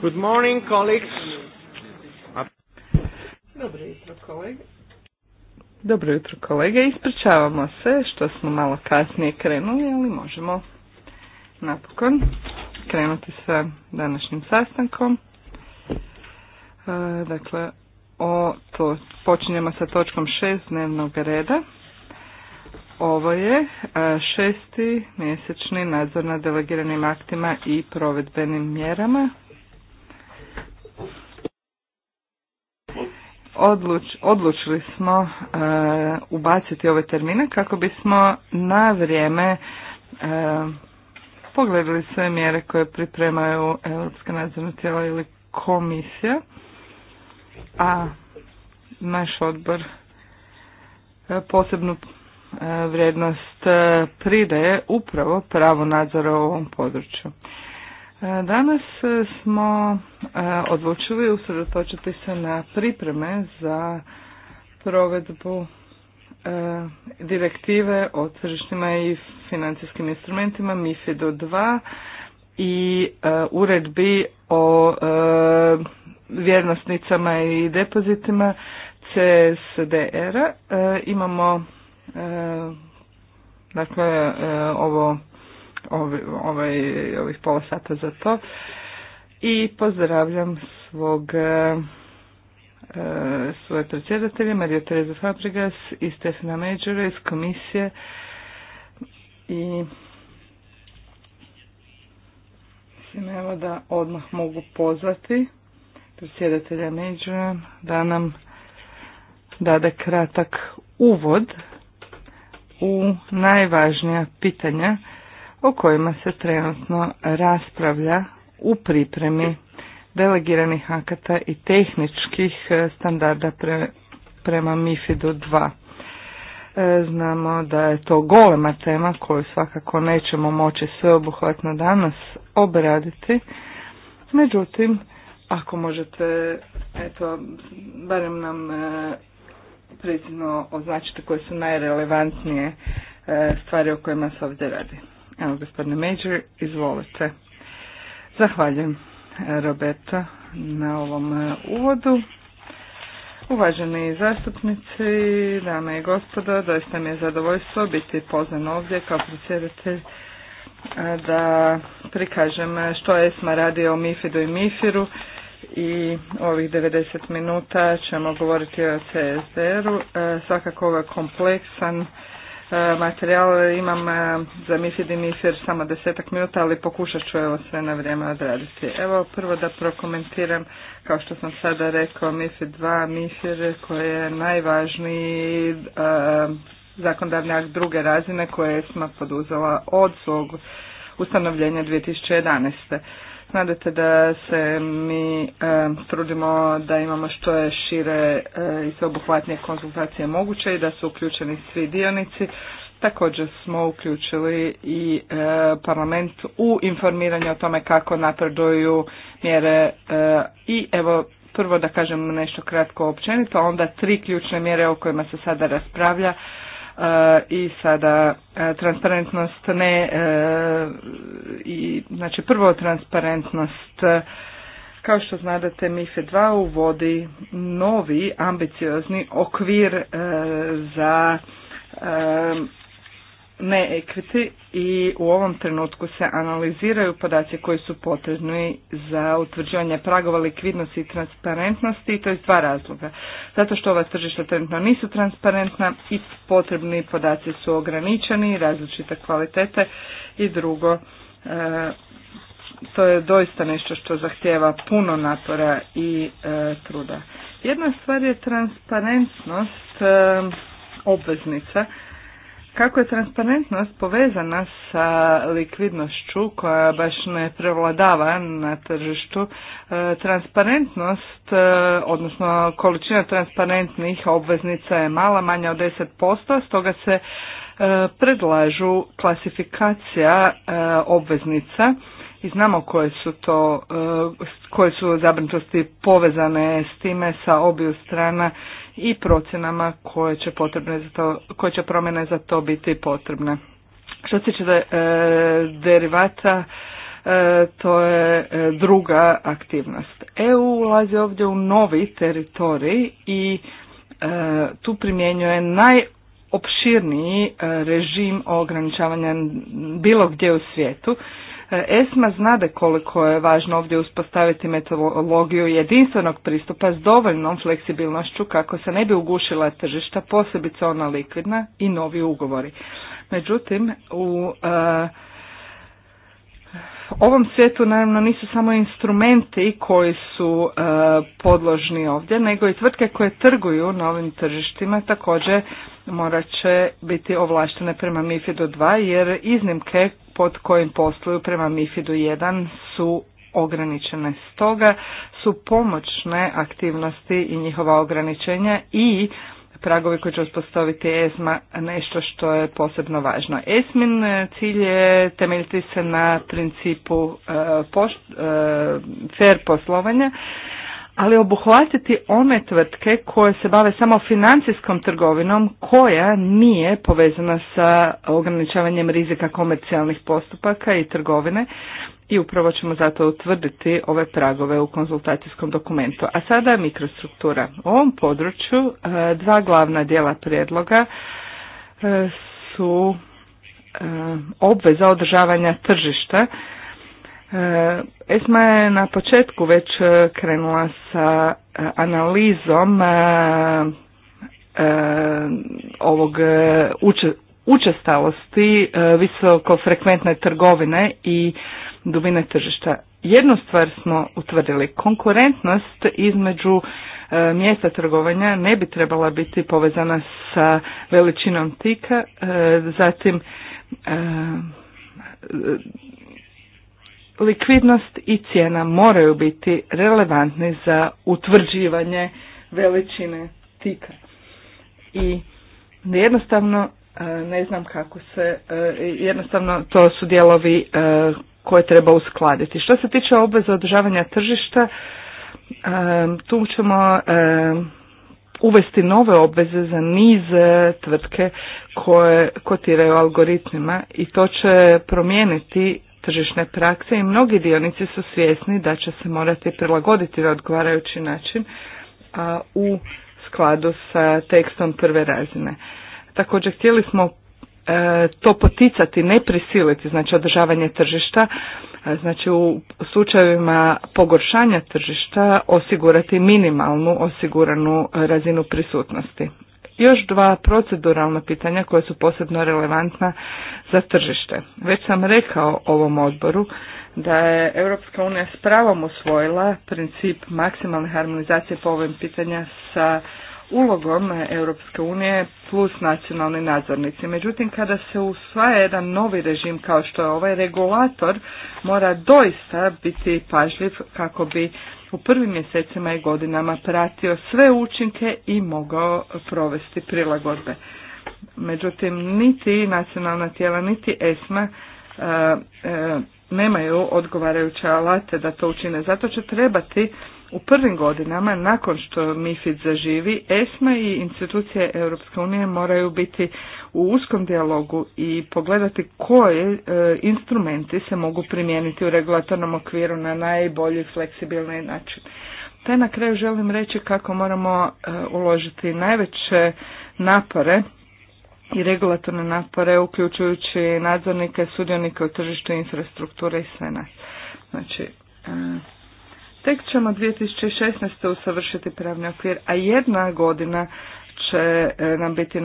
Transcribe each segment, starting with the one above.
Good morning, colleagues. Dobro jutro, kolege. Dobro Ispričavamo se što smo malo kasnije krenuli, ali možemo napokon krenuti sa današnjim sastankom. E, dakle, počinjemo sa točkom šest dnevnog reda. Ovo je e, šesti mjesečni nadzor nad delegiranim aktima i provedbenim mjerama odluč, odlučili smo e, ubaciti ove termine kako bismo na vrijeme e, pogledali sve mjere koje pripremaju Europska nadzorna tijela ili komisija, a naš odbor e, posebnu e, vrijednost pridaje upravo pravo nadzora u ovom području. Danas smo e, odlučili usredotočiti se na pripreme za provedbu e, direktive o tržištima i financijskim instrumentima MIFID 2 i e, uredbi o vjernosnicama i depozitima CSDR-a. Imamo dakle ovo ovaj, ovih pola sata za to i pozdravljam svog e, e, svoje predsjedatelje Marija Tereza Fabregas i Stefana Međura iz komisije i mislim evo da odmah mogu pozvati predsjedatelja Međura da nam dade kratak uvod u najvažnija pitanja o kojima se trenutno raspravlja u pripremi delegiranih akata i tehničkih e, standarda prema MIFID-u 2. E, znamo da je to golema tema koju svakako nećemo moći sveobuhvatno danas obraditi. Međutim, ako možete, eto, barem nam e, precizno označite koje su najrelevantnije e, stvari o kojima se ovdje radi. Evo, gospodine Major, izvolite. Zahvaljujem, Roberta na ovom e, uvodu. Uvaženi zastupnici, dame i gospodo, doista mi je zadovoljstvo biti poznan ovdje kao predsjedatelj da prikažem e, što je ESMA radio o Mifidu i Mifiru. i ovih 90 minuta ćemo govoriti o CSDR-u. E, svakako ovo je kompleksan E, materijal imam e, za MIFID i MIFIR samo desetak minuta, ali pokušat ću evo sve na vrijeme odraditi. Evo prvo da prokomentiram, kao što sam sada rekao, MIFID 2, MIFIR koji je najvažniji e, zakonodavni akt druge razine koje smo poduzela od svog ustanovljenja 2011 nadate da se mi e, trudimo da imamo što je šire e, i sveobuhvatnije konzultacije moguće i da su uključeni svi dionici. Također smo uključili i e, parlament u informiranje o tome kako napreduju mjere e, i evo prvo da kažem nešto kratko općenito, onda tri ključne mjere o kojima se sada raspravlja E, i sada e, transparentnost ne e, i znači prvo transparentnost kao što znate, MIFE 2 uvodi novi ambiciozni okvir za ne ekviti i u ovom trenutku se analiziraju podaci koji su potrebni za utvrđivanje pragova likvidnosti i transparentnosti i to je dva razloga. Zato što ova tržišta trenutno nisu transparentna i potrebni podaci su ograničeni, različite kvalitete i drugo, e, to je doista nešto što zahtjeva puno napora i e, truda. Jedna stvar je transparentnost e, obveznica kako je transparentnost povezana sa likvidnošću koja baš ne prevladava na tržištu, e, transparentnost, e, odnosno količina transparentnih obveznica je mala, manja od 10%, stoga se e, predlažu klasifikacija obveznica i znamo koje su to, koje su zabrinutosti povezane s time sa obiju strana i procjenama koje će, potrebne za to, koje će promjene za to biti potrebne. Što se tiče da e, derivata, e, to je e, druga aktivnost. EU ulazi ovdje u novi teritorij i tu primjenjuje najopširniji režim ograničavanja bilo gdje u svijetu ESMA znade koliko je važno ovdje uspostaviti metodologiju jedinstvenog pristupa s dovoljnom fleksibilnošću kako se ne bi ugušila tržišta, posebice ona likvidna i novi ugovori. Međutim, u e, ovom svijetu naravno nisu samo instrumenti koji su e, podložni ovdje, nego i tvrtke koje trguju na ovim tržištima također morat će biti ovlaštene prema MIFID-u 2 jer iznimke pod kojim posluju prema MIFID-u 1 su ograničene. Stoga su pomoćne aktivnosti i njihova ograničenja i pragovi koji će uspostaviti ESMA nešto što je posebno važno. ESMIN e, cilj je temeljiti se na principu e, e fair poslovanja ali obuhvatiti one tvrtke koje se bave samo financijskom trgovinom koja nije povezana sa ograničavanjem rizika komercijalnih postupaka i trgovine i upravo ćemo zato utvrditi ove pragove u konzultacijskom dokumentu. A sada mikrostruktura. U ovom području e, dva glavna dijela prijedloga e, su e, obveza održavanja tržišta E, ESMA je na početku već e, krenula sa e, analizom ovog učestalosti visokofrekventne trgovine i dubine tržišta. Jednu stvar smo utvrdili, konkurentnost između mjesta trgovanja ne bi trebala biti povezana sa veličinom tika, zatim likvidnost i cijena moraju biti relevantni za utvrđivanje veličine tika. I jednostavno e, ne znam kako se, e, jednostavno to su dijelovi e, koje treba uskladiti. Što se tiče obveza održavanja tržišta, tu ćemo uvesti nove obveze za niz tvrtke koje kotiraju algoritmima i to će promijeniti tržišne prakse i mnogi dionici su svjesni da će se morati prilagoditi na odgovarajući način a, u skladu sa tekstom prve razine. Također htjeli smo e, to poticati, ne prisiliti, znači održavanje tržišta, e, znači u slučajevima pogoršanja tržišta osigurati minimalnu osiguranu razinu prisutnosti još dva proceduralna pitanja koja su posebno relevantna za tržište. Već sam rekao ovom odboru da je Europska unija s pravom usvojila princip maksimalne harmonizacije po ovim pitanja sa ulogom Europske unije plus nacionalni nadzornici. Međutim, kada se usvaja jedan novi režim kao što je ovaj regulator, mora doista biti pažljiv kako bi u prvim mjesecima i godinama pratio sve učinke i mogao provesti prilagodbe. Međutim, niti nacionalna tijela, niti ESMA e, e, nemaju odgovarajuće alate da to učine. Zato će trebati u prvim godinama, nakon što MIFID zaživi, ESMA i institucije Europske unije moraju biti u uskom dijalogu i pogledati koje e, instrumenti se mogu primijeniti u regulatornom okviru na najbolji fleksibilni način. Te na kraju želim reći kako moramo e, uložiti najveće napore i regulatorne napore uključujući nadzornike, sudionike u tržištu infrastrukture i sve nas. Znači, e, Tek ćemo 2016. usavršiti pravni okvir, a jedna godina će e, nam biti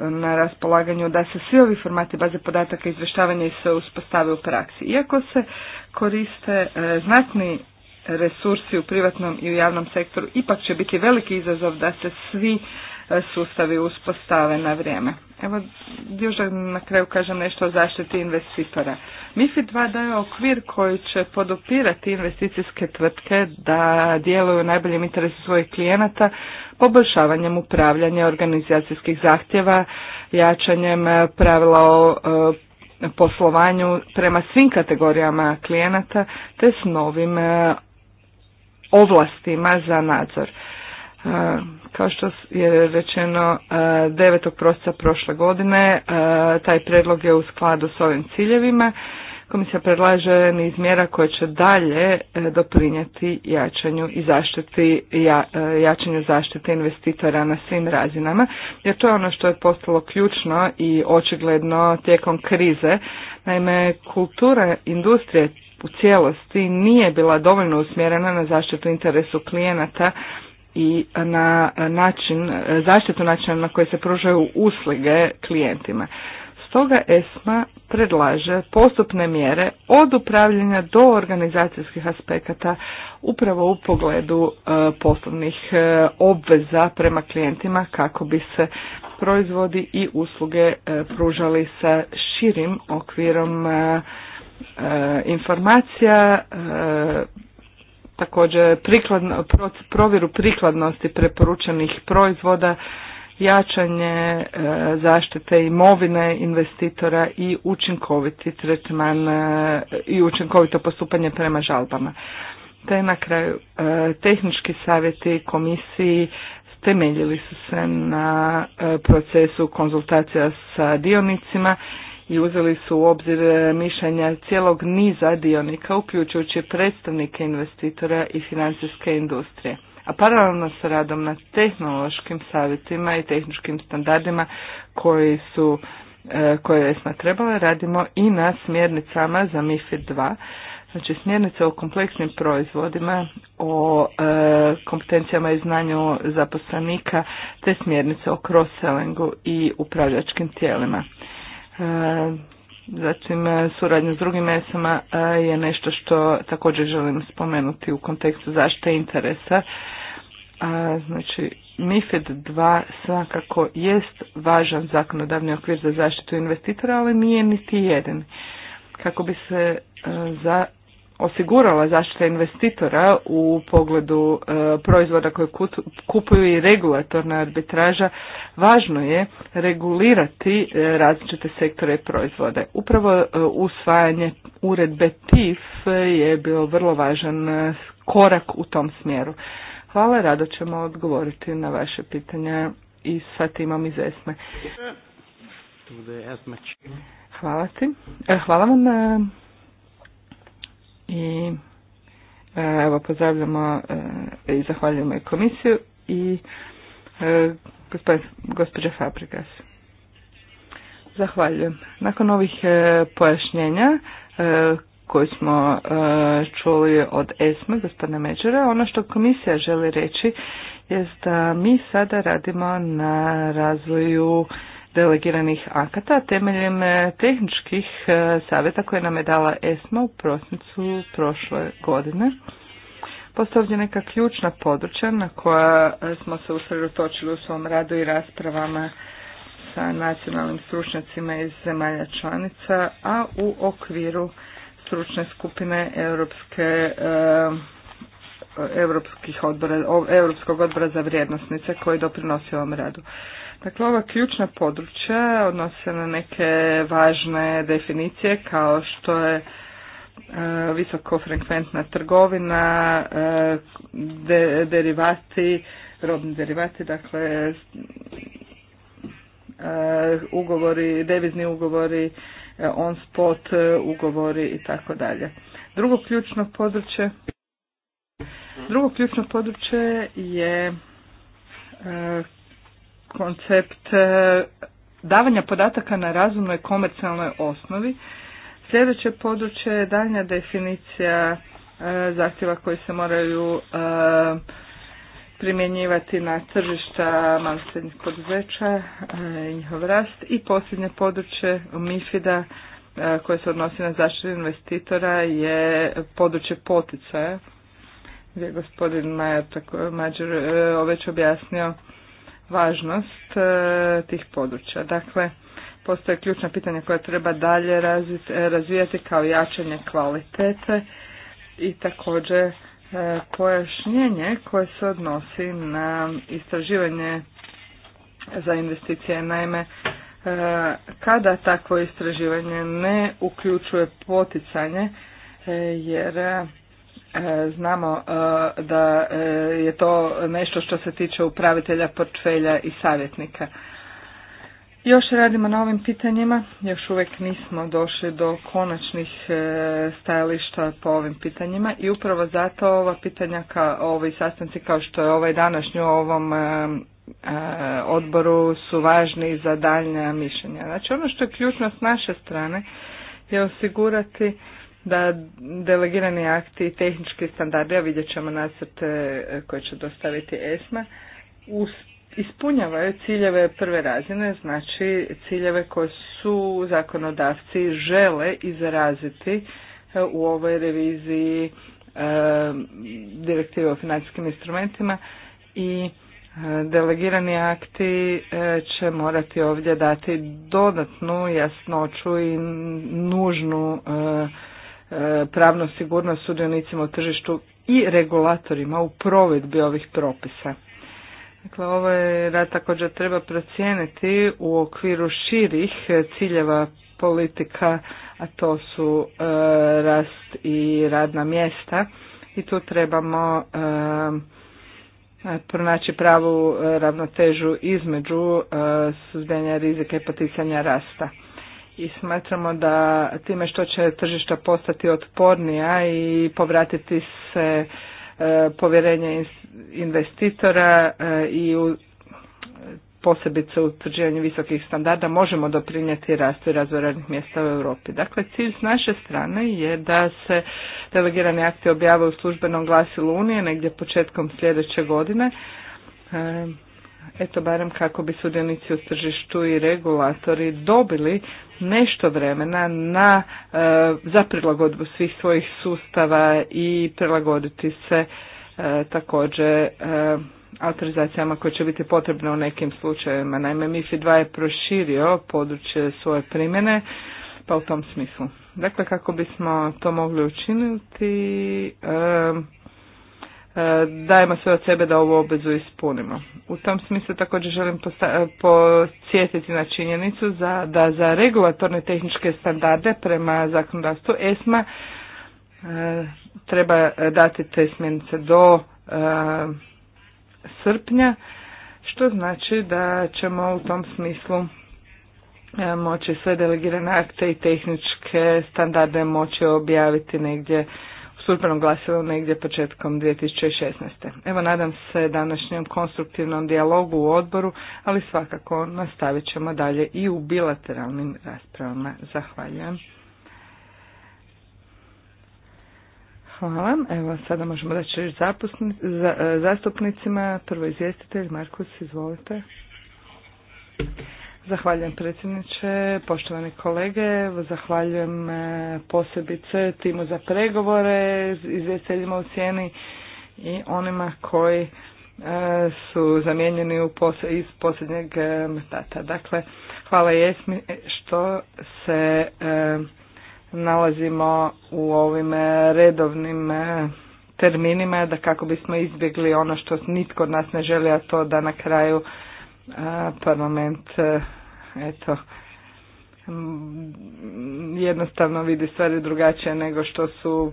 na, raspolaganju da se svi ovi formati baze podataka izvještavanja i se uspostave u praksi. Iako se koriste e, znatni resursi u privatnom i u javnom sektoru, ipak će biti veliki izazov da se svi sustavi uspostave na vrijeme. Evo, još na kraju kažem nešto o zaštiti investitora. MIFID 2 daje okvir koji će podopirati investicijske tvrtke da djeluju u najboljem interesu svojih klijenata, poboljšavanjem upravljanja organizacijskih zahtjeva, jačanjem pravila o e, poslovanju prema svim kategorijama klijenata te s novim e, ovlastima za nadzor. E, kao što je rečeno 9. E, prosinca prošle godine, e, taj predlog je u skladu s ovim ciljevima. Komisija predlaže niz mjera koje će dalje e, doprinijeti jačanju i zaštiti, jačanju zaštite investitora na svim razinama, jer to je ono što je postalo ključno i očigledno tijekom krize. Naime, kultura industrije u cijelosti nije bila dovoljno usmjerena na zaštitu interesu klijenata i na način, zaštitu načina na koje se pružaju usluge klijentima. Stoga ESMA predlaže postupne mjere od upravljanja do organizacijskih aspekata upravo u pogledu e, poslovnih e, obveza prema klijentima kako bi se proizvodi i usluge e, pružali sa širim okvirom informacija također prikladno, provjeru prikladnosti preporučenih proizvoda, jačanje e, zaštite imovine investitora i učinkoviti tretman e, i učinkovito postupanje prema žalbama. Te na kraju e, tehnički savjeti komisiji temeljili su se na procesu konzultacija sa dionicima i uzeli su u obzir e, mišljenja cijelog niza dionika, uključujući predstavnike investitora i financijske industrije. A paralelno sa radom na tehnološkim savjetima i tehničkim standardima koji su e, koje je smo radimo i na smjernicama za MIFID 2, znači smjernice o kompleksnim proizvodima, o e, kompetencijama i znanju zaposlenika, te smjernice o cross-sellingu i upravljačkim tijelima. Zatim e, suradnja s drugim mesama e, je nešto što također želim spomenuti u kontekstu zaštite interesa. E, znači, MIFID 2 svakako jest važan zakonodavni okvir za zaštitu investitora, ali nije niti jedan. Kako bi se za osigurala zaštita investitora u pogledu e, proizvoda koje kupuju i regulatorna arbitraža, važno je regulirati e, različite sektore proizvode. Upravo e, usvajanje uredbe TIF je bio vrlo važan korak u tom smjeru. Hvala, rado ćemo odgovoriti na vaše pitanja i sa timom iz ESME. Hvala ti. Hvala vam i e, evo pozdravljamo e, i zahvaljujemo komisiju i e, gospođa Fabrikas. Zahvaljujem. Nakon ovih pojašnjenja koji smo čuli od ESME, gospodina Međera, ono što komisija želi reći je da mi sada radimo na razvoju delegiranih akata temeljem e, tehničkih e, savjeta koje nam je dala ESMA u prosincu prošle godine. Postoje neka ključna područja na koja e, smo se usredotočili u svom radu i raspravama sa nacionalnim stručnjacima iz zemalja članica, a u okviru stručne skupine Europske Europskih odbora, Europskog odbora za vrijednosnice koji doprinosi ovom radu. Dakle, ova ključna područja odnose na neke važne definicije kao što je visoko e, visokofrekventna trgovina, e, derivati, robni derivati, dakle e, ugovori, devizni ugovori, on spot ugovori i tako dalje. Drugo ključno područje Drugo ključno područje je koncept e, davanja podataka na razumnoj komercijalnoj osnovi. Sljedeće područje je daljnja definicija e, zahtjeva koji se moraju e, primjenjivati na tržišta malih srednjih poduzeća i njihov rast. I posljednje područje MIFID-a koje se odnosi na zaštitu investitora je područje poticaja gdje je gospodin Majer tako, Mađer već objasnio važnost e, tih područja. Dakle, postoje ključna pitanja koja treba dalje e, razvijati kao jačanje kvalitete i također e, pojašnjenje koje se odnosi na istraživanje za investicije. Naime, kada takvo istraživanje ne uključuje poticanje, jer E, znamo e, da e, je to nešto što se tiče upravitelja portfelja i savjetnika. Još radimo na ovim pitanjima, još uvijek nismo došli do konačnih stajališta po ovim pitanjima i upravo zato ova pitanja, kao ovi sastanci kao što je ovaj današnji u ovom odboru su važni za daljnja mišljenja. Znači ono što je ključno s naše strane je osigurati da delegirani akti i tehnički standardi, a vidjet ćemo nacrte koje će dostaviti ESMA, ispunjavaju ciljeve prve razine, znači ciljeve koje su zakonodavci žele izraziti e, u ovoj reviziji e, direktive o financijskim instrumentima i e, delegirani akti će morati ovdje dati dodatnu jasnoću i nužnu E, pravnu sigurnost sudionicima u tržištu i regulatorima u provedbi ovih propisa. Dakle, ovaj rad također treba procijeniti u okviru širih ciljeva politika, a to su e, rast i radna mjesta i tu trebamo e, pronaći pravu ravnotežu između e, suzbijanja rizika i poticanja rasta i smatramo da time što će tržišta postati otpornija i povratiti se e, povjerenje investitora e, i u posebice u utvrđivanju visokih standarda možemo doprinijeti rastu i radnih mjesta u Europi. Dakle, cilj s naše strane je da se delegirani akti objave u službenom glasilu Unije negdje početkom sljedeće godine. E, eto barem kako bi sudionici u tržištu i regulatori dobili nešto vremena na, e, za prilagodbu svih svojih sustava i prilagoditi se e, također e, autorizacijama koje će biti potrebne u nekim slučajevima. Naime, MIFI 2 je proširio područje svoje primjene, pa u tom smislu. Dakle, kako bismo to mogli učiniti, E, dajemo sve od sebe da ovu obvezu ispunimo. U tom smislu također želim e, podsjetiti na činjenicu za, da za regulatorne tehničke standarde prema zakonodavstvu ESMA e, treba dati te smjenice do srpnja, što znači da ćemo u tom smislu moći sve delegirane akte i tehničke standarde moći objaviti negdje službenom glasilu negdje početkom 2016. Evo nadam se današnjem konstruktivnom dijalogu u odboru, ali svakako nastavit ćemo dalje i u bilateralnim raspravama. Zahvaljujem. Hvala. Evo sada možemo reći za, zastupnicima. Prvo izvjestitelj Markus, izvolite. Zahvaljujem predsjedniče, poštovani kolege, zahvaljujem e, posebice timu za pregovore, izvjestiteljima u cijeni i onima koji e, su zamijenjeni u iz posljednjeg e, metata. Dakle, hvala Jesmi što se nalazimo u ovim redovnim terminima da kako bismo izbjegli ono što nitko od nas ne želi, a to da na kraju parlament eto, jednostavno vidi stvari drugačije nego što su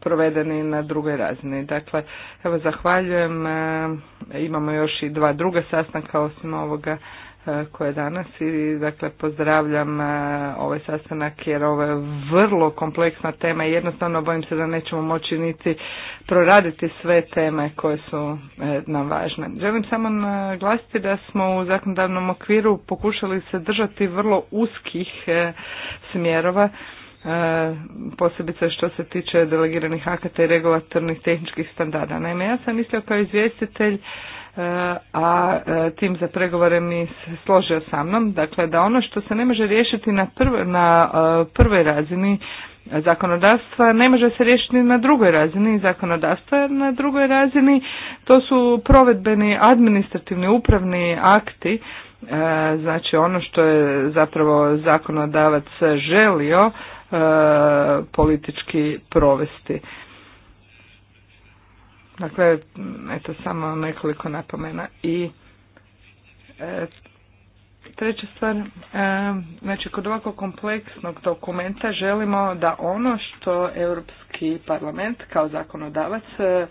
provedeni na drugoj razini. Dakle, evo zahvaljujem, e, imamo još i dva druga sastanka osim ovoga koje danas i dakle pozdravljam e, ovaj sastanak jer ovo je vrlo kompleksna tema i jednostavno bojim se da nećemo moći niti proraditi sve teme koje su e, nam važne. Želim samo naglasiti da smo u zakonodavnom okviru pokušali se držati vrlo uskih e, smjerova posebice što se tiče delegiranih akata i regulatornih tehničkih standarda. Naime, ja sam mislio kao izvjestitelj a tim za pregovore mi složio sa mnom, dakle da ono što se ne može riješiti na, prv, na prvoj razini zakonodavstva ne može se riješiti na drugoj razini zakonodavstva na drugoj razini to su provedbeni administrativni upravni akti e, znači ono što je zapravo zakonodavac želio e, politički provesti Dakle, eto samo nekoliko napomena. I e, treća stvar, e, znači kod ovako kompleksnog dokumenta želimo da ono što Europski parlament kao zakonodavac e,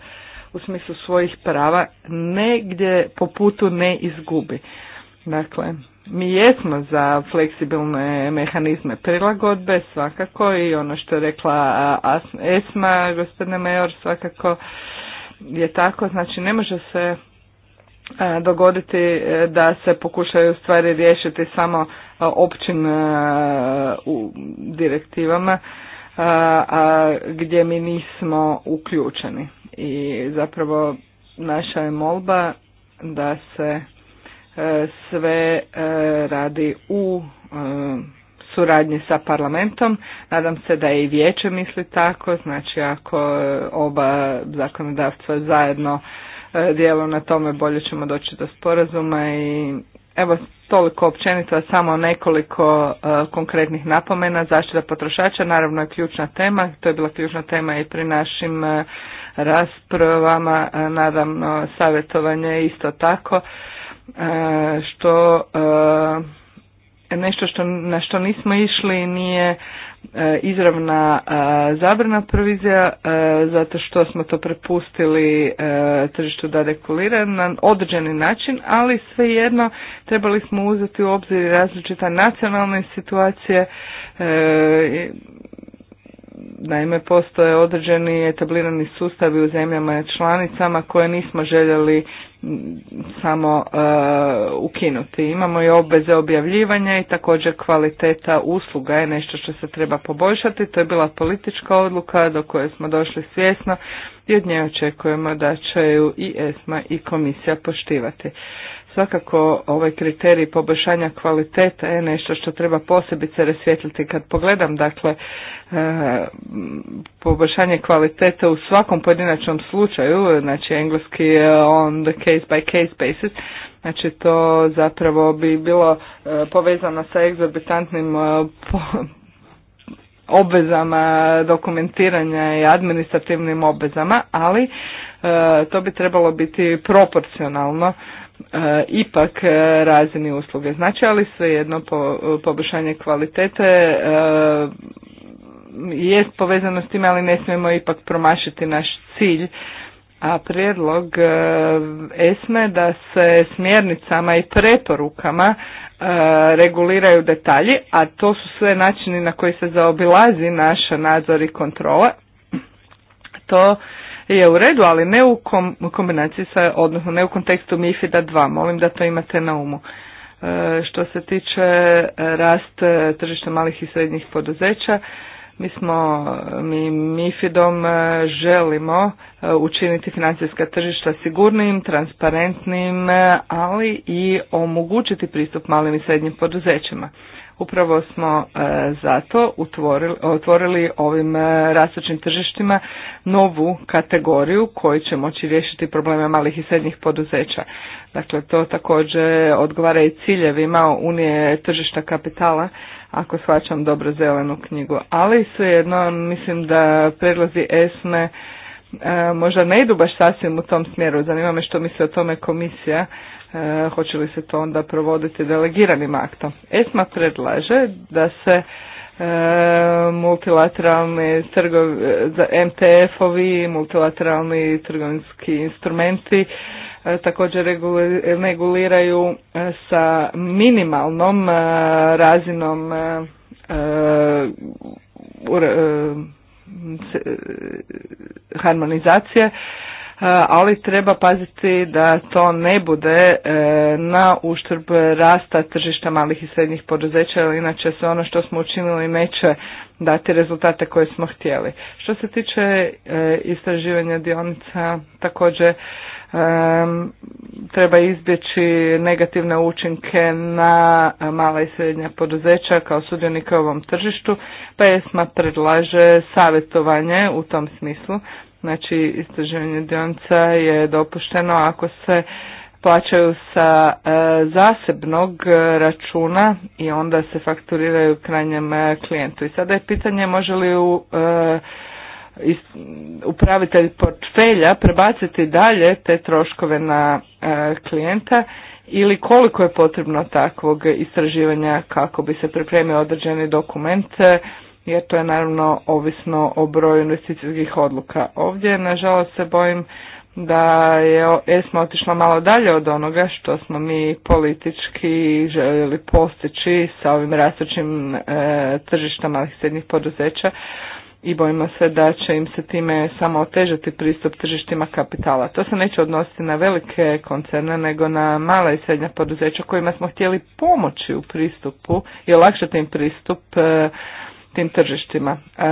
u smislu svojih prava negdje po putu ne izgubi. Dakle, mi jesmo za fleksibilne mehanizme prilagodbe svakako i ono što je rekla ESMA, gospodine Major, svakako je tako, znači ne može se e, dogoditi e, da se pokušaju stvari riješiti samo e, općim direktivama gdje mi nismo uključeni. I zapravo naša je molba da se sve radi u suradnji sa parlamentom. Nadam se da i vijeće misli tako, znači ako e, oba zakonodavstva zajedno e, dijelu na tome bolje ćemo doći do sporazuma i evo toliko općenito, samo nekoliko e, konkretnih napomena. Zaštita potrošača naravno je ključna tema, to je bila ključna tema i pri našim raspravama, Nadam, savjetovanje isto tako, što nešto što, na što nismo išli nije e, izravna e, zabrana provizija e, zato što smo to prepustili tržištu da dekulira na određeni način, ali svejedno trebali smo uzeti u obzir različita nacionalne situacije Naime, postoje određeni etablirani sustavi u zemljama članicama koje nismo željeli samo e, ukinuti. Imamo i obveze objavljivanja i također kvaliteta usluga je nešto što se treba poboljšati. To je bila politička odluka do koje smo došli svjesno i od nje očekujemo da će ju i ESMA i komisija poštivati. Svakako ovaj kriterij poboljšanja kvaliteta je nešto što treba posebice rasvijetliti. Kad pogledam dakle e, poboljšanje kvalitete u svakom pojedinačnom slučaju, znači engleski on the case by case basis, znači to zapravo bi bilo e, povezano sa egzorbitantnim e, obvezama dokumentiranja i administrativnim obvezama, ali to bi trebalo biti proporcionalno E, ipak e, razini usluge. Znači, ali svejedno po, poboljšanje kvalitete e, jest povezano s time, ali ne smijemo ipak promašiti naš cilj. A prijedlog ESME da se smjernicama i preporukama reguliraju detalji, a to su sve načini na koji se zaobilazi naš nadzor i kontrola, to je u redu, ali ne u kombinaciji sa, odnosno ne u kontekstu mifida 2. Molim da to imate na umu. E, što se tiče e, rast e, tržišta malih i srednjih poduzeća, mi smo, mi MIFIDom želimo učiniti financijska tržišta sigurnim, transparentnim, ali i omogućiti pristup malim i srednjim poduzećima. Upravo smo e, zato otvorili ovim e, rastućim tržištima novu kategoriju koji će moći riješiti probleme malih i srednjih poduzeća. Dakle, to također odgovara i ciljevima Unije tržišta kapitala, ako shvaćam dobro zelenu knjigu. Ali svejedno mislim da predlazi ESME e, možda ne idu baš sasvim u tom smjeru. Zanima me što misli o tome komisija E, hoće li se to onda provoditi delegiranim aktom. ESMA predlaže da se e, multilateralni trgov, MTF-ovi, multilateralni trgovinski instrumenti e, također reguliraju e, sa minimalnom razinom harmonizacije E, ali treba paziti da to ne bude e, na uštrb rasta tržišta malih i srednjih poduzeća, jer inače se ono što smo učinili neće dati rezultate koje smo htjeli. Što se tiče e, istraživanja dionica, također treba izbjeći negativne učinke na mala i srednja poduzeća kao sudionika u ovom tržištu, pa predlaže savjetovanje u tom smislu. Znači, istraživanje dionica je dopušteno ako se plaćaju sa e, zasebnog računa i onda se fakturiraju krajnjem e, klijentu. I sada je pitanje može li u e, upravitelj portfelja prebaciti dalje te troškove na klijenta ili koliko je potrebno takvog istraživanja kako bi se pripremio određeni dokument jer to je naravno ovisno o broju investicijskih odluka. Ovdje, nažalost, se bojim da je ESMA otišla malo dalje od onoga što smo mi politički željeli postići sa ovim rastućim e, malih srednjih poduzeća i bojimo se da će im se time samo otežati pristup tržištima kapitala. To se neće odnositi na velike koncerne, nego na mala i srednja poduzeća kojima smo htjeli pomoći u pristupu i olakšati im pristup e, tim tržištima. E,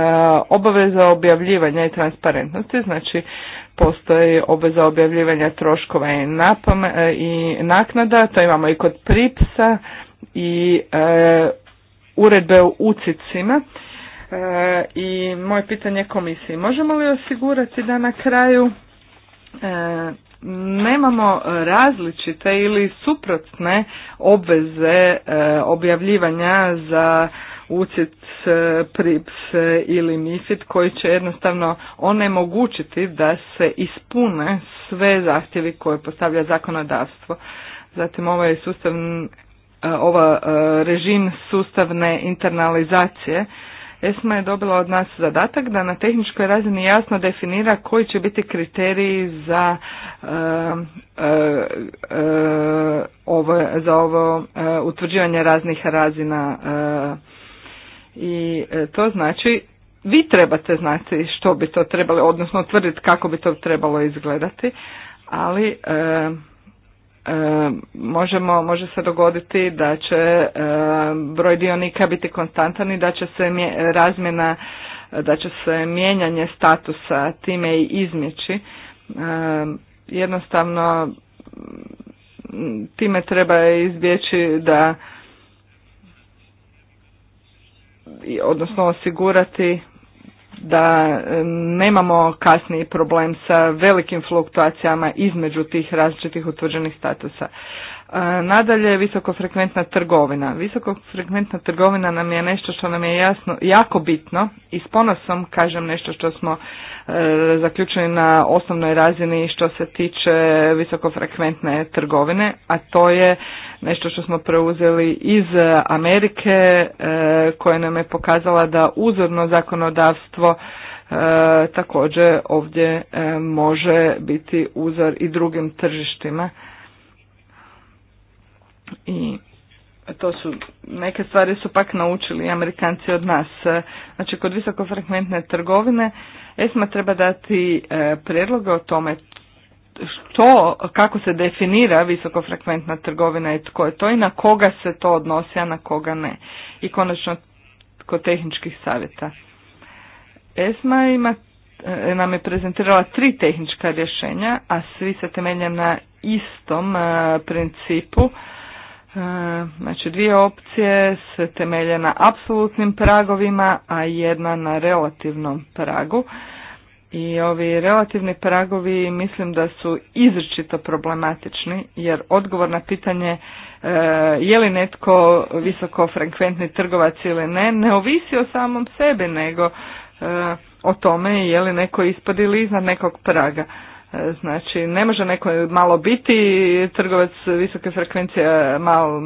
obaveza objavljivanja i transparentnosti, znači postoji obveza objavljivanja troškova i, e, i naknada, to imamo i kod pripsa i e, uredbe u ucicima. E, I moje pitanje komisiji, možemo li osigurati da na kraju e, nemamo različite ili suprotne obveze e, objavljivanja za UCIT, e, PRIPS e, ili MIFIT koji će jednostavno onemogućiti da se ispune sve zahtjevi koje postavlja zakonodavstvo. Zatim ovaj sustav, e, ova režim sustavne internalizacije ESMA je dobila od nas zadatak da na tehničkoj razini jasno definira koji će biti kriteriji za, za ovo utvrđivanje raznih razina i e, to znači vi trebate znati što bi to trebalo, odnosno tvrditi kako bi to trebalo izgledati, ali e, e, možemo, može se dogoditi da će broj dionika biti konstantan i da će se razmjena, da će se mijenjanje statusa time i izmjeći. jednostavno time treba izbjeći da odnosno osigurati da e, nemamo kasniji problem sa velikim fluktuacijama između tih različitih utvrđenih statusa. E, nadalje, visokofrekventna trgovina. Visokofrekventna trgovina nam je nešto što nam je jasno, jako bitno i s ponosom kažem nešto što smo e, zaključili na osnovnoj razini što se tiče visokofrekventne trgovine, a to je nešto što smo preuzeli iz Amerike e, koja nam je pokazala da uzorno zakonodavstvo također ovdje može biti uzor i drugim tržištima i to su, neke stvari su pak naučili Amerikanci od nas. Znači, kod visokofrekventne trgovine ESMA treba dati e, prijedloge o tome što, kako se definira visokofrekventna trgovina i tko je to i na koga se to odnosi, a na koga ne. I konačno kod tehničkih savjeta. ESMA ima, e, nam je prezentirala tri tehnička rješenja, a svi se temelje na istom e, principu E, znači dvije opcije se temelje na apsolutnim pragovima, a jedna na relativnom pragu. I ovi relativni pragovi mislim da su izričito problematični jer odgovor na pitanje e, je li netko visokofrekventni trgovac ili ne, ne ovisi o samom sebi nego e, o tome je li neko ispod ili iznad nekog praga. Znači, ne može neko malo biti trgovac visoke frekvencije, malo,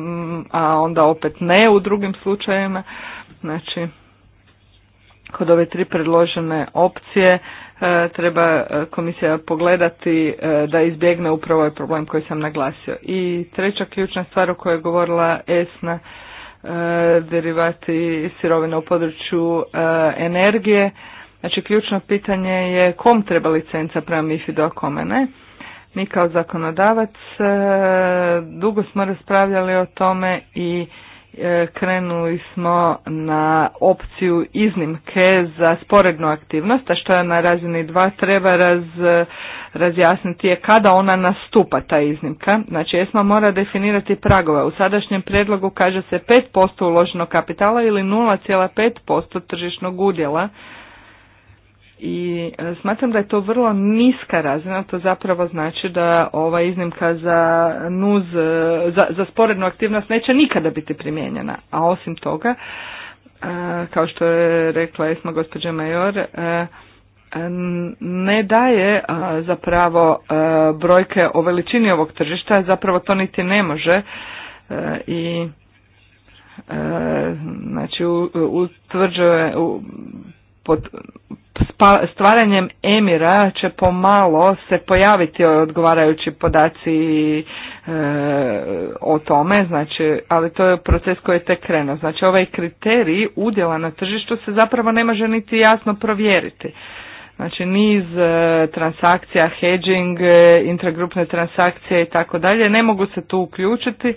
a onda opet ne u drugim slučajevima. Znači, kod ove tri predložene opcije e, treba komisija pogledati e, da izbjegne upravo ovaj problem koji sam naglasio. I treća ključna stvar o kojoj je govorila Esna, e, derivati sirovina u području energije, Znači, ključno pitanje je kom treba licenca prema MIFID-u, a kome ne. Mi kao zakonodavac e, dugo smo raspravljali o tome i e, krenuli smo na opciju iznimke za sporednu aktivnost, a što je na razini dva treba raz, razjasniti je kada ona nastupa, ta iznimka. Znači jesmo mora definirati pragova. U sadašnjem predlogu kaže se 5% uloženog kapitala ili 0,5% tržišnog udjela i e, smatram da je to vrlo niska razina, to zapravo znači da ova iznimka za nuz, e, za, za sporednu aktivnost neće nikada biti primijenjena, a osim toga, e, kao što je rekla Esma gospođa Major, ne daje zapravo brojke o veličini ovog tržišta, zapravo to niti ne može i znači utvrđuje pod stvaranjem emira će pomalo se pojaviti odgovarajući podaci e, o tome, znači, ali to je proces koji je tek krenuo. Znači ovaj kriterij udjela na tržištu se zapravo ne može niti jasno provjeriti. Znači niz e, transakcija, hedging, e, intragrupne transakcije i tako dalje ne mogu se tu uključiti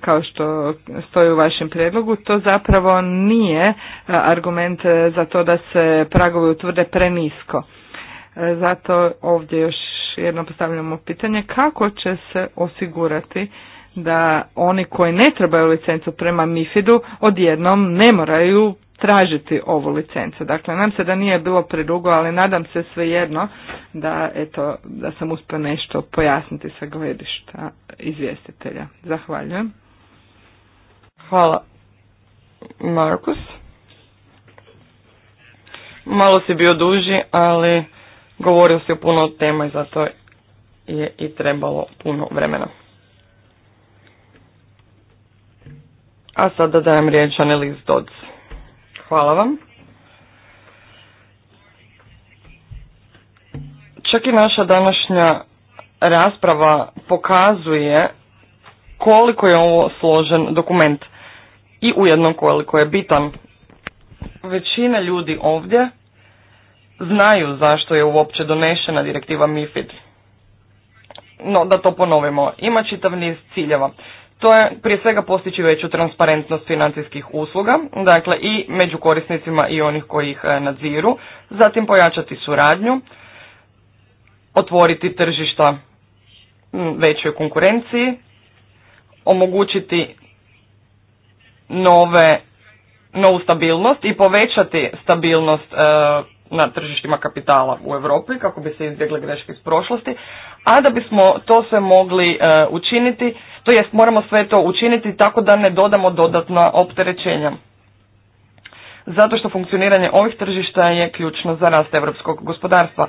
kao što stoji u vašem prijedlogu, to zapravo nije argument e, za to da se pragovi utvrde prenisko. E, zato ovdje još jedno postavljamo pitanje kako će se osigurati da oni koji ne trebaju licencu prema MIFID-u odjednom ne moraju tražiti ovu licencu. Dakle, nam se da nije bilo predugo, ali nadam se svejedno da, eto, da sam uspio nešto pojasniti sa gledišta izvjestitelja. Zahvaljujem. Hvala. Markus. Malo si bio duži, ali govorio si o puno tema i zato je i trebalo puno vremena. A sada dajem riječ Annelies Dodds. Hvala vam. Čak i naša današnja rasprava pokazuje koliko je ovo složen dokument i ujedno koliko je bitan. Većina ljudi ovdje znaju zašto je uopće donešena direktiva MIFID. No, da to ponovimo, ima čitav niz ciljeva to je prije svega postići veću transparentnost financijskih usluga, dakle i među korisnicima i onih koji ih e, nadziru, zatim pojačati suradnju, otvoriti tržišta većoj konkurenciji, omogućiti nove, novu stabilnost i povećati stabilnost e, na tržištima kapitala u Europi kako bi se izbjegle greške iz prošlosti, a da bismo to sve mogli e, učiniti, to jest moramo sve to učiniti tako da ne dodamo dodatna opterećenja. Zato što funkcioniranje ovih tržišta je ključno za rast europskog gospodarstva.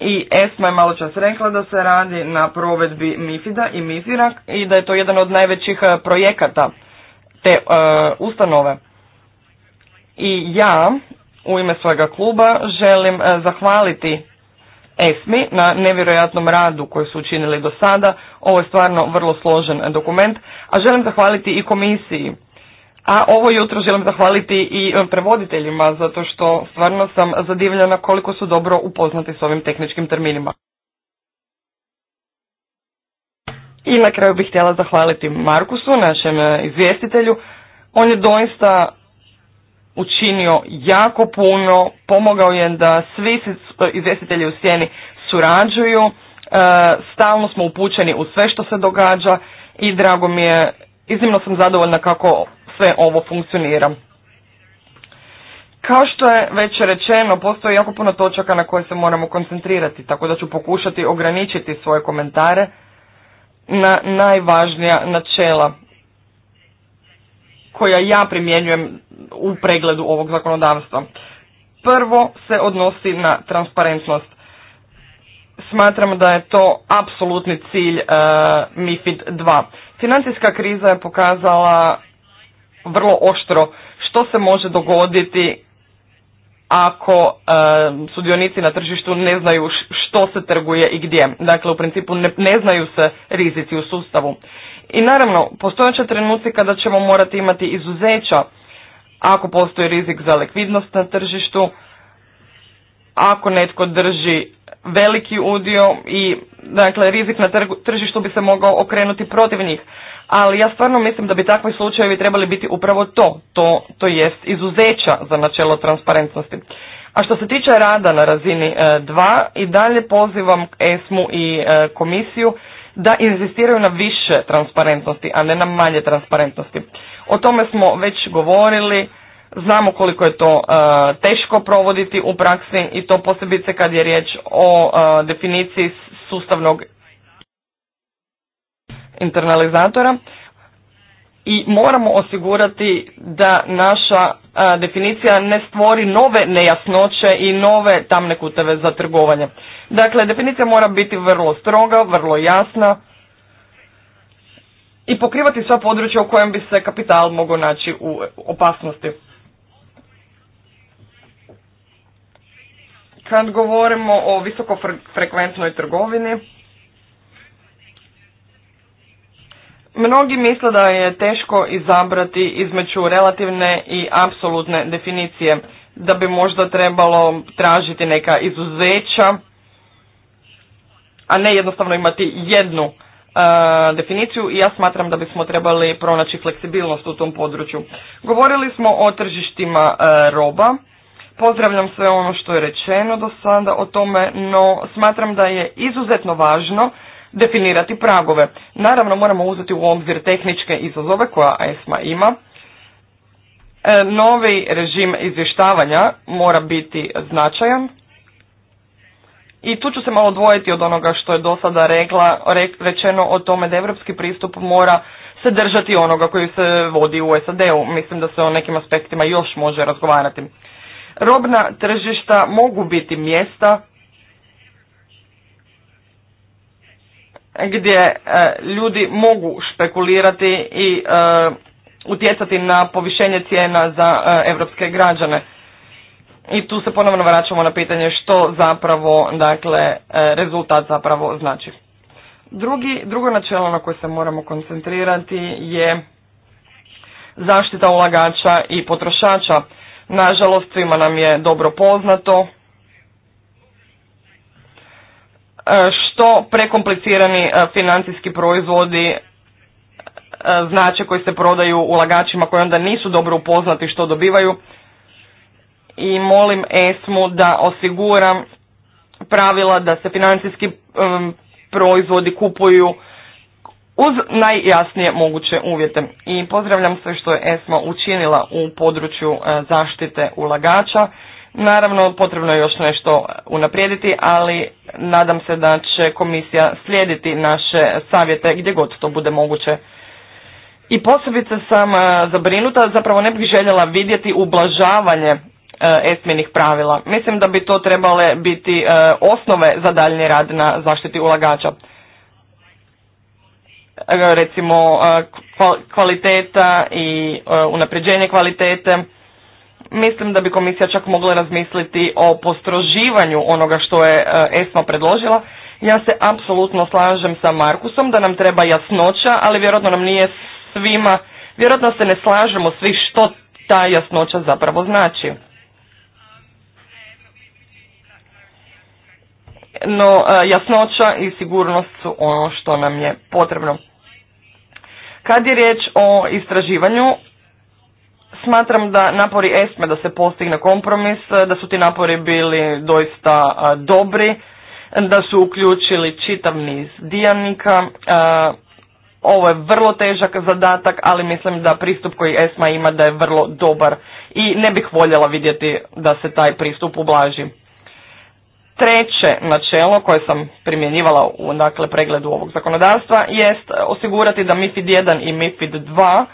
I ESMA je malo čas rekla da se radi na provedbi mifida i MIFIRA i da je to jedan od najvećih e, projekata te e, ustanove. I ja u ime svojega kluba želim zahvaliti ESMI na nevjerojatnom radu koji su učinili do sada. Ovo je stvarno vrlo složen dokument, a želim zahvaliti i komisiji. A ovo jutro želim zahvaliti i e, prevoditeljima zato što stvarno sam zadivljena koliko su dobro upoznati s ovim tehničkim terminima. I na kraju bih htjela zahvaliti Markusu, našem e, izvjestitelju. On je doista učinio jako puno, pomogao je da svi e, izvjestitelji u sjeni surađuju, e, stalno smo upućeni u sve što se događa i drago mi je, iznimno sam zadovoljna kako sve ovo funkcionira. Kao što je već rečeno, postoji jako puno točaka na koje se moramo koncentrirati, tako da ću pokušati ograničiti svoje komentare na najvažnija načela koja ja primjenjujem u pregledu ovog zakonodavstva. Prvo se odnosi na transparentnost. Smatram da je to apsolutni cilj e, MIFID 2. Financijska kriza je pokazala vrlo oštro što se može dogoditi ako e, sudionici na tržištu ne znaju što se trguje i gdje. Dakle, u principu ne, ne znaju se rizici u sustavu. I naravno, postojeće trenuci kada ćemo morati imati izuzeća ako postoji rizik za likvidnost na tržištu, ako netko drži veliki udio i dakle rizik na tržištu bi se mogao okrenuti protiv njih. Ali ja stvarno mislim da bi takvi slučajevi trebali biti upravo to, to, to jest izuzeća za načelo transparentnosti. A što se tiče rada na razini 2 e, i dalje pozivam ESMU i e, komisiju da inzistiraju na više transparentnosti, a ne na manje transparentnosti. O tome smo već govorili, znamo koliko je to e, teško provoditi u praksi i to posebice kad je riječ o e, definiciji sustavnog internalizatora i moramo osigurati da naša e, definicija ne stvori nove nejasnoće i nove tamne kuteve za trgovanje. Dakle, definicija mora biti vrlo stroga, vrlo jasna i pokrivati sva područja u kojem bi se kapital mogao naći u opasnosti. Kad govorimo o visokofrekventnoj trgovini, Mnogi misle da je teško izabrati između relativne i apsolutne definicije, da bi možda trebalo tražiti neka izuzeća a ne jednostavno imati jednu e, definiciju i ja smatram da bismo trebali pronaći fleksibilnost u tom području. Govorili smo o tržištima e, roba, pozdravljam sve ono što je rečeno do sada o tome, no smatram da je izuzetno važno definirati pragove. Naravno moramo uzeti u obzir tehničke izazove koja ESMA ima. E, novi režim izvještavanja mora biti značajan i tu ću se malo odvojiti od onoga što je do sada rekla, rečeno o tome da evropski pristup mora se držati onoga koji se vodi u SAD-u. Mislim da se o nekim aspektima još može razgovarati. Robna tržišta mogu biti mjesta gdje e, ljudi mogu špekulirati i e, utjecati na povišenje cijena za europske građane i tu se ponovno vraćamo na pitanje što zapravo, dakle, e, rezultat zapravo znači. Drugi, drugo načelo na koje se moramo koncentrirati je zaštita ulagača i potrošača. Nažalost, svima nam je dobro poznato e, što prekomplicirani e, financijski proizvodi znače koji se prodaju ulagačima koji onda nisu dobro upoznati što dobivaju i molim ESMU da osigura pravila da se financijski proizvodi kupuju uz najjasnije moguće uvjete. I pozdravljam sve što je ESMA učinila u području e, zaštite ulagača. Naravno, potrebno je još nešto unaprijediti, ali nadam se da će komisija slijediti naše savjete gdje god to bude moguće. I posebice sam e, zabrinuta, zapravo ne bih željela vidjeti ublažavanje Eh, esmenih pravila. Mislim da bi to trebale biti eh, osnove za daljnji rad na zaštiti ulagača. Eh, recimo kvaliteta i unapređenje kvalitete. Mislim da bi komisija čak mogla razmisliti o postroživanju onoga što je ESMA predložila. Ja se apsolutno slažem sa Markusom da nam treba jasnoća, ali vjerojatno nam nije svima, vjerojatno se ne slažemo svi što ta jasnoća zapravo znači. no e, jasnoća i sigurnost su ono što nam je potrebno. Kad je riječ o istraživanju, smatram da napori ESME da se postigne kompromis, e, da su ti napori bili doista e, dobri, da su uključili čitav niz dijanika. Ovo je vrlo težak zadatak, ali mislim da pristup koji ESMA ima da je vrlo dobar i ne bih voljela vidjeti da se taj pristup ublaži. Treće načelo koje sam primjenjivala u dakle, pregledu ovog zakonodavstva jest osigurati da MIFID 1 i MIFID 2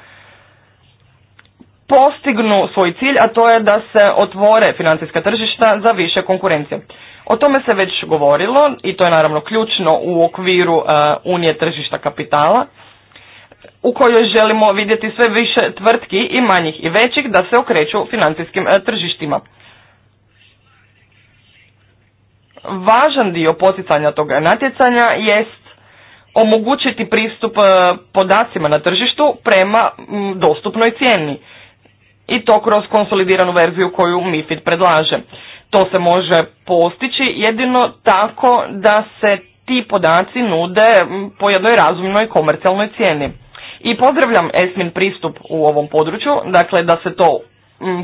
postignu svoj cilj, a to je da se otvore financijska tržišta za više konkurencije. O tome se već govorilo i to je naravno ključno u okviru e, Unije tržišta kapitala u kojoj želimo vidjeti sve više tvrtki i manjih i većih da se okreću financijskim e, tržištima važan dio poticanja toga natjecanja jest omogućiti pristup e, podacima na tržištu prema dostupnoj cijeni i to kroz konsolidiranu verziju koju MIFID predlaže. To se može postići jedino tako da se ti podaci nude po jednoj razumnoj komercijalnoj cijeni. I pozdravljam Esmin pristup u ovom području, dakle da se to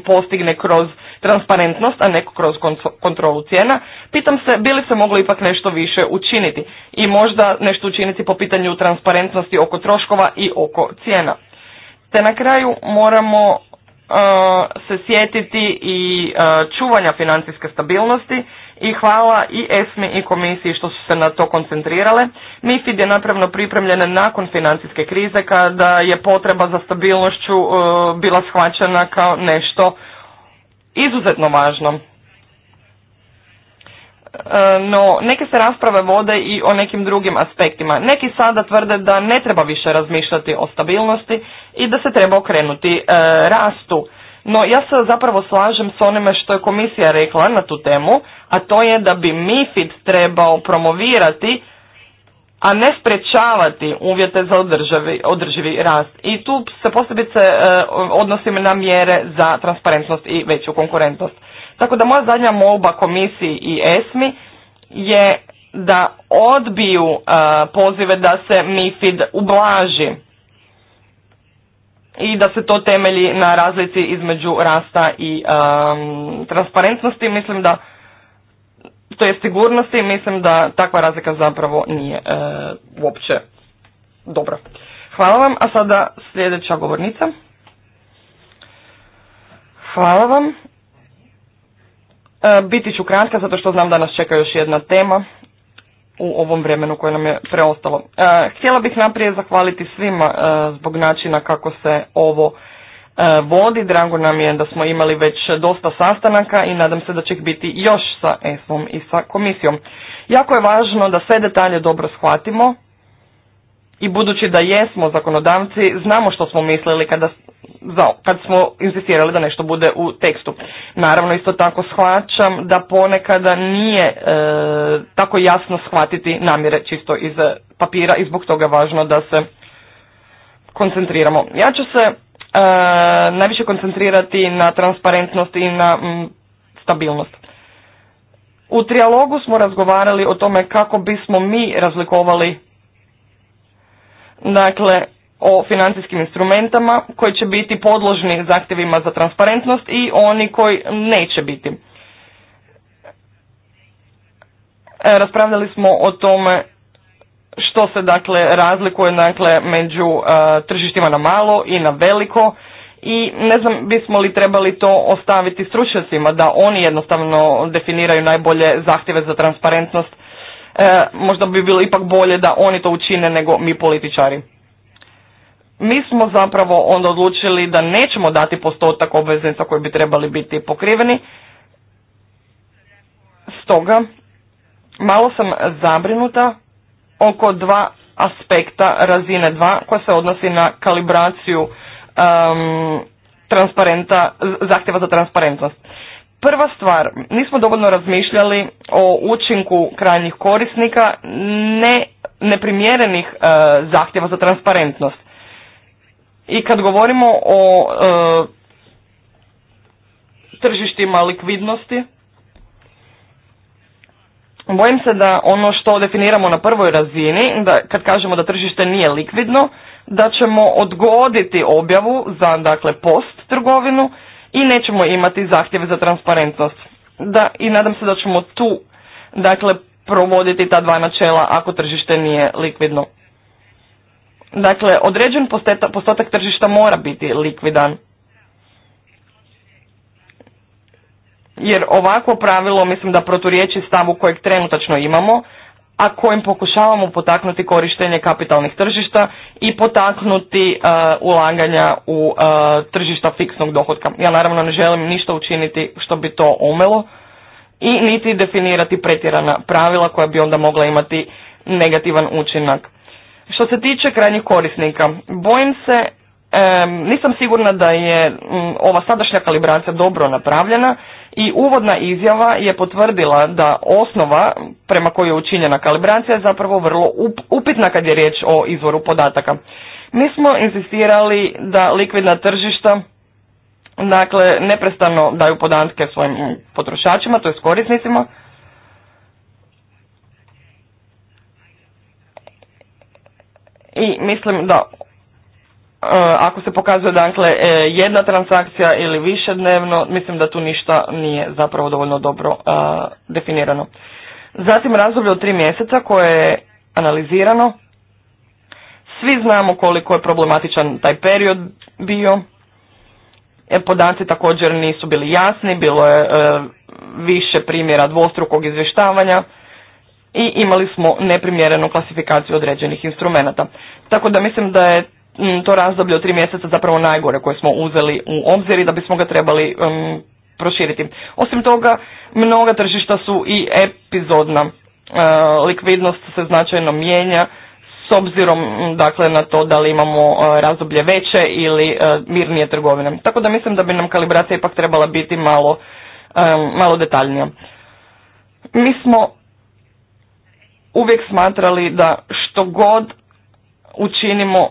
postigne kroz transparentnost, a ne kroz kontrolu cijena, pitam se bi li se moglo ipak nešto više učiniti i možda nešto učiniti po pitanju transparentnosti oko troškova i oko cijena. Te na kraju moramo e, se sjetiti i e, čuvanja financijske stabilnosti i hvala i ESMI i komisiji što su se na to koncentrirale. MIFID je napravno pripremljen nakon financijske krize kada je potreba za stabilnošću e, bila shvaćena kao nešto izuzetno važno. E, no, neke se rasprave vode i o nekim drugim aspektima. Neki sada tvrde da ne treba više razmišljati o stabilnosti i da se treba okrenuti e, rastu. No ja se zapravo slažem s onime što je komisija rekla na tu temu, a to je da bi MIFID trebao promovirati, a ne sprečavati uvjete za održivi, održivi rast. I tu se posebice e, odnosim na mjere za transparentnost i veću konkurentnost. Tako da moja zadnja molba komisiji i ESMI je da odbiju e, pozive da se MIFID ublaži i da se to temelji na razlici između rasta i um, transparentnosti, mislim da to je sigurnosti, mislim da takva razlika zapravo nije e, uopće dobra. Hvala vam, a sada sljedeća govornica. Hvala vam. E, biti ću kratka zato što znam da nas čeka još jedna tema u ovom vremenu koje nam je preostalo. E, htjela bih naprijed zahvaliti svima e, zbog načina kako se ovo e, vodi. Drago nam je da smo imali već dosta sastanaka i nadam se da će ih biti još sa esm i sa komisijom. Jako je važno da sve detalje dobro shvatimo i budući da jesmo zakonodavci, znamo što smo mislili kada za kad smo insistirali da nešto bude u tekstu. Naravno isto tako shvaćam da ponekada nije e, tako jasno shvatiti namjere čisto iz papira i zbog toga je važno da se koncentriramo. Ja ću se e, najviše koncentrirati na transparentnost i na stabilnost. U trialogu smo razgovarali o tome kako bismo mi razlikovali dakle o financijskim instrumentama koji će biti podložni zahtjevima za transparentnost i oni koji neće biti. E, raspravljali smo o tome što se dakle razlikuje dakle među e, tržištima na malo i na veliko i ne znam bismo li trebali to ostaviti stručnjacima da oni jednostavno definiraju najbolje zahtjeve za transparentnost. E, možda bi bilo ipak bolje da oni to učine nego mi političari mi smo zapravo onda odlučili da nećemo dati postotak obveznica koji bi trebali biti pokriveni. Stoga, malo sam zabrinuta oko dva aspekta razine 2 koja se odnosi na kalibraciju transparenta, zahtjeva za transparentnost. Prva stvar, nismo dovoljno razmišljali o učinku krajnjih korisnika ne, neprimjerenih eh, zahtjeva za transparentnost. I kad govorimo o e, tržištima likvidnosti, bojim se da ono što definiramo na prvoj razini, da kad kažemo da tržište nije likvidno, da ćemo odgoditi objavu za dakle post trgovinu i nećemo imati zahtjeve za transparentnost. Da, I nadam se da ćemo tu dakle provoditi ta dva načela ako tržište nije likvidno. Dakle, određen postotak tržišta mora biti likvidan. Jer ovako pravilo mislim da proturiječi stavu kojeg trenutačno imamo, a kojim pokušavamo potaknuti korištenje kapitalnih tržišta i potaknuti e, ulaganja u e, tržišta fiksnog dohotka. Ja naravno ne želim ništa učiniti što bi to omelo i niti definirati pretjerana pravila koja bi onda mogla imati negativan učinak što se tiče krajnjih korisnika, bojim se, nisam sigurna da je mm, ova sadašnja kalibracija dobro napravljena i uvodna izjava je potvrdila da osnova prema kojoj je učinjena kalibracija je zapravo vrlo upitna kad je riječ o izvoru podataka. Mi smo insistirali da likvidna tržišta dakle neprestano daju podatke svojim potrošačima, to je korisnicima, i mislim da e, ako se pokazuje dakle e, jedna transakcija ili više dnevno, mislim da tu ništa nije zapravo dovoljno dobro e, definirano. Zatim razdoblje od tri mjeseca koje je analizirano. Svi znamo koliko je problematičan taj period bio. Podaci također nisu bili jasni, bilo je više primjera dvostrukog izvještavanja i imali smo neprimjerenu klasifikaciju određenih instrumenata. Tako da mislim da je mm, to razdoblje od tri mjeseca zapravo najgore koje smo uzeli u obzir i da bismo ga trebali mm, proširiti. Osim toga, mnoga tržišta su i epizodna. E, likvidnost se značajno mijenja s obzirom mm, dakle na to da li imamo e, razdoblje veće ili e, mirnije trgovine. Tako da mislim da bi nam kalibracija ipak trebala biti malo, malo detaljnija. Mi smo uvijek smatrali da što god učinimo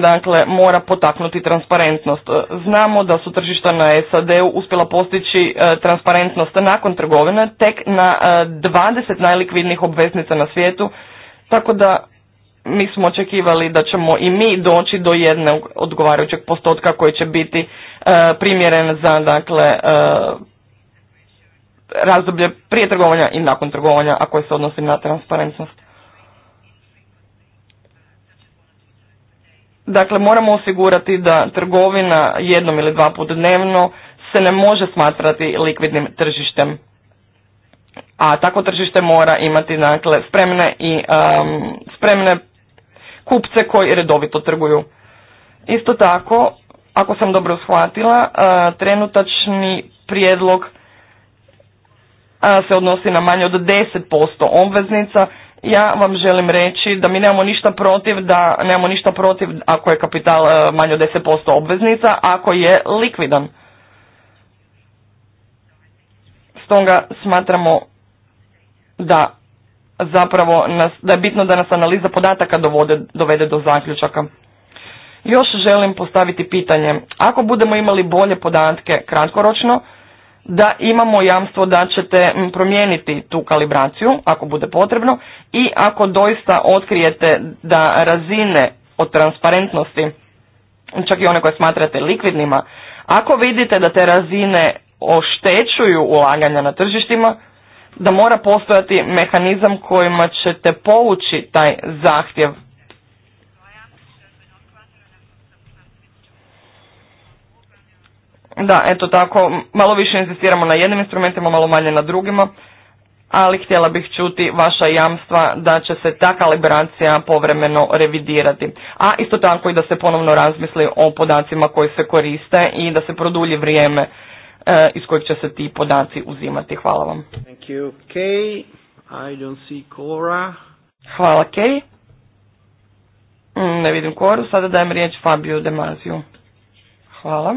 dakle mora potaknuti transparentnost. Znamo da su tržišta na SAD-u uspjela postići e, transparentnost nakon trgovine tek na 20 e, najlikvidnijih obveznica na svijetu, tako da mi smo očekivali da ćemo i mi doći do jedne odgovarajućeg postotka koji će biti e, primjeren za dakle razdoblje prije trgovanja i nakon trgovanja, a koje se odnosi na transparentnost. Dakle, moramo osigurati da trgovina jednom ili dva puta dnevno se ne može smatrati likvidnim tržištem. A tako tržište mora imati dakle, spremne, i, um, spremne kupce koji redovito trguju. Isto tako, ako sam dobro shvatila, uh, trenutačni prijedlog se odnosi na manje od 10% obveznica. Ja vam želim reći da mi nemamo ništa protiv, da nemamo ništa protiv ako je kapital manje od 10% obveznica, ako je likvidan. Stoga smatramo da zapravo nas, da je bitno da nas analiza podataka dovode, dovede do zaključaka. Još želim postaviti pitanje, ako budemo imali bolje podatke kratkoročno, da imamo jamstvo da ćete promijeniti tu kalibraciju ako bude potrebno i ako doista otkrijete da razine od transparentnosti, čak i one koje smatrate likvidnima, ako vidite da te razine oštećuju ulaganja na tržištima, da mora postojati mehanizam kojima ćete povući taj zahtjev Da, eto tako, malo više insistiramo na jednim instrumentima, malo manje na drugima, ali htjela bih čuti vaša jamstva da će se ta kalibracija povremeno revidirati. A isto tako i da se ponovno razmisli o podacima koji se koriste i da se produlji vrijeme e, iz kojeg će se ti podaci uzimati. Hvala vam. Thank you, Kay. I don't see Cora. Hvala, Kay. Mm, ne vidim Koru, sada dajem riječ Fabio Demaziju. Hvala.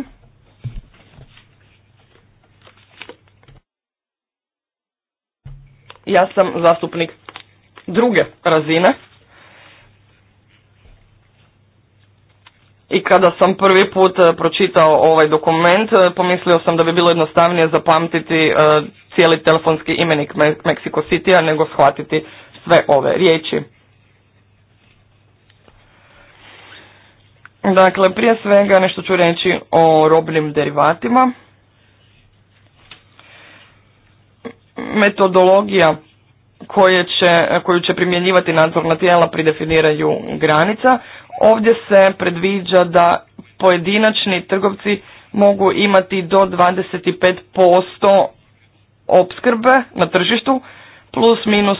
Ja sam zastupnik druge razine. I kada sam prvi put e, pročitao ovaj dokument, e, pomislio sam da bi bilo jednostavnije zapamtiti e, cijeli telefonski imenik Mexico City-a nego shvatiti sve ove riječi. Dakle, prije svega nešto ću reći o robnim derivatima. metodologija koje će, koju će primjenjivati nadzorna tijela pri definiranju granica. Ovdje se predviđa da pojedinačni trgovci mogu imati do 25% opskrbe na tržištu plus minus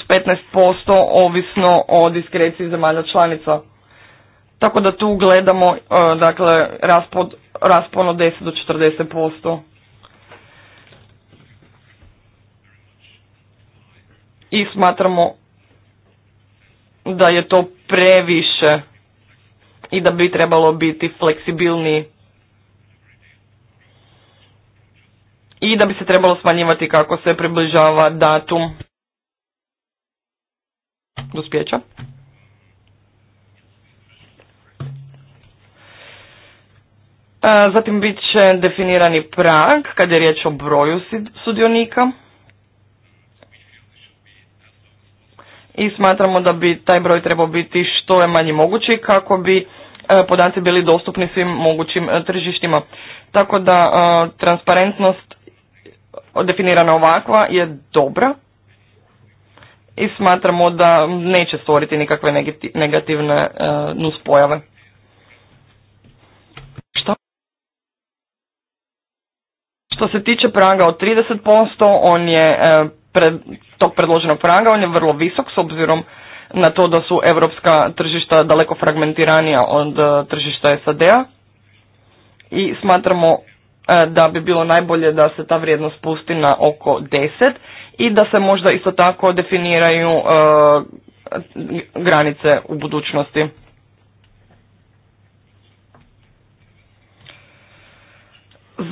15% ovisno o diskreciji zemalja članica. Tako da tu gledamo e, dakle, raspon od 10 do 40%. i smatramo da je to previše i da bi trebalo biti fleksibilniji i da bi se trebalo smanjivati kako se približava datum dospjeća. E, zatim bit će definirani prag kad je riječ o broju sudionika. i smatramo da bi taj broj trebao biti što je manji mogući kako bi e, podaci bili dostupni svim mogućim e, tržištima. Tako da e, transparentnost definirana ovakva je dobra i smatramo da neće stvoriti nikakve negativne nuspojave. Što se tiče praga od 30%, on je tog predloženog praga, je vrlo visok s obzirom na to da su europska tržišta daleko fragmentiranija od e, tržišta SAD-a i smatramo e, da bi bilo najbolje da se ta vrijednost pusti na oko 10 i da se možda isto tako definiraju e, granice u budućnosti.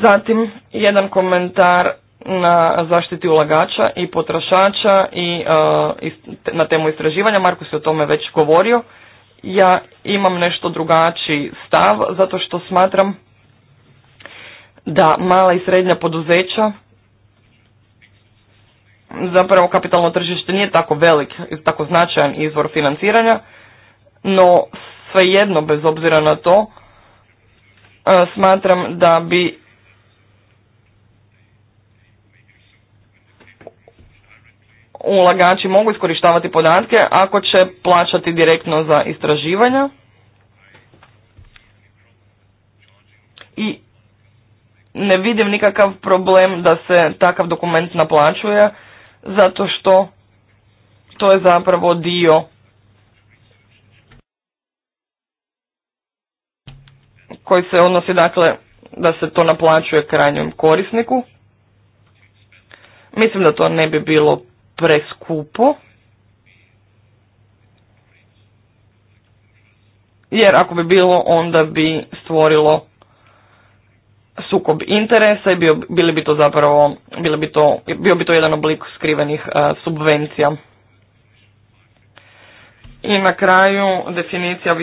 Zatim, jedan komentar na zaštiti ulagača i potrošača i e, na temu istraživanja. Markus je o tome već govorio. Ja imam nešto drugačiji stav zato što smatram da mala i srednja poduzeća zapravo kapitalno tržište nije tako velik i tako značajan izvor financiranja, no svejedno bez obzira na to e, smatram da bi ulagači mogu iskorištavati podatke ako će plaćati direktno za istraživanja i ne vidim nikakav problem da se takav dokument naplaćuje zato što to je zapravo dio koji se odnosi dakle da se to naplaćuje krajnjem korisniku. Mislim da to ne bi bilo preskupo. Jer ako bi bilo, onda bi stvorilo sukob interesa i bio, bili bi to zapravo, bi to, bio bi to jedan oblik skrivenih subvencija. I na kraju definicija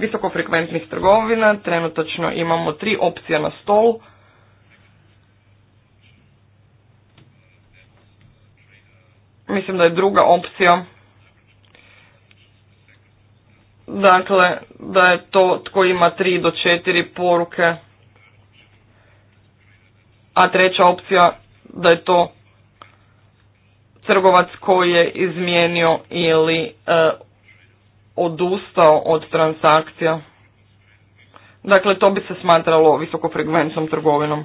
visokofrekventnih trgovina. Trenutačno imamo tri opcije na stolu. Mislim da je druga opcija dakle da je to tko ima tri do četiri poruke, a treća opcija da je to trgovac koji je izmijenio ili e, odustao od transakcija. Dakle, to bi se smatralo visokofrekvencom trgovinom.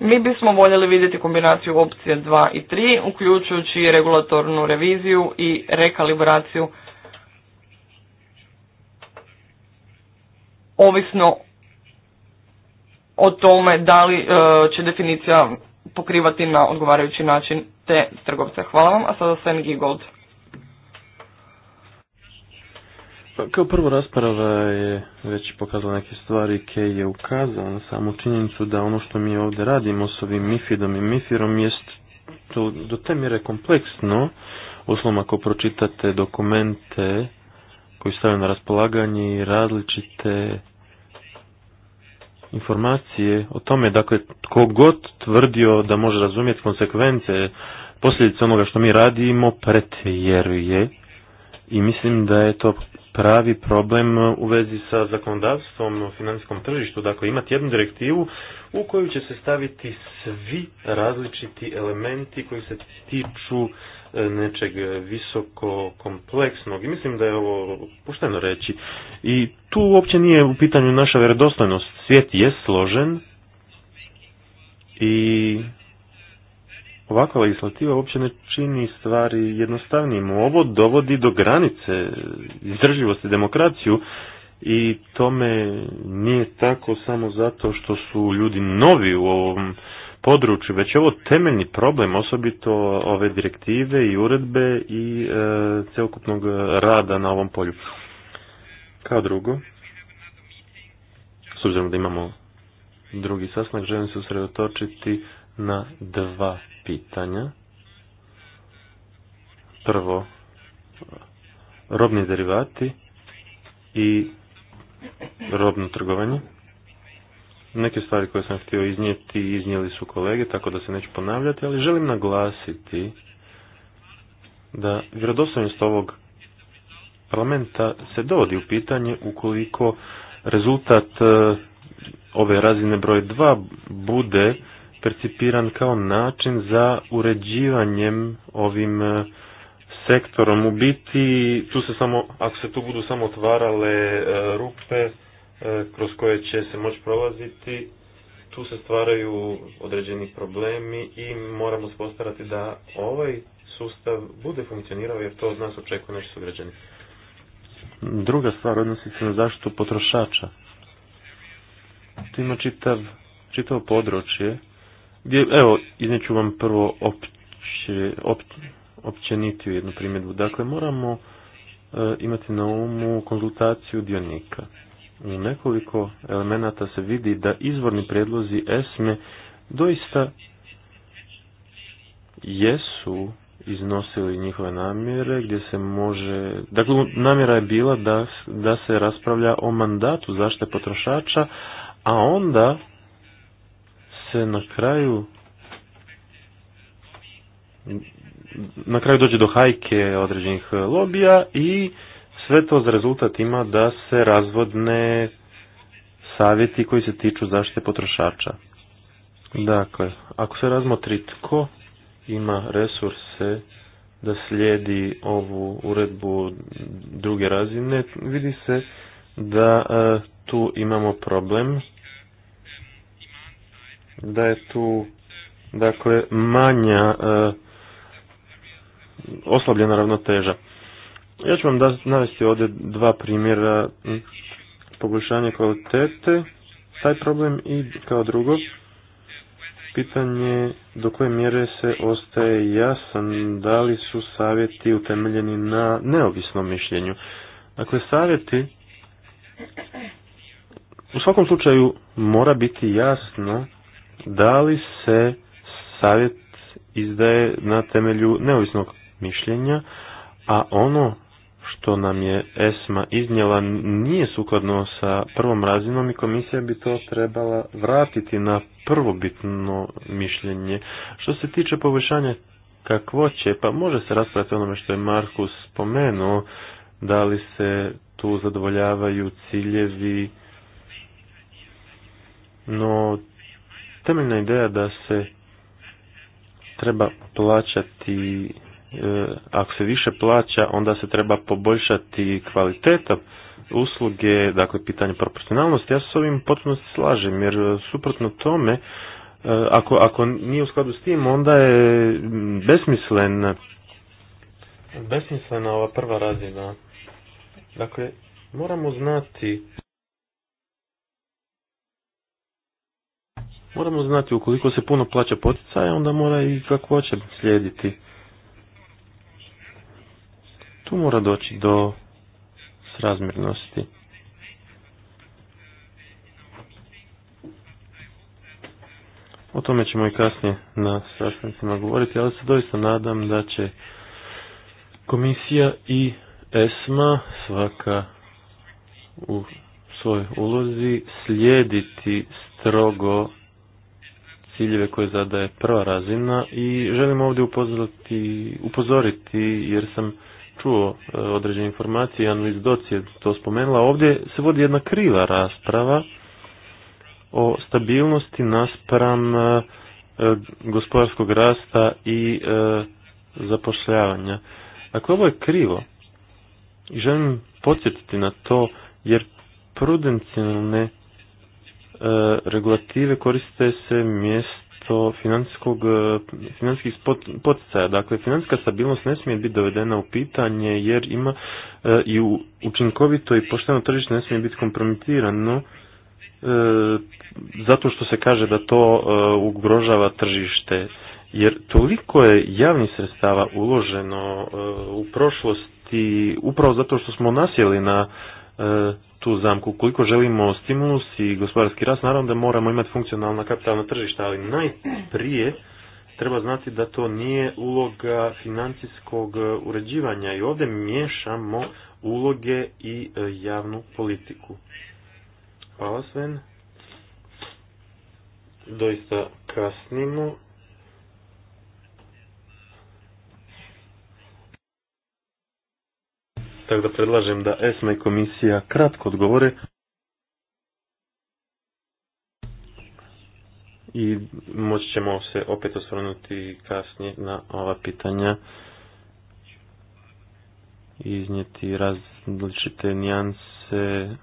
Mi bismo voljeli vidjeti kombinaciju opcije 2 i 3, uključujući regulatornu reviziju i rekalibraciju ovisno o tome da li e, će definicija pokrivati na odgovarajući način te trgovce. Hvala vam, a sada Sven Gigold. Pa, kao prvo rasprava je već pokazala neke stvari Kej je ukazao na samu činjenicu da ono što mi ovdje radimo s ovim Mifidom i Mifirom jest to do te mjere kompleksno, osnovno ako pročitate dokumente koji stavljaju na raspolaganje i različite informacije o tome, dakle, tko god tvrdio da može razumjeti konsekvence, posljedice onoga što mi radimo, pretjeruje i mislim da je to pravi problem u vezi sa zakonodavstvom o financijskom tržištu. Dakle, imati jednu direktivu u koju će se staviti svi različiti elementi koji se tiču e, nečeg visoko kompleksnog i mislim da je ovo pušteno reći i tu uopće nije u pitanju naša vjerodostojnost svijet je složen i ovakva legislativa uopće ne čini stvari jednostavnijim. Ovo dovodi do granice izdrživosti demokraciju i tome nije tako samo zato što su ljudi novi u ovom području, već je ovo temeljni problem, osobito ove direktive i uredbe i e, celokupnog rada na ovom polju. Kao drugo, s obzirom da imamo drugi sasnak, želim se usredotočiti na dva pitanja. Prvo, robni derivati i robno trgovanje. Neke stvari koje sam htio iznijeti, iznijeli su kolege, tako da se neću ponavljati, ali želim naglasiti da vjerodostojnost ovog parlamenta se dovodi u pitanje ukoliko rezultat e, ove razine broj 2 bude percipiran kao način za uređivanjem ovim e, sektorom. U biti, tu se samo, ako se tu budu samo otvarale e, rupe e, kroz koje će se moći prolaziti, tu se stvaraju određeni problemi i moramo se da ovaj sustav bude funkcionirao jer to od nas očekuje naši sugrađani. Druga stvar odnosi se na zaštitu potrošača. Tu ima čitav, čitavo područje gdje, evo, izneću vam prvo opće, op, općenitiju jednu primjedbu. Dakle, moramo e, imati na umu konzultaciju dionika. U nekoliko elemenata se vidi da izvorni predlozi ESME doista jesu iznosili njihove namjere gdje se može, dakle namjera je bila da, da se raspravlja o mandatu zaštite potrošača, a onda se na kraju na kraju dođe do hajke određenih lobija i sve to za rezultat ima da se razvodne savjeti koji se tiču zaštite potrošača. Dakle, ako se razmotri tko ima resurse da slijedi ovu uredbu druge razine, vidi se da e, tu imamo problem da je tu dakle manja e, oslabljena ravnoteža. Ja ću vam da, navesti ovdje dva primjera poboljšanje kvalitete, taj problem i kao drugo pitanje do koje mjere se ostaje jasan da li su savjeti utemeljeni na neovisnom mišljenju. Dakle, savjeti u svakom slučaju mora biti jasno da li se savjet izdaje na temelju neovisnog mišljenja, a ono što nam je ESMA iznijela nije sukladno sa prvom razinom i komisija bi to trebala vratiti na prvobitno mišljenje. Što se tiče poboljšanja kakvoće, pa može se raspraviti onome što je Markus spomenuo, da li se tu zadovoljavaju ciljevi, no temeljna ideja da se treba plaćati, e, ako se više plaća, onda se treba poboljšati kvaliteta usluge, dakle pitanje proporcionalnosti, ja se s ovim potpuno slažem, jer suprotno tome, e, ako, ako nije u skladu s tim, onda je besmislen, besmislena ova prva razina. Dakle, moramo znati Moramo znati ukoliko se puno plaća poticaja, onda mora i hoće slijediti. Tu mora doći do srazmjernosti. O tome ćemo i kasnije na sastancima govoriti, ali se doista nadam da će komisija i ESMA svaka u svojoj ulozi slijediti strogo ciljeve koje zadaje prva razina i želim ovdje upozoriti, upozoriti jer sam čuo e, određene informacije, Jan Doc je to spomenula, ovdje se vodi jedna kriva rasprava o stabilnosti naspram e, e, gospodarskog rasta i zapošljavanja. Dakle, ovo je krivo i želim podsjetiti na to jer prudencijalne E, regulative koriste se mjesto e, financijskih poticaja. Dakle, financijska stabilnost ne smije biti dovedena u pitanje jer ima e, i u učinkovito i pošteno tržište ne smije biti kompromitirano zato što se kaže da to ugrožava tržište. Jer toliko je javnih sredstava uloženo u prošlosti upravo zato što smo nasjeli na tu zamku. Koliko želimo stimulus i gospodarski rast, naravno da moramo imati funkcionalna kapitalna tržišta, ali najprije treba znati da to nije uloga financijskog e, uređivanja i ovdje miješamo uloge i e, javnu politiku. Hvala Sven. Doista kasnimo. Tako da predlažem da ESMA i komisija kratko odgovore. I moći ćemo se opet osvrnuti kasnije na ova pitanja iznijeti različite nijanse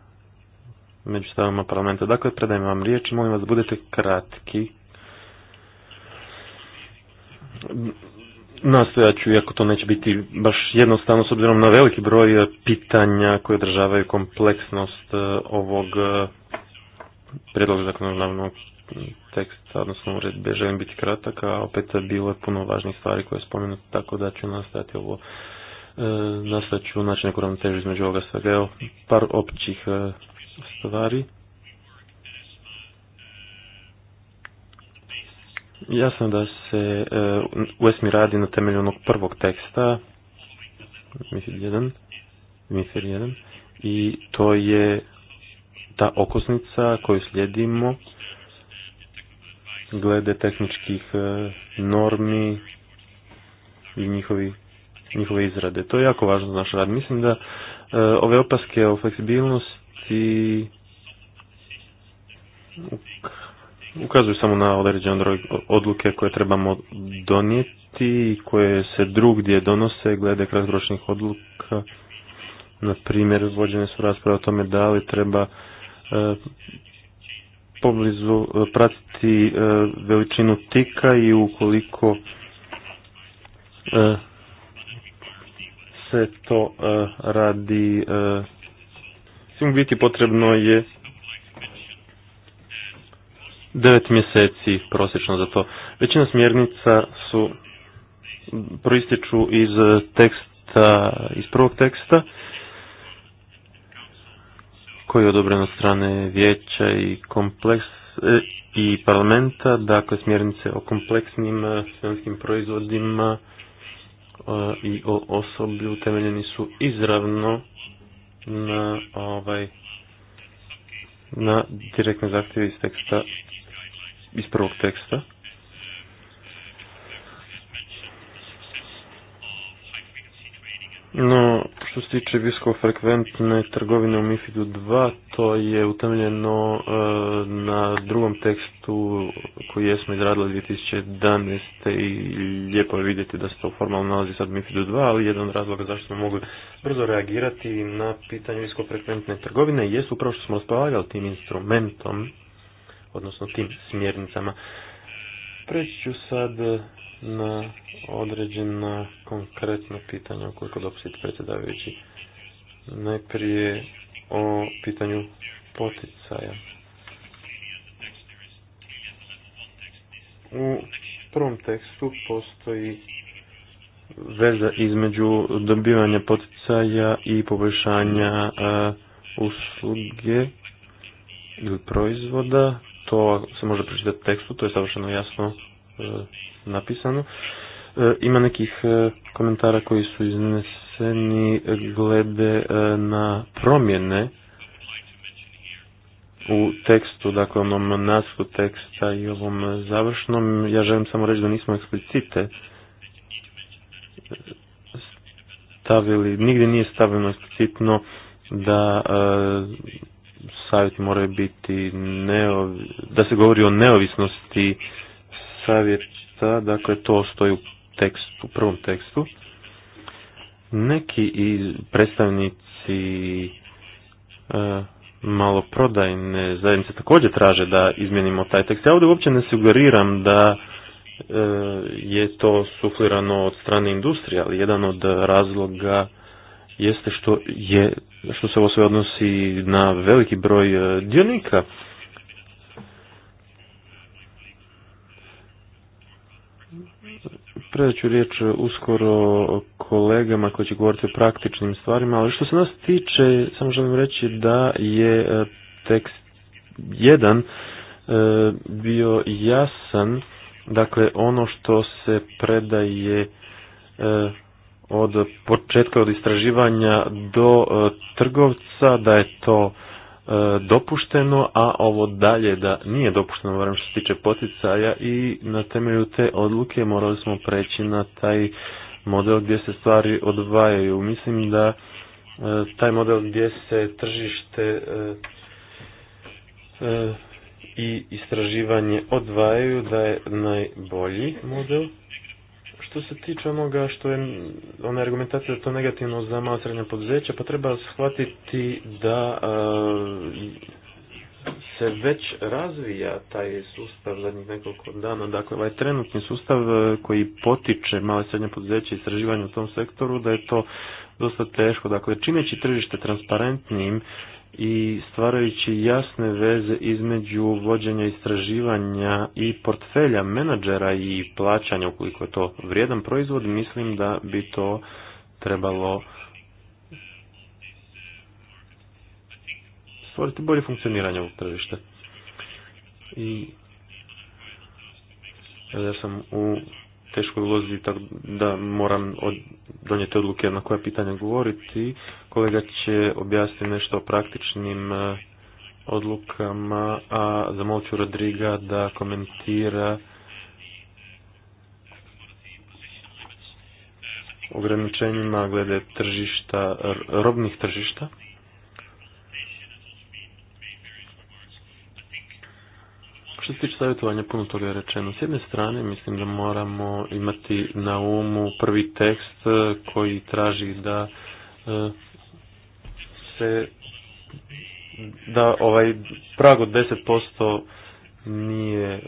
među stavama parlamenta. Dakle, predajem vam riječ molim vas da budete kratki. Nastojat ću, iako to neće biti baš jednostavno, s obzirom na veliki broj e, pitanja koje održavaju kompleksnost e, ovog e, predloga zakonodavnog teksta, odnosno uredbe, želim biti kratak, a opet bilo je puno važnih stvari koje je spomenuto, tako da ću nastojati ovo nastojat ću naći neku ravnotežu između ovoga svega. par općih stvari. Jasno da se e, u ESMI radi na temelju onog prvog teksta, mislim 1, i to je ta okosnica koju slijedimo glede tehničkih e, normi i njihovi, njihove izrade. To je jako važno za naš rad. Mislim da e, ove opaske o fleksibilnosti ukazuju samo na određene odluke koje trebamo donijeti i koje se drugdje donose glede kratkoročnih odluka. Na primjer, vođene su rasprave o tome da li treba e, poblizu pratiti e, veličinu tika i ukoliko e, se to e, radi svim biti potrebno je Devet mjeseci prosječno za to. Većina smjernica su proističu iz teksta, iz prvog teksta koji je odobren od strane vijeća i kompleks e, i parlamenta, dakle smjernice o kompleksnim e, svjetskim proizvodima e, i o osoblju temeljeni su izravno na ovaj na direktne zahtjeve iz teksta iz prvog teksta. No, što se tiče viskofrekventne trgovine u MIFID-u 2, to je utemljeno e, na drugom tekstu koji jesmo izradili 2011. i lijepo je vidjeti da se to formalno nalazi sad u mifid 2, ali jedan od razloga zašto smo mogli brzo reagirati na pitanje viskofrekventne trgovine je upravo što smo raspolagali tim instrumentom odnosno tim smjernicama. Preći ću sad na određena konkretna pitanja ukoliko dopustite predsjedavajući. Najprije o pitanju poticaja. U prvom tekstu postoji veza između dobivanja poticaja i poboljšanja usluge ili proizvoda to se može pročitati tekstu, to je savršeno jasno e, napisano. E, ima nekih e, komentara koji su izneseni glede na promjene u tekstu, dakle onom nasku teksta i ovom završnom. Ja želim samo reći da nismo eksplicite stavili, nigdje nije stavljeno eksplicitno da savjeti moraju biti neov... da se govori o neovisnosti savjeta, dakle to stoji u tekstu, u prvom tekstu. Neki i predstavnici e, maloprodajne zajednice također traže da izmijenimo taj tekst. Ja ovdje uopće ne sugeriram da e, je to suflirano od strane industrije, ali jedan od razloga jeste što, je, što se ovo sve odnosi na veliki broj e, dionika. Predaću ću riječ e, uskoro kolegama koji će govoriti o praktičnim stvarima, ali što se nas tiče, samo želim reći da je e, tekst jedan bio jasan, dakle ono što se predaje od početka od istraživanja do e, trgovca da je to e, dopušteno, a ovo dalje da nije dopušteno, varam što se tiče poticaja i na temelju te odluke morali smo preći na taj model gdje se stvari odvajaju. Mislim da e, taj model gdje se tržište i istraživanje odvajaju da je najbolji model. Što se tiče onoga što je ona argumentacija da to negativno za malo srednje poduzeća, pa treba shvatiti da e, se već razvija taj sustav zadnjih nekoliko dana. Dakle, ovaj trenutni sustav e, koji potiče male srednje poduzeće i istraživanje u tom sektoru, da je to dosta teško. Dakle, čineći tržište transparentnim i stvarajući jasne veze između vođenja istraživanja i portfelja menadžera i plaćanja ukoliko je to vrijedan proizvod, mislim da bi to trebalo stvoriti bolje funkcioniranje ovog tržišta. I ja sam u teško je tako da moram donijeti odluke na koja pitanja govoriti. Kolega će objasniti nešto o praktičnim e, odlukama, a ću Rodriga da komentira ograničenjima glede tržišta, robnih tržišta. Što se tiče savjetovanja, puno toga je rečeno. S jedne strane, mislim da moramo imati na umu prvi tekst e, koji traži da e, se da ovaj prag od 10% nije, e,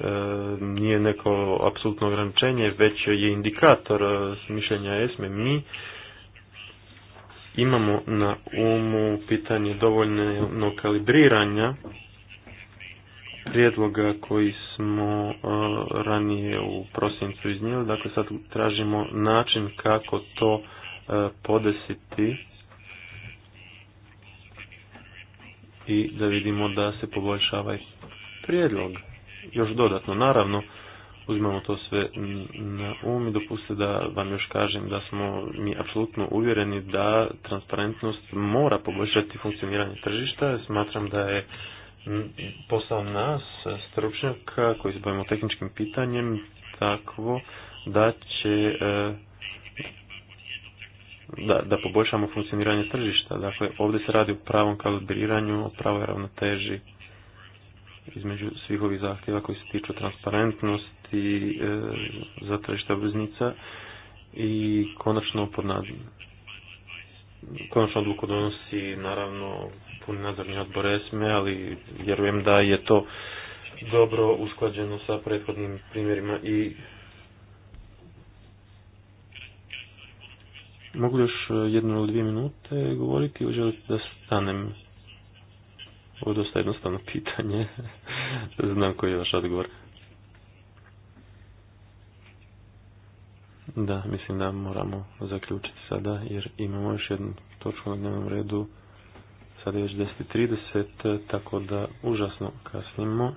nije neko apsolutno ograničenje, već je indikator mišljenja ESME. Mi imamo na umu pitanje dovoljno kalibriranja prijedloga koji smo e, ranije u prosincu iznijeli. Dakle, sad tražimo način kako to e, podesiti i da vidimo da se poboljšava prijedlog. Još dodatno, naravno, uzmemo to sve na um i dopustite da vam još kažem da smo mi apsolutno uvjereni da transparentnost mora poboljšati funkcioniranje tržišta. Smatram da je poslao nas, stručnjaka koji se bavimo tehničkim pitanjem, takvo da će e, da, da poboljšamo funkcioniranje tržišta. Dakle, ovdje se radi o pravom kalibriranju, o pravoj ravnoteži između svih ovih zahtjeva koji se tiču transparentnosti e, za tržište obveznica i konačno konačno odluku donosi naravno puni nadzorni odbor ESME, ali vjerujem da je to dobro usklađeno sa prethodnim primjerima i Mogu još e, jednu ili dvije minute govoriti ili želite da stanem? Ovo je dosta jednostavno pitanje. Znam koji je vaš odgovor. Da, mislim da moramo zaključiti sada jer imamo još jednu točku na dnevnom redu sada je već 10.30, tako da užasno kasnimo.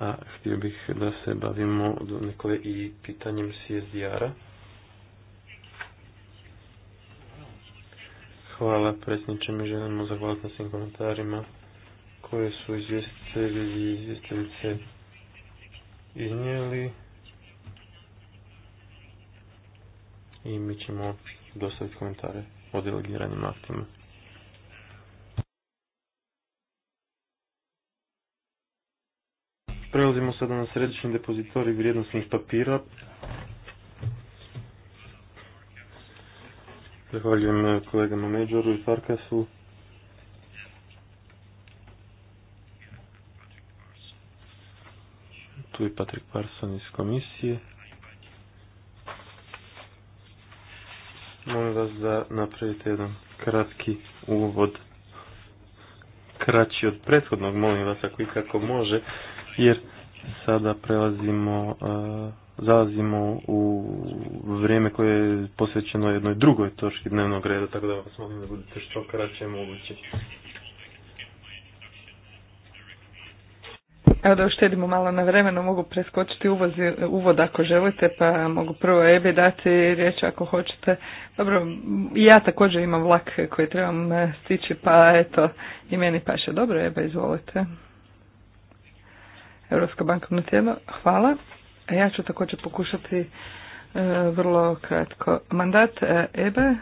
A htio bih da se bavimo nekole i pitanjem CSDR-a. Hvala predsjedniče, mi želimo zahvaliti na svim komentarima koje su izvjestitelji i izvjestiteljice iznijeli. I mi ćemo dostaviti komentare o delegiranim aktima. Prelazimo sada na središnji depozitorij vrijednostnih papira. Zahvaljujem eh, kolegama Međoru i Farkasu. Tu je Patrick Parson iz komisije. Molim vas da napravite jedan kratki uvod. Kraći od prethodnog, molim vas, ako kako može, jer sada prelazimo, e, zalazimo u vrijeme koje je posvećeno jednoj drugoj točki dnevnog reda, tako da vas molim da budete što kraće moguće. Evo da uštedimo malo na vremenu, mogu preskočiti uvoz, uvod ako želite, pa mogu prvo Ebi dati riječ ako hoćete. Dobro, ja također imam vlak koji trebam e, stići, pa eto, i meni paše. Dobro, Eba, izvolite europska bankovna tijelo. Hvala. Ja ću također pokušati e, vrlo kratko. Mandat e, EBE e,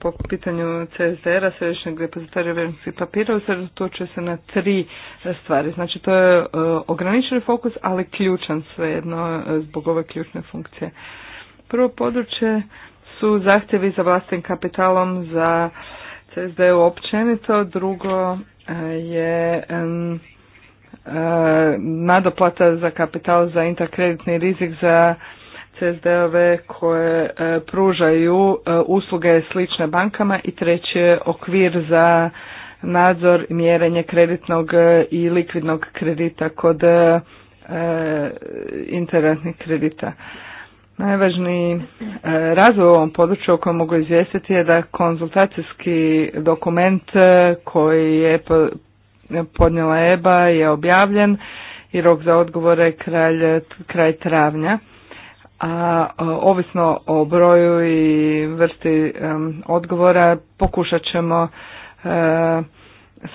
po pitanju CSDR-a, Središnjeg depozitorija vrijednosti papira, usredotočuje se na tri stvari. Znači, to je ograničen fokus, ali ključan svejedno zbog ove ključne funkcije. Prvo područje su zahtjevi za vlastnim kapitalom za CSD-u općenito, drugo je nadoplata za kapital za interkreditni rizik za CSD-ove koje e, pružaju e, usluge slične bankama i treći je okvir za nadzor i mjerenje kreditnog e, i likvidnog kredita kod internetnih kredita. Najvažniji razvoj u ovom području o kojem mogu izvijestiti je da konzultacijski dokument koji je podnijela EBA je objavljen i rok za odgovore je kralj, kraj travnja. A ovisno o broju i vrsti odgovora pokušat ćemo uh,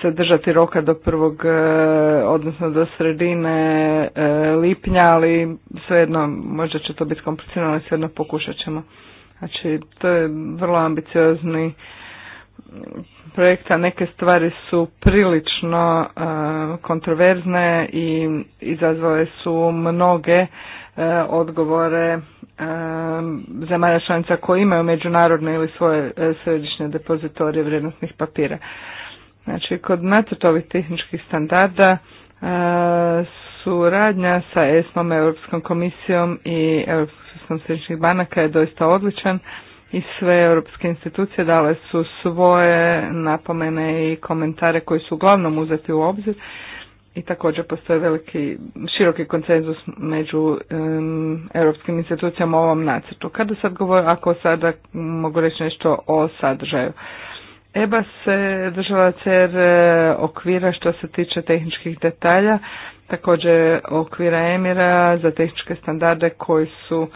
se držati roka do prvog, e, odnosno do sredine e, lipnja, ali svejedno možda će to biti komplicirano, ali svejedno pokušat ćemo. Znači, to je vrlo ambiciozni projekta neke stvari su prilično e, kontroverzne i izazvale su mnoge e, odgovore e, zemalja članica koji imaju međunarodne ili svoje središnje depozitorije vrijednostnih papira. Znači, kod nacrt tehničkih standarda suradnja sa ESMom, Europskom komisijom i Europskom središnjih banaka je doista odličan i sve europske institucije dale su svoje napomene i komentare koji su uglavnom uzeti u obzir i također postoje veliki, široki konsenzus među europskim institucijama u ovom nacrtu. Kada sad govorim, ako sada mogu reći nešto o sadržaju. EBA se država CR e, okvira što se tiče tehničkih detalja, također okvira Emira za tehničke standarde koji su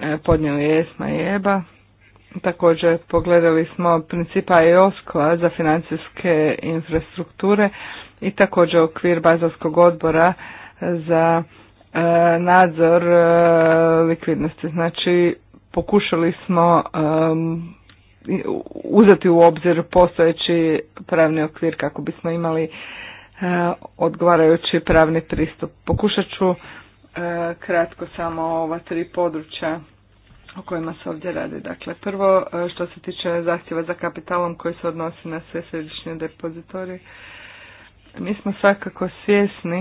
e, podnijeli ESMA i EBA Također pogledali smo principa eosco za financijske infrastrukture i također okvir Bazarskog odbora za e, nadzor e, likvidnosti. Znači, pokušali smo e, uzeti u obzir postojeći pravni okvir kako bismo imali odgovarajući pravni pristup. Pokušat ću kratko samo ova tri područja o kojima se ovdje radi. Dakle, prvo e, što se tiče zahtjeva za kapitalom koji se odnosi na sve središnje depozitorije, mi smo svakako svjesni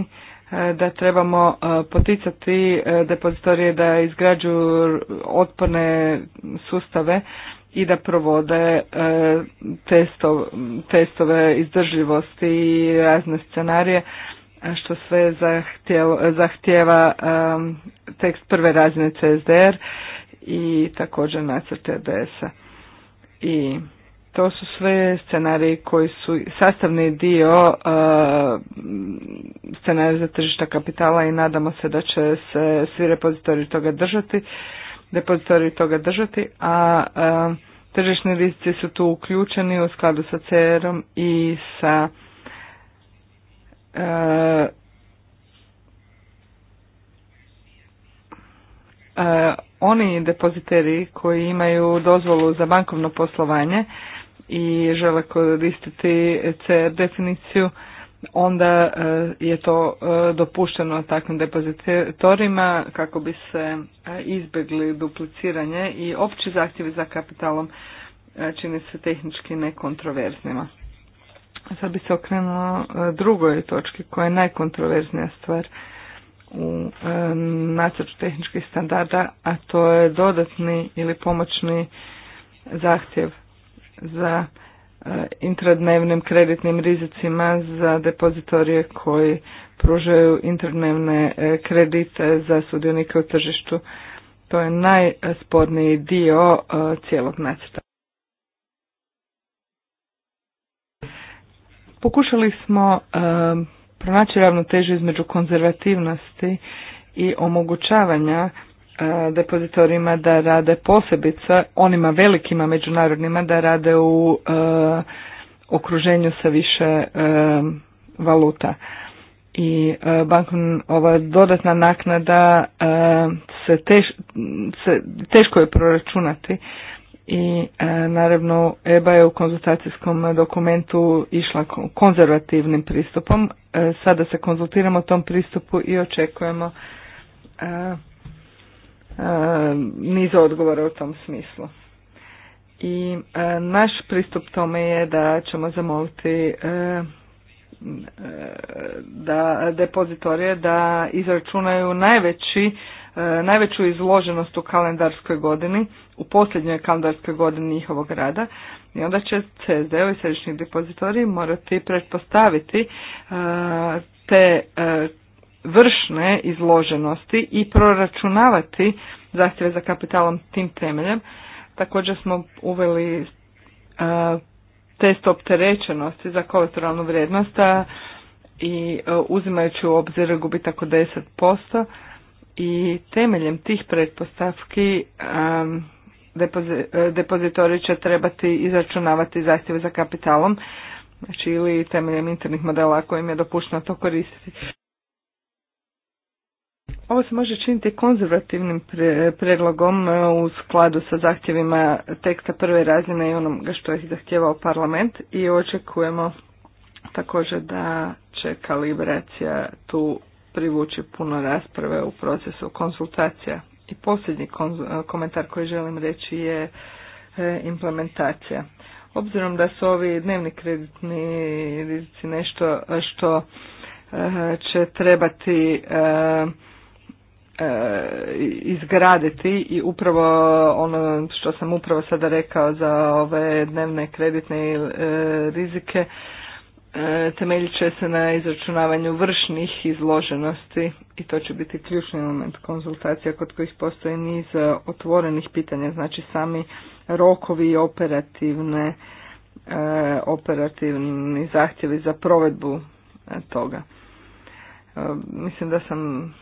e, da trebamo e, poticati depozitorije da izgrađuju otporne sustave i da provode testove izdržljivosti i razne scenarije što sve zahtjeva tekst prve razine CSDR i također nacrte DS-a. I to su sve scenariji koji su sastavni dio uh, scenarija za tržišta kapitala i nadamo se da će se svi repozitori toga držati, depozitori toga držati, a uh, tržišni rizici su tu uključeni u skladu sa CR-om i sa uh, uh oni depoziteri koji imaju dozvolu za bankovno poslovanje i žele koristiti CR definiciju, onda e, je to e, dopušteno takvim depozitorima kako bi se e, izbjegli dupliciranje i opći zahtjevi za kapitalom čine se tehnički nekontroverznima. Sad bi se okrenulo drugoj točki koja je najkontroverznija stvar u um, nacrtu tehničkih standarda, a to je dodatni ili pomoćni zahtjev za uh, intradnevnim kreditnim rizicima za depozitorije koji pružaju intradnevne uh, kredite za sudionike u tržištu. To je najsporniji dio uh, cijelog nacrta. Pokušali smo um, pronaći ravnotežu između konzervativnosti i omogućavanja e, depozitorima da rade posebice onima velikima međunarodnima da rade u e, okruženju sa više e, valuta i e, ova dodatna naknada se teško je proračunati i e, naravno EBA je u konzultacijskom dokumentu išla konzervativnim pristupom. E, sada se konzultiramo tom pristupu i očekujemo e, e, niz odgovora u tom smislu. I naš pristup tome je da ćemo zamoliti da depozitorije da izračunaju najveći, najveću izloženost u kalendarskoj godini u posljednjoj kalendarskoj godini njihovog rada i onda će CSD i središnji depozitori morati pretpostaviti e, te e, vršne izloženosti i proračunavati zahtjeve za kapitalom tim temeljem. Također smo uveli e, test opterećenosti za kolateralnu vrijednost i uzimajući u obzir gubitak od 10% i temeljem tih pretpostavki E, depozitori će trebati izračunavati zahtjeve za kapitalom, znači ili temeljem internih modela ako im je dopušteno to koristiti. Ovo se može činiti konzervativnim predlogom e, u skladu sa zahtjevima teksta prve razine i onoga što je zahtjevao parlament i očekujemo također da će kalibracija tu privući puno rasprave u procesu konsultacija i posljednji e, komentar koji želim reći je e, implementacija. Obzirom da su ovi dnevni kreditni rizici nešto e, što će trebati izgraditi i upravo ono što sam upravo sada rekao za ove dnevne kreditne rizike E, temeljit će se na izračunavanju vršnih izloženosti i to će biti ključni element konzultacija kod kojih postoji niz e, otvorenih pitanja, znači sami rokovi i operativne e, operativni zahtjevi za provedbu toga. mislim da sam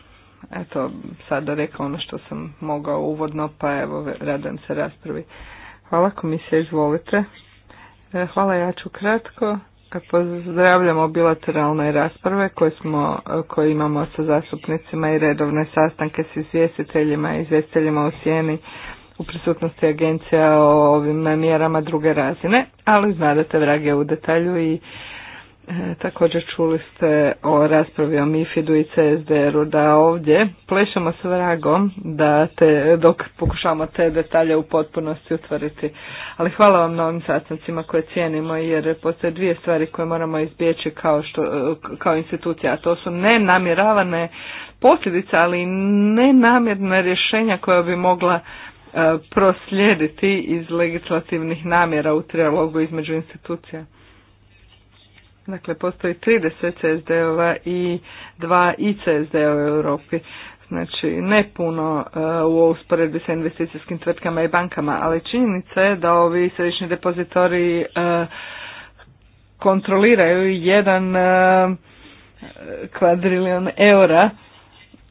eto sada rekao ono što sam mogao uvodno, pa evo radujem se raspravi. Hvala komisija, izvolite. hvala, ja ću kratko. Pozdravljamo bilateralne rasprave koje, smo, koje imamo sa zastupnicima i redovne sastanke s izvjestiteljima i izvjestiteljima u sjeni u prisutnosti agencija o ovim mjerama druge razine, ali znadete, drage, u detalju i Također čuli ste o raspravi o MIFID-u i CSDR-u da ovdje plešemo s vragom da te, dok pokušavamo te detalje u potpunosti utvoriti, Ali hvala vam na ovim sastancima koje cijenimo jer postoje dvije stvari koje moramo izbjeći kao, što, kao institucija, a to su nenamjeravane posljedice, ali i nenamjerna rješenja koja bi mogla e, proslijediti iz legislativnih namjera u trialogu između institucija. Dakle, postoji 30 CSD-ova i 2 ICSD-ova u Europi. Znači, ne puno e, u usporedbi sa investicijskim tvrtkama i bankama, ali činjenica je da ovi središnji depozitori e, kontroliraju jedan e, kvadrilion eura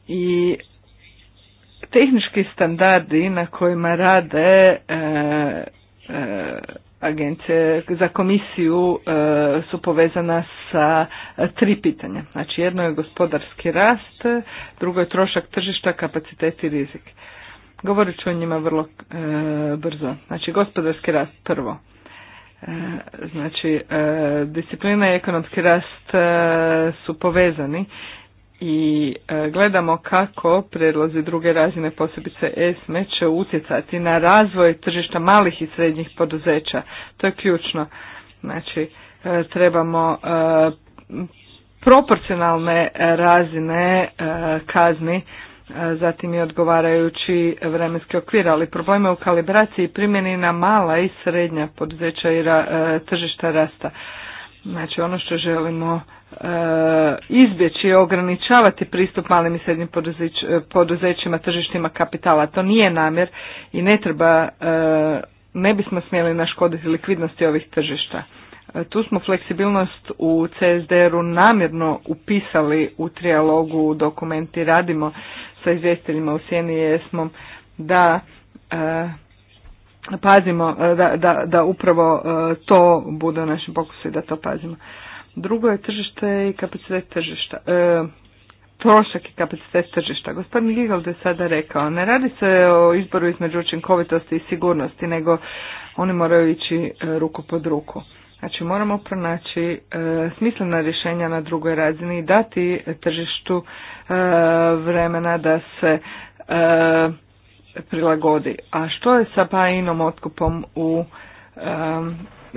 i tehnički standardi na kojima rade agencije za komisiju e, su povezana sa e, tri pitanja. Znači jedno je gospodarski rast, drugo je trošak tržišta, kapacitet i rizik. Govorit ću o njima vrlo e, brzo. Znači gospodarski rast prvo. znači disciplina i ekonomski rast su povezani i e, gledamo kako predlozi druge razine posebice ESME će utjecati na razvoj tržišta malih i srednjih poduzeća. To je ključno. Znači, e, trebamo e, proporcionalne razine kazni, zatim i odgovarajući vremenski okvir, ali probleme u kalibraciji primjeni na mala i srednja poduzeća i tržišta rasta. Znači ono što želimo E, izbjeći i ograničavati pristup malim i srednjim e, poduzećima, tržištima kapitala. To nije namjer i ne treba, e, ne bismo smjeli naškoditi likvidnosti ovih tržišta. Tu smo fleksibilnost u CSDR-u namjerno upisali u trijalogu dokumenti radimo sa izvjestiteljima u Sjeni jesmo da pazimo, da, da, da upravo to bude u našem i da to pazimo. Drugo je tržište i kapacitet tržišta. E, trošak i kapacitet tržišta. Gospodin Gigald je sada rekao, ne radi se o izboru između učinkovitosti i sigurnosti, nego oni moraju ići e, ruku pod ruku. Znači moramo pronaći e, smislena rješenja na drugoj razini i dati tržištu e, vremena da se prilagodi. A što je sa bajinom otkupom u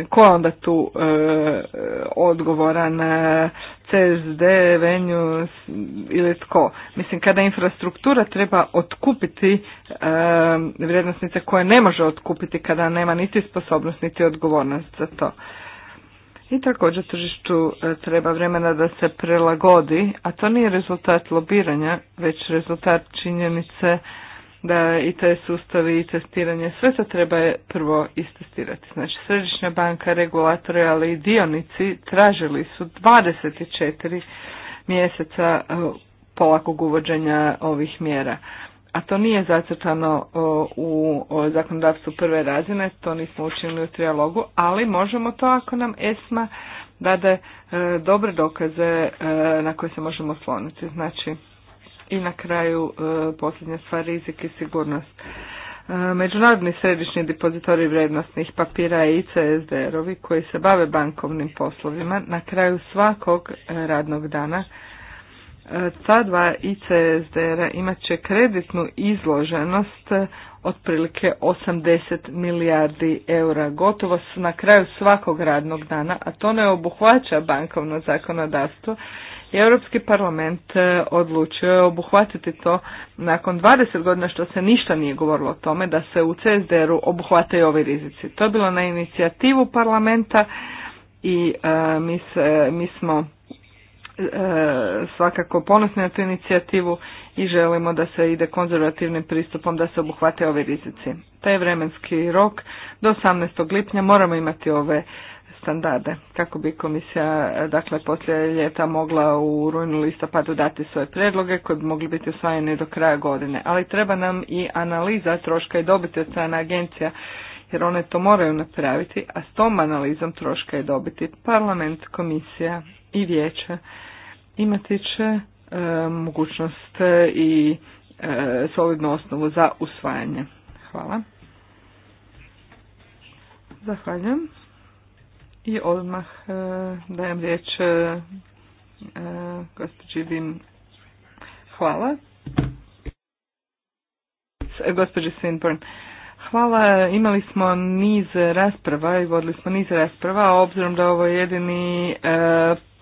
ko je onda tu e, odgovoran e, CSD, Venju ili tko? Mislim, kada infrastruktura treba otkupiti e, vrijednosnice koje ne može otkupiti kada nema niti sposobnost niti odgovornost za to. I također tržištu e, treba vremena da se prilagodi, a to nije rezultat lobiranja, već rezultat činjenice da i te sustavi i testiranje, sve to treba prvo istestirati. Znači, Središnja banka, regulatori, ali i dionici tražili su 24 mjeseca e, polakog uvođenja ovih mjera. A to nije zacrtano e, u zakonodavstvu prve razine, to nismo učinili u trialogu, ali možemo to ako nam ESMA dade e, dobre dokaze na koje se možemo osloniti. Znači, i na kraju e, posljednja stvar rizik i sigurnost. E, Međunarodni središnji depozitori vrednostnih papira i CSDR-ovi koji se bave bankovnim poslovima na kraju svakog radnog dana e, ta dva ICSDR-a imat će kreditnu izloženost otprilike 80 milijardi eura, gotovo na kraju svakog radnog dana, a to ne obuhvaća bankovno zakonodavstvo Europski parlament e, odlučio je obuhvatiti to nakon 20 godina što se ništa nije govorilo o tome da se u CSDR-u obuhvate i ovi rizici. To je bilo na inicijativu parlamenta i e, mi, se, mi smo e, svakako ponosni na tu inicijativu i želimo da se ide konzervativnim pristupom da se obuhvate ove rizici. Taj vremenski rok do 18. lipnja moramo imati ove standarde kako bi komisija dakle poslije ljeta mogla u rujnu listopadu dati svoje predloge koji bi mogli biti usvojeni do kraja godine. Ali treba nam i analiza troška i dobiti od strane agencija jer one to moraju napraviti, a s tom analizom troška i dobiti parlament, komisija i vijeće. Imati će e, mogućnost i e, solidnu osnovu za usvajanje. Hvala. Zahvaljujem. I odmah e, dajem riječ e, e, gospođi Vim. Hvala. Gospođi Swinburne. Hvala, imali smo niz rasprava i vodili smo niz rasprava, a obzirom da ovo je jedini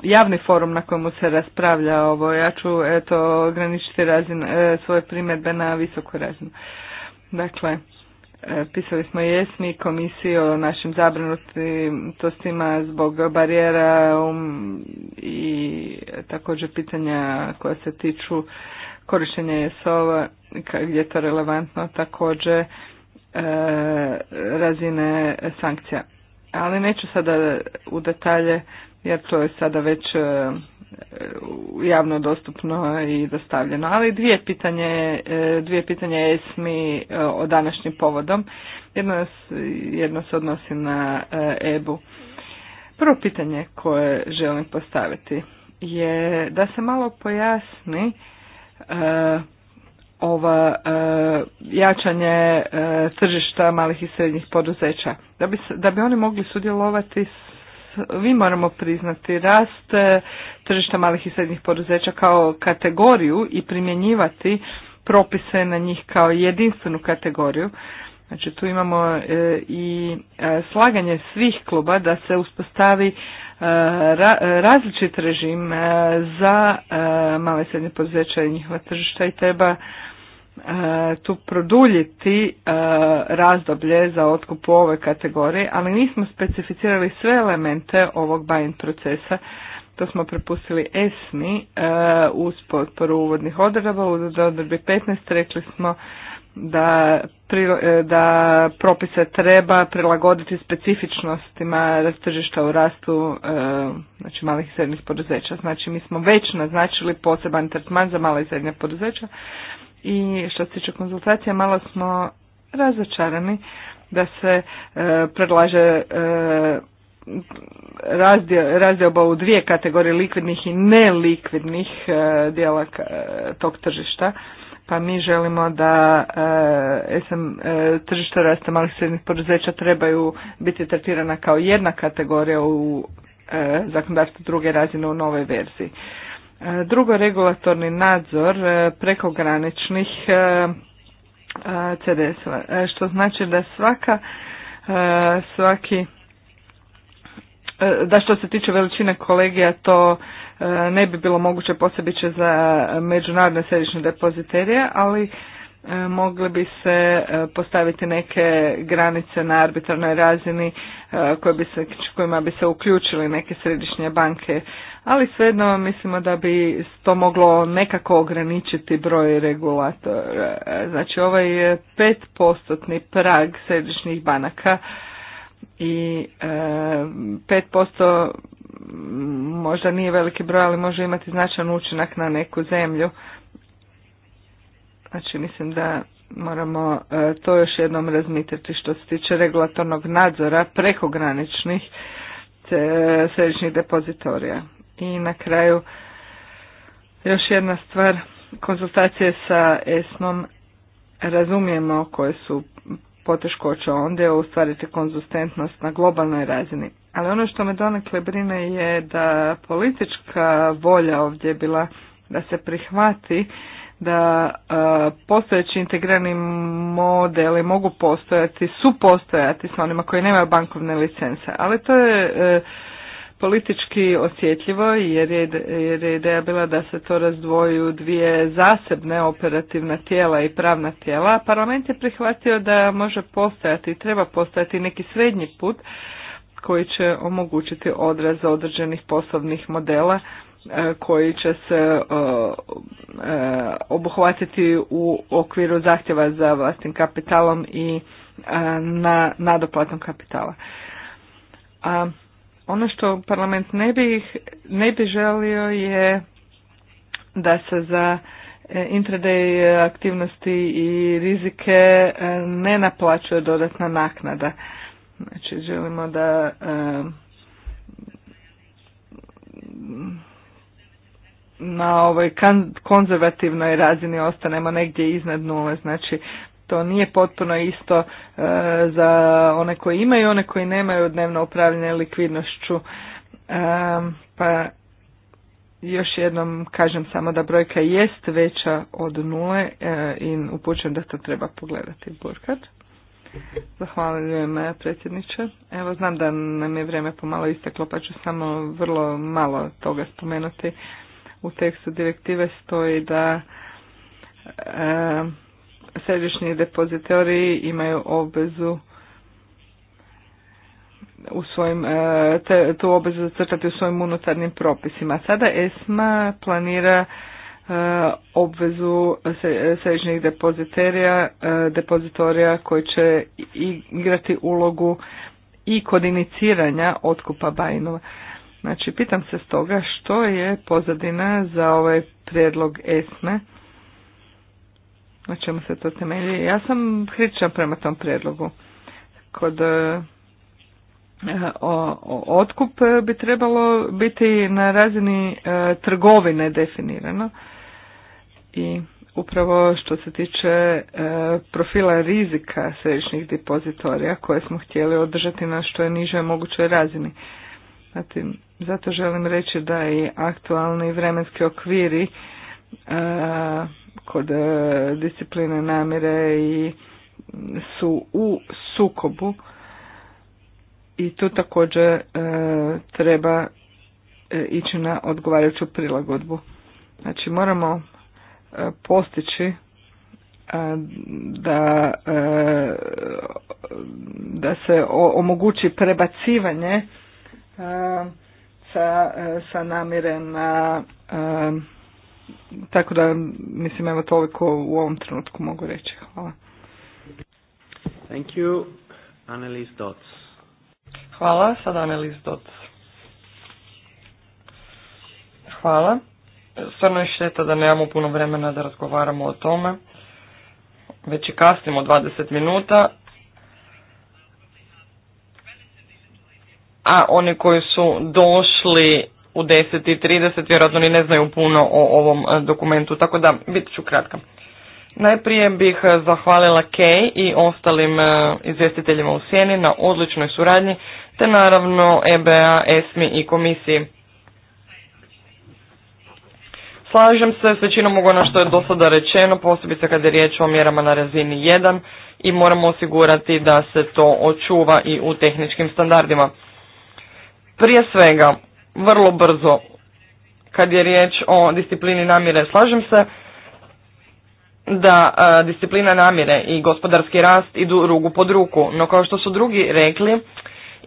javni forum na kojemu se raspravlja ovo, ja ću eto ograničiti razin, svoje primjedbe na visoku razinu. Dakle, E, pisali smo i jesmi komisiji o našim zabrinutostima zbog barijera um, i također pitanja koja se tiču korištenja jesova gdje je to relevantno također e, razine sankcija. Ali neću sada u detalje jer to je sada već e, E, javno dostupno i dostavljeno. Ali dvije pitanje, e, dvije pitanje ESMI e, o današnjim povodom. Jedno, jedno se odnosi na EBU. Prvo pitanje koje želim postaviti je da se malo pojasni ova jačanje tržišta malih i srednjih poduzeća da bi, da bi oni mogli sudjelovati vi moramo priznati rast e, tržišta malih i srednjih poduzeća kao kategoriju i primjenjivati propise na njih kao jedinstvenu kategoriju. Znači tu imamo e, i e, slaganje svih kluba da se uspostavi različit režim za male i srednje poduzeća i njihova tržišta i treba E, tu produljiti e, razdoblje za otkup u ovoj kategoriji, ali nismo specificirali sve elemente ovog buying procesa. To smo prepustili ESMI e, uz potporu uvodnih odredaba. U odredbi 15 rekli smo da, propise treba prilagoditi specifičnostima tržišta u rastu znači malih i srednjih poduzeća. Znači mi smo već naznačili poseban tretman za male i srednja poduzeća i što se tiče konzultacija malo smo razočarani da se e, predlaže e, u dvije kategorije likvidnih i nelikvidnih e, dijela tog tržišta. Pa mi želimo da e, SM, e, tržišta rasta malih srednjih poduzeća trebaju biti tretirana kao jedna kategorija u zakonodavstvu druge razine u novoj verziji. E, drugo, regulatorni nadzor e, prekograničnih e, CDS-ova, što znači da svaka, svaki, da što se tiče veličine kolegija to ne bi bilo moguće posebiće za međunarodne središnje depoziterije, ali E, mogle bi se e, postaviti neke granice na arbitrarnoj razini e, koje bi se, kojima bi se uključili neke središnje banke, ali svejedno mislimo da bi to moglo nekako ograničiti broj regulatora. Znači ovaj postotni prag središnjih banaka i pet posto možda nije veliki broj, ali može imati značajan učinak na neku zemlju. Znači mislim da moramo e, to još jednom razmitriti što se tiče regulatornog nadzora prekograničnih središnjih depozitorija. I na kraju još jedna stvar, konzultacije sa ESN-om razumijemo koje su poteškoće onda ostvariti konzistentnost na globalnoj razini. Ali ono što me donekle brine je da politička volja ovdje je bila da se prihvati da e, postojeći integrirani modeli mogu postojati, su postojati s onima koji nemaju bankovne licence, ali to je e, politički osjetljivo jer je, jer ideja bila da se to razdvoju dvije zasebne operativna tijela i pravna tijela. Parlament je prihvatio da može postojati i treba postojati neki srednji put koji će omogućiti odraz određenih poslovnih modela E, koji će se e, e, obuhvatiti u okviru zahtjeva za vlastnim kapitalom i na nadoplatom kapitala. A ono što parlament ne bi, ne bi želio je da se za intraday aktivnosti i rizike ne naplaćuje dodatna naknada. Znači želimo da na ovoj konzervativnoj razini ostanemo negdje iznad nule. Znači, to nije potpuno isto e, za one koji imaju i one koji nemaju dnevno upravljanje likvidnošću. E, pa još jednom kažem samo da brojka jest veća od nule e, i upućujem da to treba pogledati. Burkard. Zahvaljujem predsjedniče. Evo znam da nam je vrijeme pomalo isteklo pa ću samo vrlo malo toga spomenuti u tekstu direktive stoji da e, središnji depozitoriji imaju obvezu u svojim, e, te, tu obvezu zacrtati u svojim unutarnjim propisima. Sada ESMA planira e, obvezu središnjih depoziterija, e, depozitorija koji će igrati ulogu i kod iniciranja otkupa bajnova. Znači, pitam se stoga što je pozadina za ovaj prijedlog ESME, na čemu se to temelji. Ja sam hričan prema tom prijedlogu. Kod e, otkup bi trebalo biti na razini e, trgovine definirano i upravo što se tiče e, profila rizika središnjih depozitorija koje smo htjeli održati na što je niže mogućoj razini. Zatim, zato želim reći da i aktualni vremenski okviri e, kod e, discipline namjere i su u sukobu i tu također e, treba ići na odgovarajuću prilagodbu. Znači moramo postići da, da se omogući prebacivanje sa, sa na tako da mislim evo toliko u ovom trenutku mogu reći. Hvala. Thank you, Annelies Dots. Hvala, sada Annelies Dots. Hvala. Stvarno je šteta da nemamo puno vremena da razgovaramo o tome. Već i kasnimo 20 minuta, a oni koji su došli u 10.30 vjerojatno ni ne znaju puno o ovom e, dokumentu, tako da bit ću kratka. Najprije bih e, zahvalila Kej i ostalim e, izvjestiteljima u Sjeni na odličnoj suradnji, te naravno EBA, ESMI i komisiji. Slažem se s većinom ono što je do sada rečeno, posebice kada je riječ o mjerama na razini 1 i moramo osigurati da se to očuva i u tehničkim standardima. Prije svega, vrlo brzo, kad je riječ o disciplini namire, slažem se da e, disciplina namire i gospodarski rast idu rugu pod ruku, no kao što su drugi rekli,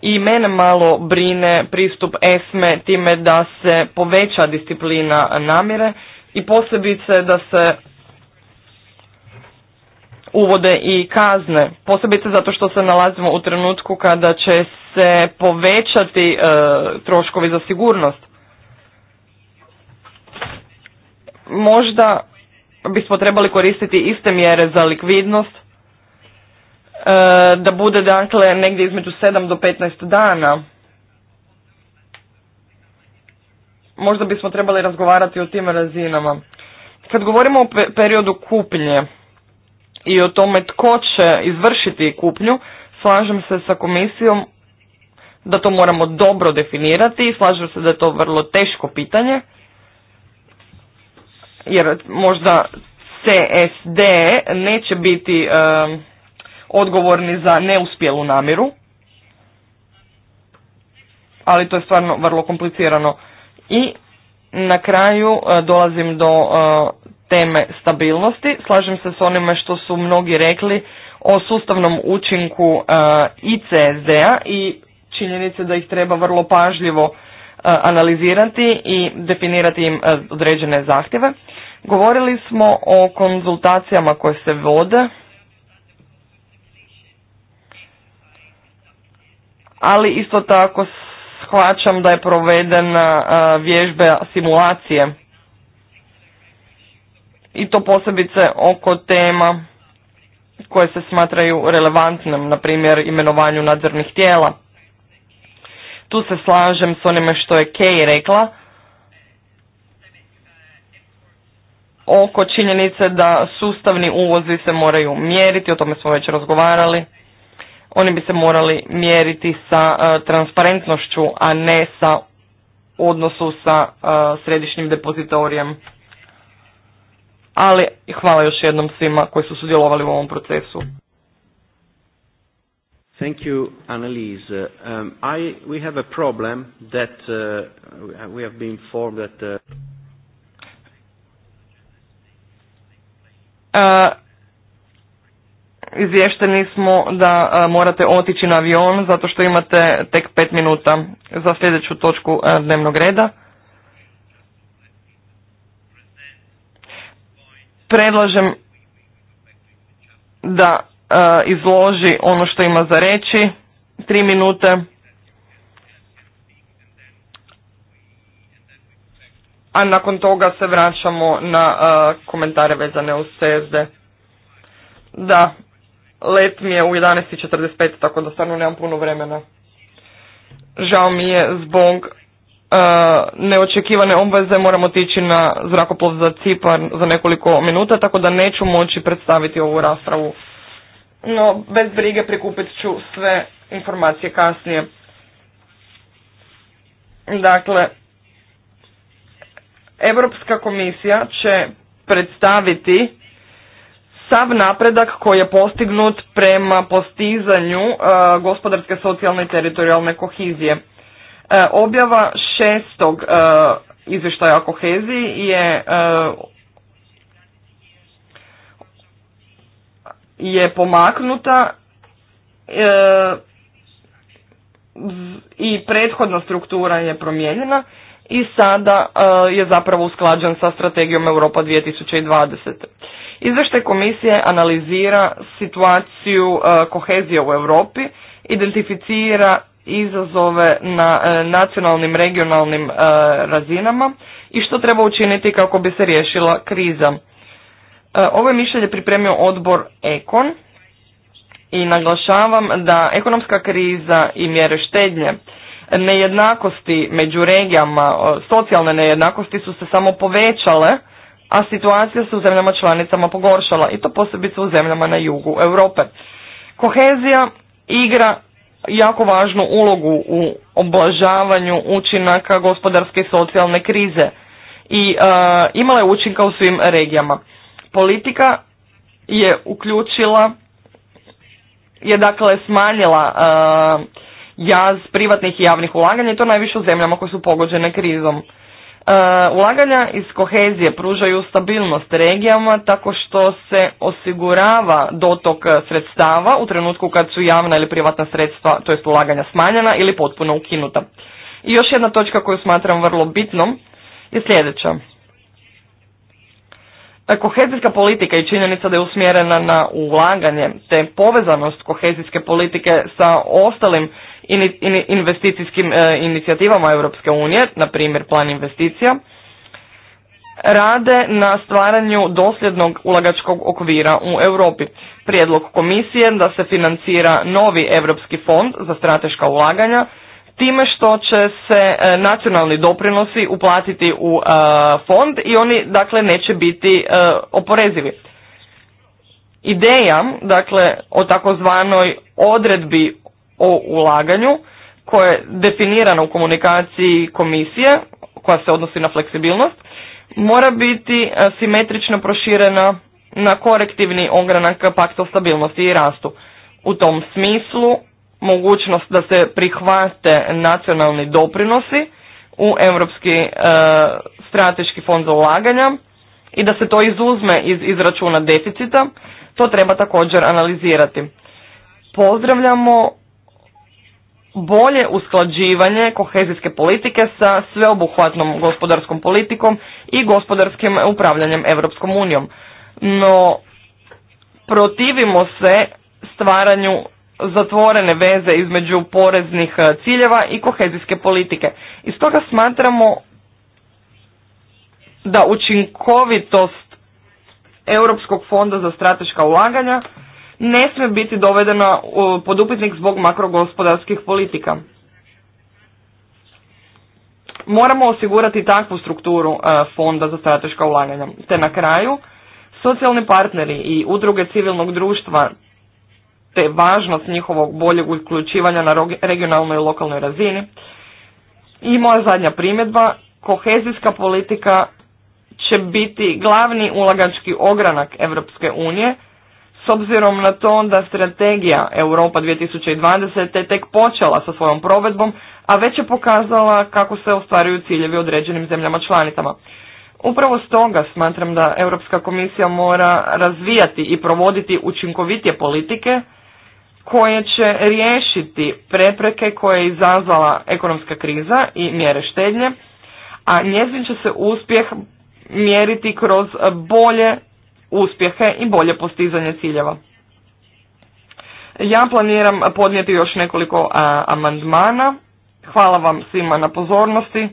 i mene malo brine pristup ESME time da se poveća disciplina namire i posebice da se uvode i kazne. Posebice zato što se nalazimo u trenutku kada će se povećati e, troškovi za sigurnost. Možda bismo trebali koristiti iste mjere za likvidnost, e, da bude dakle negdje između 7 do 15 dana. Možda bismo trebali razgovarati o tim razinama. Kad govorimo o periodu kupnje, i o tome tko će izvršiti kupnju, slažem se sa komisijom da to moramo dobro definirati i slažem se da je to vrlo teško pitanje, jer možda CSD neće biti odgovorni za neuspjelu namjeru, ali to je stvarno vrlo komplicirano. I na kraju e, dolazim do e, teme stabilnosti. Slažem se s onime što su mnogi rekli o sustavnom učinku e, icz a i činjenice da ih treba vrlo pažljivo analizirati i definirati im određene zahtjeve. Govorili smo o konzultacijama koje se vode, ali isto tako shvaćam da je provedena vježbe simulacije i to posebice oko tema koje se smatraju relevantnim, na primjer imenovanju nadzornih tijela. Tu se slažem s onime što je Kay rekla oko činjenice da sustavni uvozi se moraju mjeriti, o tome smo već razgovarali. Oni bi se morali mjeriti sa e, transparentnošću, a ne sa odnosu sa e, središnjim depozitorijem. Ali hvala još jednom svima koji su sudjelovali u ovom procesu. Thank you, Annalise. Um, I, we have a problem that uh, we have been that... Uh, e, izvješteni smo da e, morate otići na avion zato što imate tek pet minuta za sljedeću točku e, dnevnog reda. Predlažem da e, izloži ono što ima za reći, tri minute. A nakon toga se vraćamo na komentare vezane uz CSD. Da, Let mi je u 11.45, tako da stvarno nemam puno vremena. Žao mi je zbog uh, neočekivane obveze moramo otići na zrakoplov za Cipar za nekoliko minuta, tako da neću moći predstaviti ovu raspravu. No, bez brige prikupit ću sve informacije kasnije. Dakle, Europska komisija će predstaviti sav napredak koji je postignut prema postizanju e, gospodarske, socijalne i teritorijalne kohizije. E, objava šestog e, izvještaja o koheziji je je pomaknuta i prethodna struktura je promijenjena i sada je zapravo usklađen sa strategijom Europa 2020 izvršna komisije analizira situaciju e, kohezije u Europi, identificira izazove na e, nacionalnim, regionalnim e, razinama i što treba učiniti kako bi se riješila kriza. Ovo je mišljenje pripremio odbor Ekon i naglašavam da ekonomska kriza i mjere štednje nejednakosti među regijama, socijalne nejednakosti su se samo povećale a situacija se u zemljama članicama pogoršala i to posebice u zemljama na jugu Europe. Kohezija igra jako važnu ulogu u oblažavanju učinaka gospodarske i socijalne krize i e, imala je učinka u svim regijama. Politika je uključila, je dakle smanjila e, jaz privatnih i javnih ulaganja i to najviše u zemljama koje su pogođene krizom. E, ulaganja iz kohezije pružaju stabilnost regijama tako što se osigurava dotok sredstava u trenutku kad su javna ili privatna sredstva, to jest ulaganja smanjena ili potpuno ukinuta. I još jedna točka koju smatram vrlo bitnom je sljedeća. E, kohezijska politika i činjenica da je usmjerena na ulaganje te povezanost kohezijske politike sa ostalim investicijskim e, inicijativama Europske unije, na primjer plan investicija, rade na stvaranju dosljednog ulagačkog okvira u Europi. Prijedlog komisije da se financira novi Europski fond za strateška ulaganja, time što će se e, nacionalni doprinosi uplatiti u e, fond i oni dakle neće biti oporezivi. Ideja, dakle, o takozvanoj odredbi o ulaganju koje je definirano u komunikaciji komisije koja se odnosi na fleksibilnost mora biti e, simetrično proširena na korektivni ogranak pakta o stabilnosti i rastu. U tom smislu mogućnost da se prihvate nacionalni doprinosi u Europski e, strateški fond za ulaganja i da se to izuzme iz izračuna deficita, to treba također analizirati. Pozdravljamo bolje usklađivanje kohezijske politike sa sveobuhvatnom gospodarskom politikom i gospodarskim upravljanjem Europskom unijom. No, protivimo se stvaranju zatvorene veze između poreznih eh, ciljeva i kohezijske politike. I stoga smatramo da učinkovitost Europskog fonda za strateška ulaganja ne smije biti dovedena pod upitnik zbog makrogospodarskih politika. Moramo osigurati takvu strukturu e, fonda za strateška ulaganja. Te na kraju, socijalni partneri i udruge civilnog društva te važnost njihovog boljeg uključivanja na regionalnoj i lokalnoj razini. I moja zadnja primjedba, kohezijska politika će biti glavni ulagački ogranak Europske unije, s obzirom na to da strategija Europa 2020. je tek počela sa svojom provedbom, a već je pokazala kako se ostvaruju ciljevi određenim zemljama članicama. Upravo stoga smatram da Europska komisija mora razvijati i provoditi učinkovitije politike koje će riješiti prepreke koje je izazvala ekonomska kriza i mjere štednje, a njezin će se uspjeh mjeriti kroz bolje uspjehe i bolje postizanje ciljeva. Ja planiram podnijeti još nekoliko amandmana. Hvala vam svima na pozornosti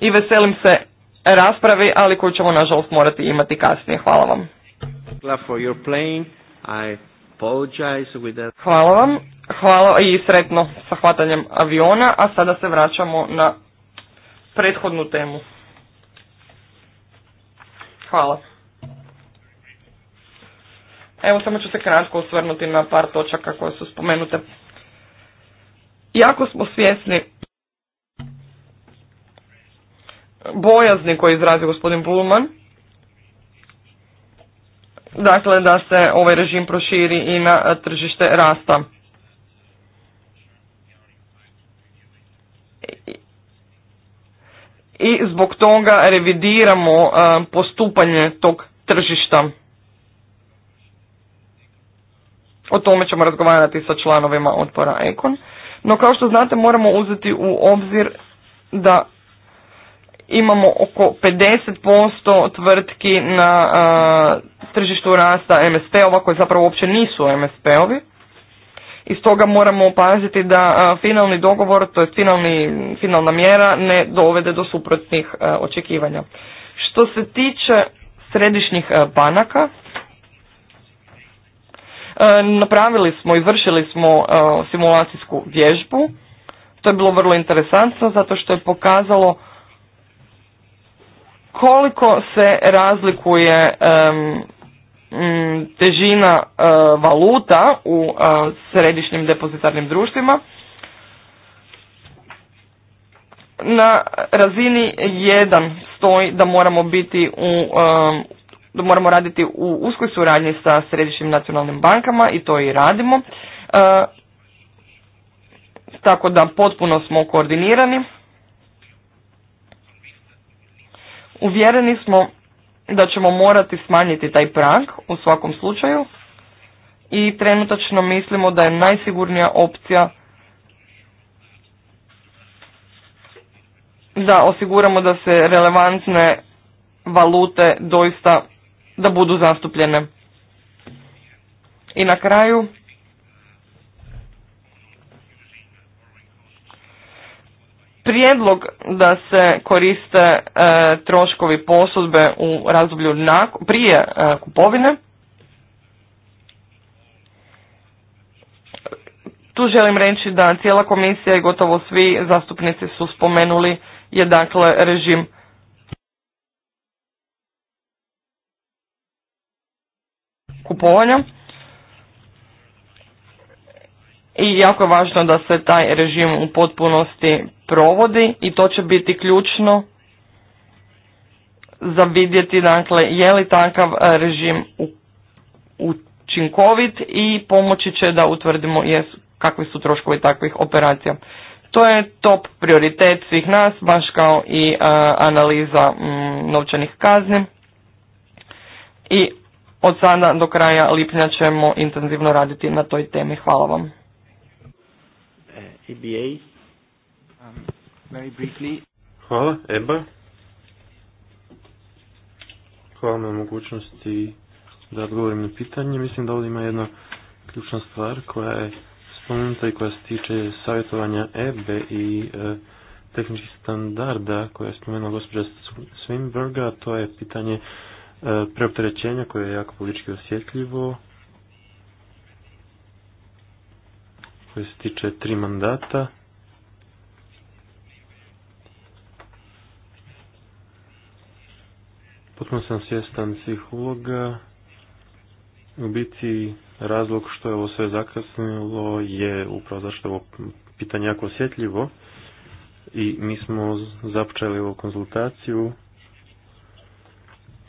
i veselim se raspravi, ali koju ćemo nažalost morati imati kasnije. Hvala vam. Hvala vam. Hvala i sretno sa hvatanjem aviona, a sada se vraćamo na prethodnu temu. Hvala. Evo samo ću se kratko osvrnuti na par točaka koje su spomenute. Jako smo svjesni bojazni koji izrazi gospodin Bulman, dakle da se ovaj režim proširi i na tržište rasta. I zbog toga revidiramo postupanje tog tržišta. O tome ćemo razgovarati sa članovima odbora Ekon. No kao što znate moramo uzeti u obzir da imamo oko 50% tvrtki na a, tržištu rasta MSP-ova koje zapravo uopće nisu MSP-ovi. I stoga moramo paziti da finalni dogovor, to je finalni, finalna mjera, ne dovede do suprotnih očekivanja. Što se tiče središnjih banaka, E, napravili smo, izvršili smo e, simulacijsku vježbu. To je bilo vrlo interesantno zato što je pokazalo koliko se razlikuje težina e, valuta u središnjim depozitarnim društvima na razini 1 stoji da moramo biti u, da moramo raditi u uskoj suradnji sa središnjim nacionalnim bankama i to i radimo. E, tako da potpuno smo koordinirani. Uvjereni smo da ćemo morati smanjiti taj prag u svakom slučaju i trenutačno mislimo da je najsigurnija opcija da osiguramo da se relevantne valute doista da budu zastupljene. I na kraju prijedlog da se koriste e, troškovi posudbe u razdoblju nakon, prije e, kupovine. Tu želim reći da cijela komisija i gotovo svi zastupnici su spomenuli je dakle režim kupovanja. I jako je važno da se taj režim u potpunosti provodi i to će biti ključno za vidjeti dakle, je li takav e, režim učinkovit i pomoći će da utvrdimo kakvi su troškovi takvih operacija. To je top prioritet svih nas, baš kao i e, analiza mm, novčanih kazni i od sada do kraja lipnja ćemo intenzivno raditi na toj temi. Hvala vam. EBA. Eh, e um, Hvala, EBA. Hvala na mogućnosti da odgovorim na pitanje. Mislim da ovdje ima jedna ključna stvar koja je spomenuta i koja se tiče savjetovanja EBE i e, tehničkih standarda koja je spomenula gospođa Swinberga, to je pitanje preopterećenja koje je jako politički osjetljivo, koje se tiče tri mandata. Potpuno sam svjestan svih uloga. U biti razlog što je ovo sve zakrasnilo je upravo zašto je ovo pitanje jako osjetljivo i mi smo započeli ovu konzultaciju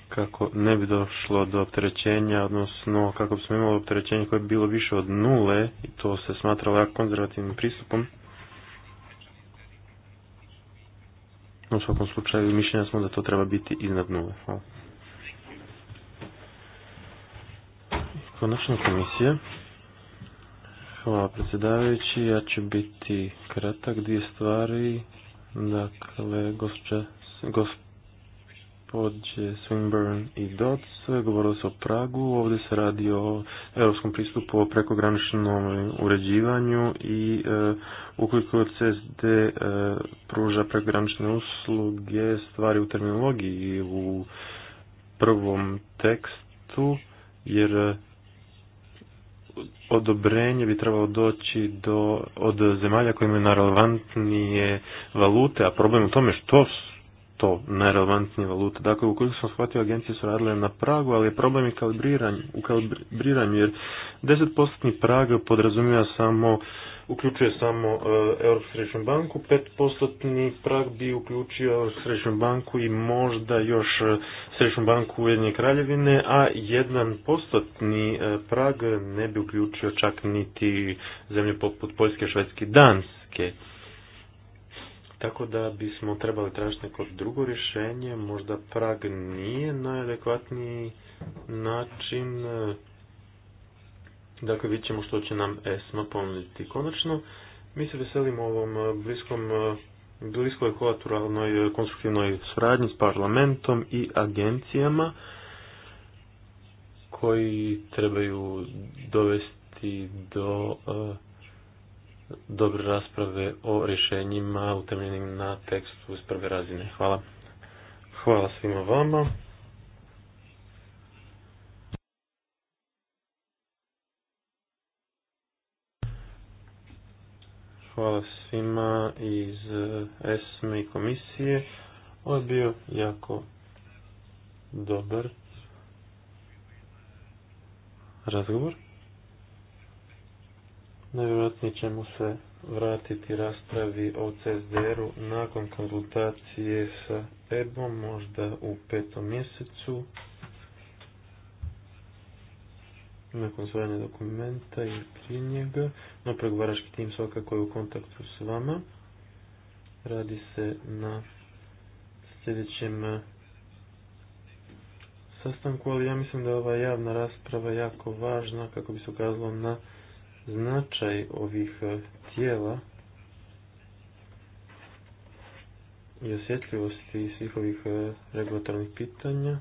kako ne bi došlo do opterećenja, odnosno kako bismo imali opterećenje koje bi bilo više od nule, i to se smatralo jako konzervativnim pristupom. U svakom slučaju mišljenja smo da to treba biti iznad nule. Hvala. Konačna komisija. Hvala predsjedavajući, ja ću biti kratak dvije stvari. Dakle, gospođa, gospođa gospođe Swinburne i Dodds. Govorilo se o Pragu. Ovdje se radi o europskom pristupu o prekograničnom uređivanju i e, ukoliko CSD e, pruža prekogranične usluge stvari u terminologiji u prvom tekstu, jer e, odobrenje bi trebalo doći do, od zemalja koje imaju relevantnije valute, a problem u tome što to najrelevantnije valute. Dakle, ukoliko sam shvatio, agencije su radile na pragu, ali je problem i u kalibriranju, jer 10% prag podrazumijeva samo uključuje samo uh, Europsku središnju banku, 5% prag bi uključio središnju banku i možda još e, središnju banku Ujedinje kraljevine, a 1% e, prag ne bi uključio čak niti zemlje poput Poljske, Švedske Danske. Tako da bismo trebali tražiti neko drugo rješenje, možda prag nije najadekvatniji način, dakle vidjet ćemo što će nam ESMA ponuditi. Konačno, mi se veselimo ovom bliskom bliskoj kolateralnoj konstruktivnoj suradnji s parlamentom i agencijama koji trebaju dovesti do eh, dobre rasprave o rješenjima utemljenim na tekstu iz prve razine. Hvala. Hvala svima vama. Hvala svima iz ESME i komisije. Ovo je bio jako dobar razgovor. Najvjerojatnije ćemo se vratiti raspravi o CSDR-u nakon konzultacije sa EBOM, možda u petom mjesecu. Nakon svojene dokumenta i prije njega, no pregovarački tim svakako je u kontaktu s vama. Radi se na sljedećem e, sastanku, ali ja mislim da je ova javna rasprava jako važna kako bi se ukazalo na značaj ovih e, tijela i osjetljivosti svih ovih e, regulatornih pitanja.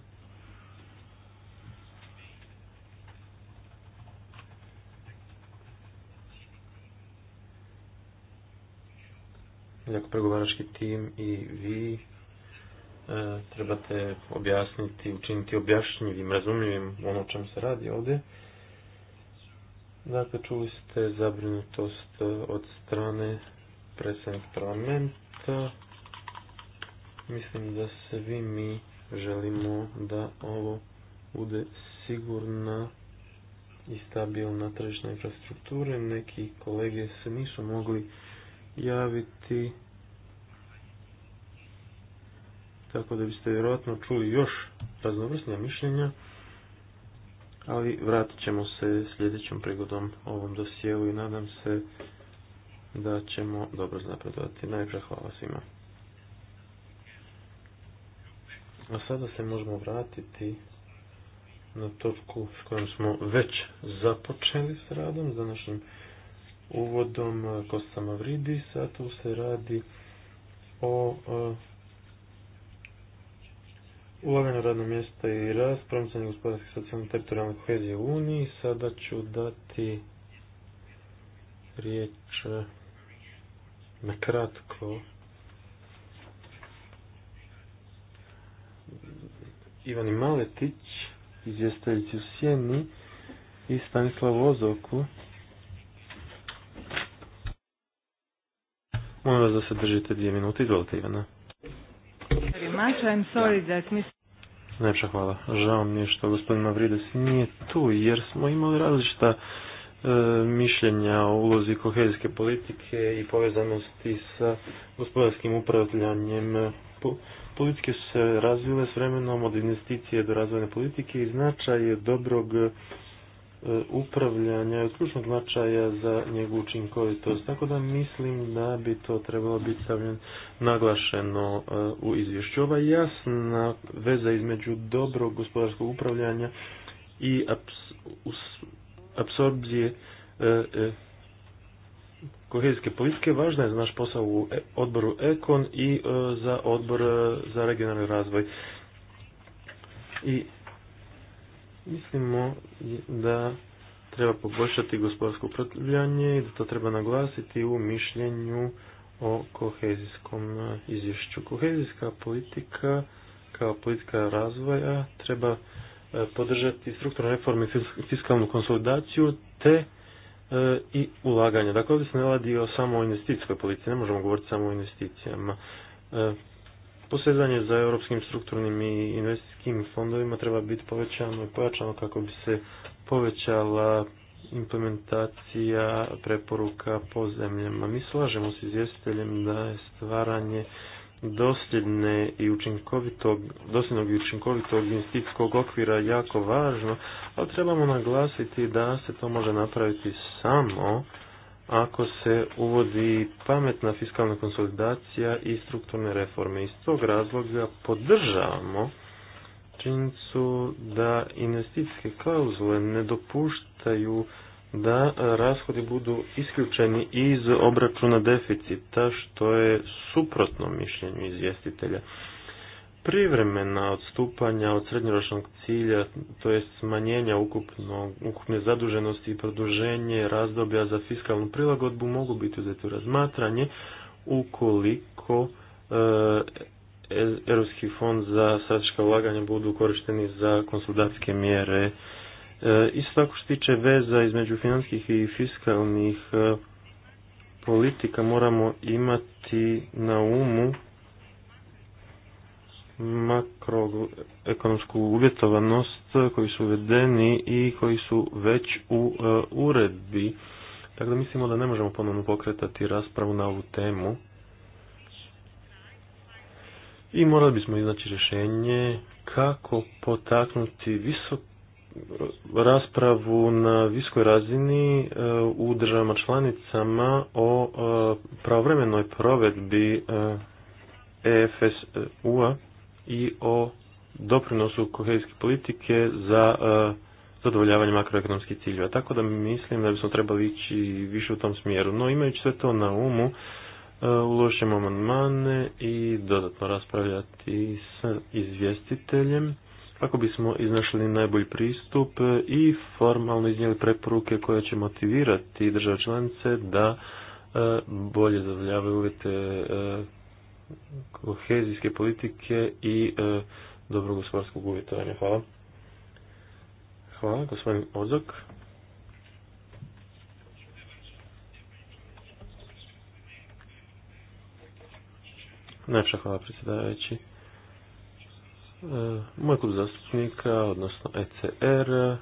Dakle, pregovarački tim i vi e, trebate objasniti, učiniti objašnjivim, razumljivim ono o čem se radi ovdje. Dakle, čuli ste zabrinutost e, od strane predsjednog parlamenta. Mislim da se vi mi želimo da ovo bude sigurna i stabilna tržišna infrastruktura. Neki kolege se nisu mogli javiti. Tako da biste vjerojatno čuli još raznovrsnija mišljenja ali vratit ćemo se sljedećom prigodom ovom dosijelu i nadam se da ćemo dobro napredovati. Najprej hvala svima. A sada se možemo vratiti na točku s kojom smo već započeli s radom, s današnjim uvodom Kostama Vridisa. Tu se radi o e, Ulaganje radno mjesto i rast, promicanje gospodarske socijalne teritorijalne kohezije u Uniji. Sada ću dati riječ e, na kratko Ivani Maletić, izvjestajući u Sjeni i Stanislav Ozoku. Molim vas da se držite dvije minute, izvolite Ivana much. I'm hvala. Žao mi je što gospodin Mavrides nije tu, jer smo imali različita e, mišljenja o ulozi kohezijske politike i povezanosti sa gospodarskim upravljanjem. politike su se razvile s vremenom od investicije do razvojne politike i značaj dobrog E, upravljanja od ključnog značaja za njegu učinkovitost. Tako da mislim da bi to trebalo biti stavljeno naglašeno e, u izvješću. Ova jasna veza između dobrog gospodarskog upravljanja i apsorpcije e, kohezijske politike važna je za naš posao u odboru Ekon i za odbor za regionalni razvoj. I Mislimo da treba poboljšati gospodarsko upravljanje i da to treba naglasiti u mišljenju o kohezijskom izvješću. Kohezijska politika kao politika razvoja treba e, podržati strukturne reforme i fiskalnu konsolidaciju te e, i ulaganja. Dakle, ovdje se ne radi o samo investicijskoj politici, ne možemo govoriti samo o investicijama. E, Posezanje za europskim strukturnim i investicijskim fondovima treba biti povećano i pojačano kako bi se povećala implementacija preporuka po zemljama. Mi slažemo s izvjestiteljem da je stvaranje dosljedne i učinkovitog, dosljednog i učinkovitog investicijskog okvira jako važno, ali trebamo naglasiti da se to može napraviti samo ako se uvodi pametna fiskalna konsolidacija i strukturne reforme. Iz tog razloga podržavamo činjenicu da investicijske klauzule ne dopuštaju da rashodi budu isključeni iz obračuna deficita, što je suprotno mišljenju izvjestitelja privremena odstupanja od srednjoročnog cilja, to je smanjenja ukupne zaduženosti i produženje razdoblja za fiskalnu prilagodbu mogu biti uzeti u razmatranje ukoliko e, e, Europski fond za strateška ulaganja budu korišteni za konsultatske mjere. E, isto tako što tiče veza između financijskih i fiskalnih politika moramo imati na umu makroekonomsku uvjetovanost koji su uvedeni i koji su već u e, uredbi. Tako da mislimo da ne možemo ponovno pokretati raspravu na ovu temu. I morali bismo iznaći rješenje kako potaknuti visok raspravu na viskoj razini e, u državama članicama o e, pravovremenoj provedbi EFSU-a i o doprinosu kohezijske politike za e, zadovoljavanje makroekonomskih ciljeva. Tako da mislim da bismo trebali ići više u tom smjeru. No imajući sve to na umu, e, uložit ćemo amandmane i dodatno raspravljati s izvjestiteljem kako bismo iznašli najbolji pristup i formalno iznijeli preporuke koje će motivirati države članice da e, bolje zadovoljavaju uvjete kohezijske politike i e, dobro gospodarskog uvjetovanja. Hvala. Hvala, gospodin Ozok. Najpša hvala predsjedavajući. E, moj klub zastupnika, odnosno ECR,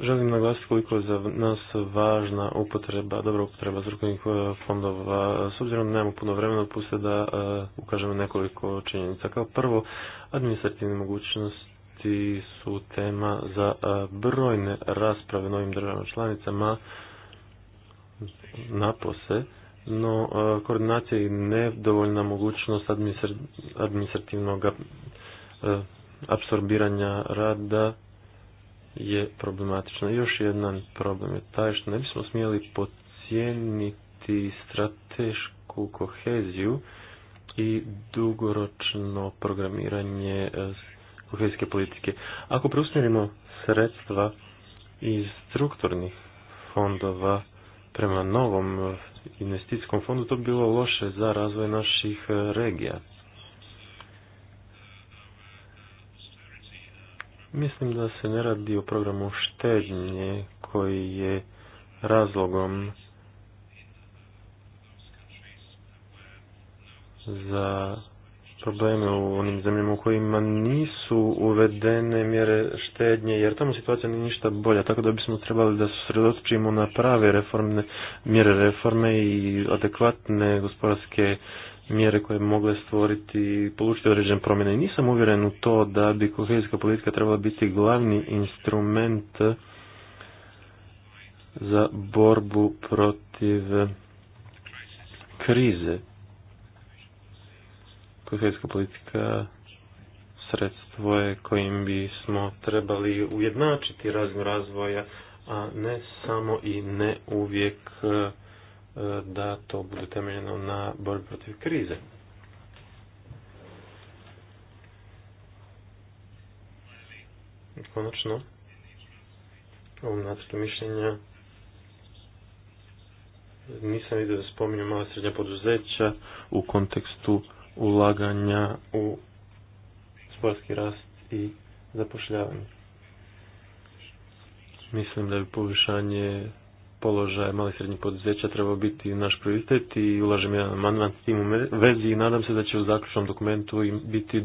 Želim naglasiti koliko je za nas važna upotreba, dobra upotreba strukturnih e, fondova. S obzirom da nemamo puno vremena, puste da e, ukažemo nekoliko činjenica. Kao prvo, administrativne mogućnosti su tema za e, brojne rasprave novim državama članicama napose, no koordinacija i nedovoljna mogućnost administrativnog apsorbiranja rada je problematično. još jedan problem je taj što ne bismo smjeli pocijeniti stratešku koheziju i dugoročno programiranje e, kohezijske politike. Ako preusmjerimo sredstva iz strukturnih fondova prema novom e, investicijskom fondu, to bi bilo loše za razvoj naših e, regija. Mislim da se ne radi o programu štednje koji je razlogom za probleme u onim zemljama u kojima nisu uvedene mjere štednje, jer tamo situacija nije ništa bolja, tako da bismo trebali da se na prave reformne, mjere reforme i adekvatne gospodarske mjere koje bi mogle stvoriti i polučiti određene promjene. I nisam uvjeren u to da bi kohezijska politika trebala biti glavni instrument za borbu protiv krize. Kohezijska politika sredstvo je kojim smo trebali ujednačiti razvoj razvoja, a ne samo i ne uvijek da to bude temeljeno na borbi protiv krize. Konačno, ovom nacrtu mišljenja nisam vidio da spominju mala srednja poduzeća u kontekstu ulaganja u sportski rast i zapošljavanje. Mislim da bi povišanje položaj malih srednjih poduzeća trebao biti naš prioritet i ulažem jedan amandman s tim u vezi i nadam se da će u zaključnom dokumentu biti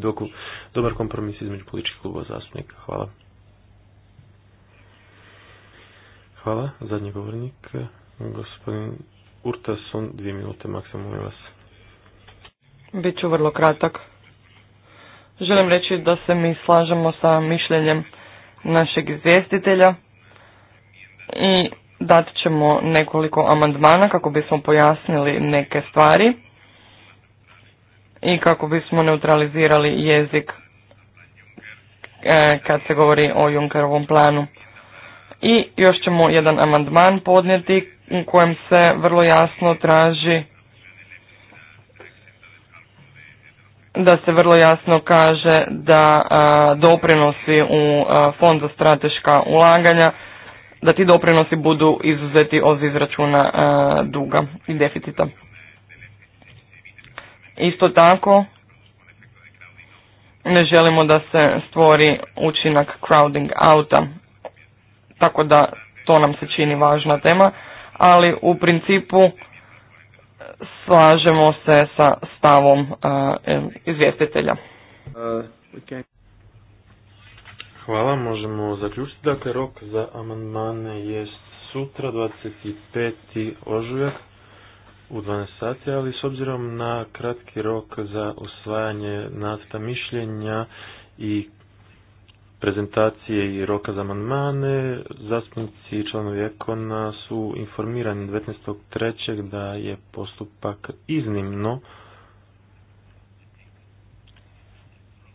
dobar kompromis između političkih klubova zastupnika. Hvala. Hvala. Zadnji govornik, gospodin Urtason, dvije minute maksimum vas. Biću vrlo kratak. Želim reći da se mi slažemo sa mišljenjem našeg izvjestitelja i dat ćemo nekoliko amandmana kako bismo pojasnili neke stvari i kako bismo neutralizirali jezik e, kad se govori o Junkerovom planu. I još ćemo jedan amandman podnijeti u kojem se vrlo jasno traži da se vrlo jasno kaže da doprinosi u Fond za strateška ulaganja da ti doprinosi budu izuzeti od izračuna e, duga i deficita. Isto tako, ne želimo da se stvori učinak crowding outa, tako da to nam se čini važna tema, ali u principu slažemo se sa stavom e, izvjestitelja. Uh, Hvala, možemo zaključiti. Dakle, rok za amandmane je sutra 25. ožujak u 12 sati, ali s obzirom na kratki rok za usvajanje nacrta mišljenja i prezentacije i roka za amandmane, zastupnici i članovi Ekona su informirani 19.3. da je postupak iznimno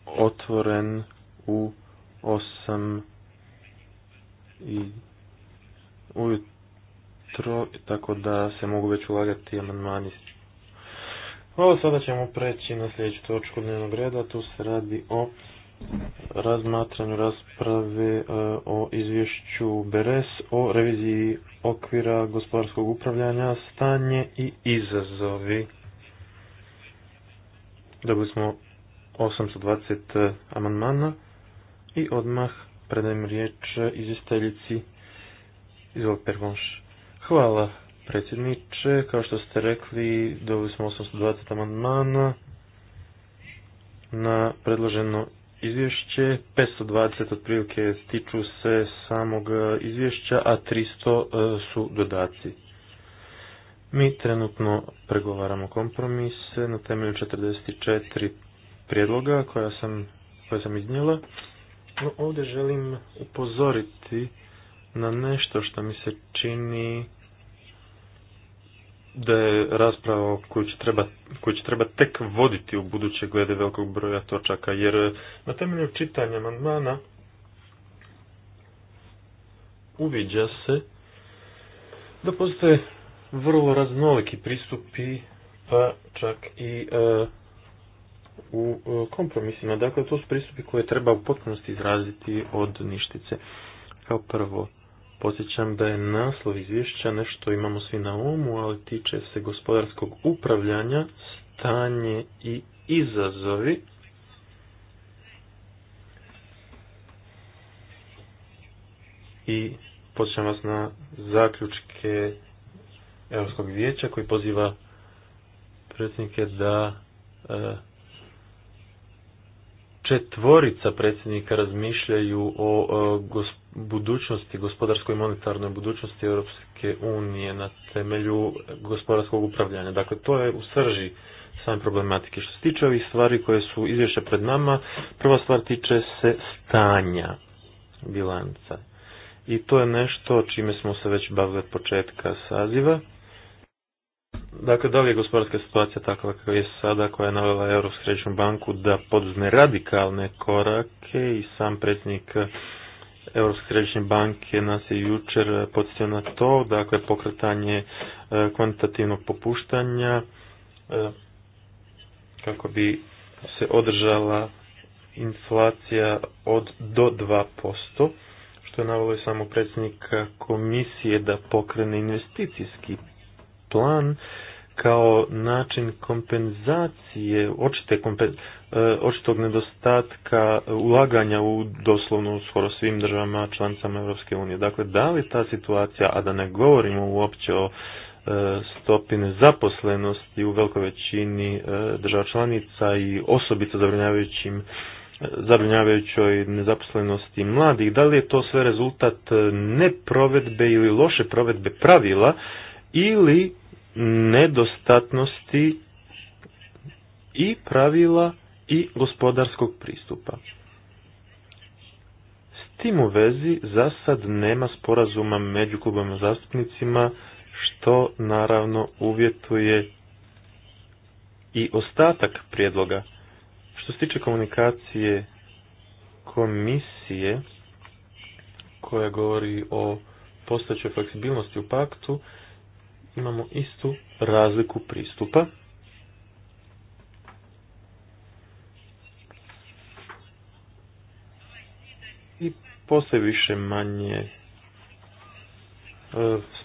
otvoren u Osam i ujutro, tako da se mogu već ulagati amandmani. Ovo sada ćemo preći na sljedeću točku dnevnog reda, tu se radi o razmatranju rasprave e, o izvješću BRS o reviziji okvira gospodarskog upravljanja, stanje i izazovi. Dobili smo 820 amandmana. I odmah predajem riječ izvjestiteljici Izvol Pervonš. Hvala predsjedniče. Kao što ste rekli, dobili smo 820 amandmana na predloženo izvješće. 520 otprilike tiču se samog izvješća, a 300 e, su dodaci. Mi trenutno pregovaramo kompromise na temelju 44 prijedloga koja koje sam iznijela no, ovdje želim upozoriti na nešto što mi se čini da je rasprava koju će, treba, će treba tek voditi u buduće glede velikog broja točaka, jer na temelju čitanja amandmana uviđa se da postoje vrlo raznoliki pristupi, pa čak i e, u e, kompromisima. Dakle, to su pristupi koje treba u potpunosti izraziti od ništice. Kao prvo, podsjećam da je naslov izvješća nešto imamo svi na umu, ali tiče se gospodarskog upravljanja, stanje i izazovi. I posjećam vas na zaključke Europskog vijeća koji poziva predsjednike da e, četvorica predsjednika razmišljaju o, budućnosti, gospodarskoj i monetarnoj budućnosti Europske unije na temelju gospodarskog upravljanja. Dakle, to je u srži same problematike. Što se tiče ovih stvari koje su izvješće pred nama, prva stvar tiče se stanja bilanca. I to je nešto čime smo se već bavili od početka saziva. Dakle, da li je gospodarska situacija takva kakva je sada koja je navela Europsku središnju banku da poduzme radikalne korake i sam predsjednik Europske središnje banke nas je jučer podsjetio na to, dakle pokretanje e, kvantitativnog popuštanja e, kako bi se održala inflacija od do 2%, što je navalo i samo predsjednika komisije da pokrene investicijski plan kao način kompenzacije očite e, očitog nedostatka ulaganja u doslovno skoro svim državama članicama Europske unije. Dakle, da li ta situacija, a da ne govorimo uopće o e, stopi nezaposlenosti u velikoj većini e, država članica i osobito zabrinjavajućim zabrinjavajućoj nezaposlenosti mladih, da li je to sve rezultat neprovedbe ili loše provedbe pravila ili nedostatnosti i pravila i gospodarskog pristupa. S tim u vezi za sad nema sporazuma među klubama zastupnicima što naravno uvjetuje i ostatak prijedloga. Što se tiče komunikacije komisije koja govori o postojećoj fleksibilnosti u paktu, imamo istu razliku pristupa. I postoje više manje e,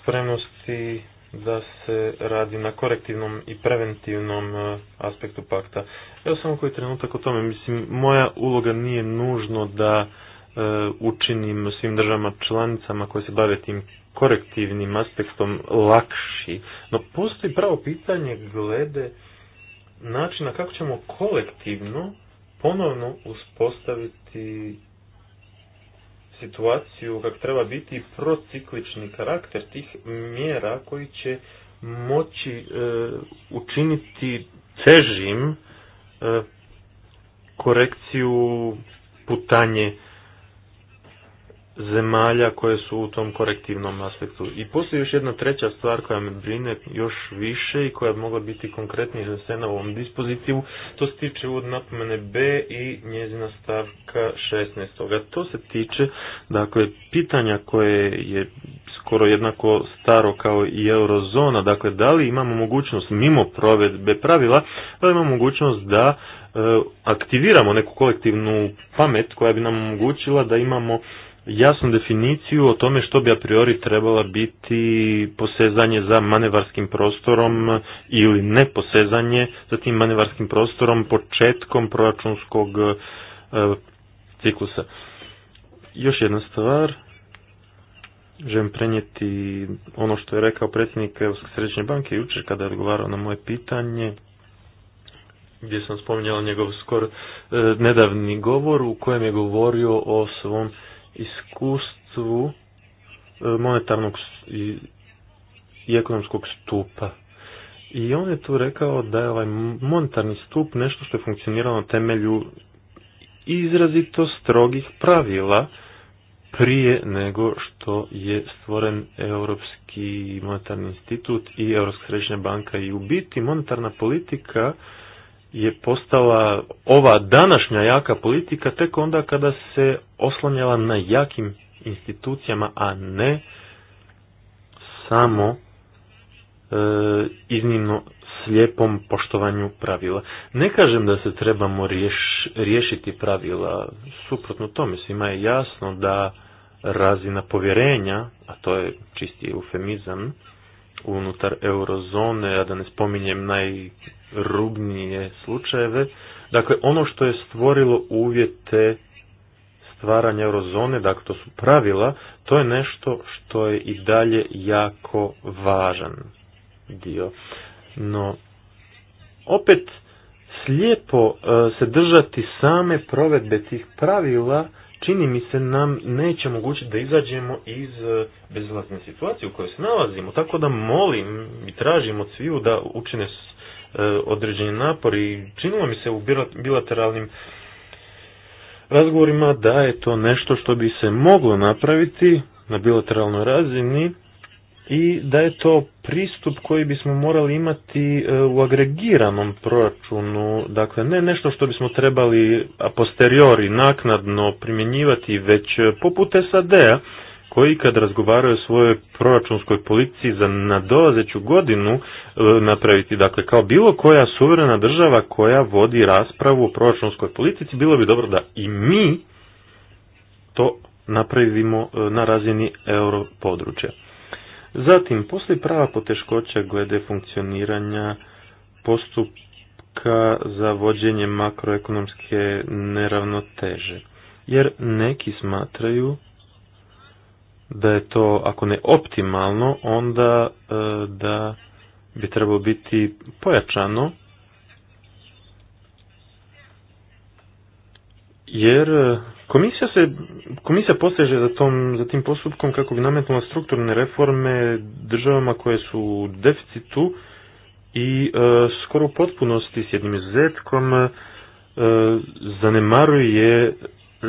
spremnosti da se radi na korektivnom i preventivnom e, aspektu pakta. Evo samo koji trenutak o tome. Mislim, moja uloga nije nužno da E, učinim svim državama članicama koje se bave tim korektivnim aspektom lakši. No postoji pravo pitanje glede načina kako ćemo kolektivno ponovno uspostaviti situaciju kak treba biti prociklični karakter tih mjera koji će moći e, učiniti težim e, korekciju putanje zemalja koje su u tom korektivnom aspektu. I postoji još jedna treća stvar koja me brine još više i koja bi mogla biti konkretnije iznesena u ovom dispozitivu. To se tiče od napomene B i njezina stavka 16. to se tiče dakle, pitanja koje je skoro jednako staro kao i eurozona. Dakle, da li imamo mogućnost mimo provedbe pravila, da li imamo mogućnost da e, aktiviramo neku kolektivnu pamet koja bi nam omogućila da imamo jasnu definiciju o tome što bi a priori trebala biti posezanje za manevarskim prostorom ili posezanje za tim manevarskim prostorom početkom proračunskog e, ciklusa. Još jedna stvar, želim prenijeti ono što je rekao predsjednik Europske središnje banke jučer kada je odgovarao na moje pitanje gdje sam spominjao njegov skoro e, nedavni govor u kojem je govorio o svom iskustvu e, monetarnog i ekonomskog stupa. I on je tu rekao da je ovaj monetarni stup nešto što je funkcioniralo na temelju izrazito strogih pravila prije nego što je stvoren Europski monetarni institut i Europska središnja banka i u biti monetarna politika je postala ova današnja jaka politika tek onda kada se oslanjala na jakim institucijama, a ne samo e, iznimno slijepom poštovanju pravila. Ne kažem da se trebamo riješiti pravila, suprotno tome svima je jasno da razina povjerenja, a to je čisti eufemizam, unutar eurozone, a da ne spominjem naj rubnije slučajeve. Dakle, ono što je stvorilo uvjete stvaranja eurozone, dakle to su pravila, to je nešto što je i dalje jako važan dio. No, opet slijepo e, se držati same provedbe tih pravila čini mi se nam neće omogućiti da izađemo iz e, bezlazne situacije u kojoj se nalazimo. Tako da molim i tražimo sviju da učine E, određeni napori. Činilo mi se u bilateralnim razgovorima da je to nešto što bi se moglo napraviti na bilateralnoj razini i da je to pristup koji bismo morali imati e, u agregiranom proračunu, dakle ne nešto što bismo trebali a posteriori naknadno primjenjivati, već poput SAD-a koji kad razgovaraju o svojoj proračunskoj politici za nadolazeću godinu e, napraviti. Dakle, kao bilo koja suverena država koja vodi raspravu o proračunskoj politici, bilo bi dobro da i mi to napravimo e, na razini euro područja. Zatim, postoji prava poteškoća glede funkcioniranja postupka za vođenje makroekonomske neravnoteže, jer neki smatraju da je to, ako ne optimalno, onda e, da bi trebalo biti pojačano, jer e, komisija, se, komisija poseže za, tom, za tim postupkom kako bi nametnula strukturne reforme državama koje su u deficitu i e, skoro u potpunosti s jednim izuzetkom zanemaruje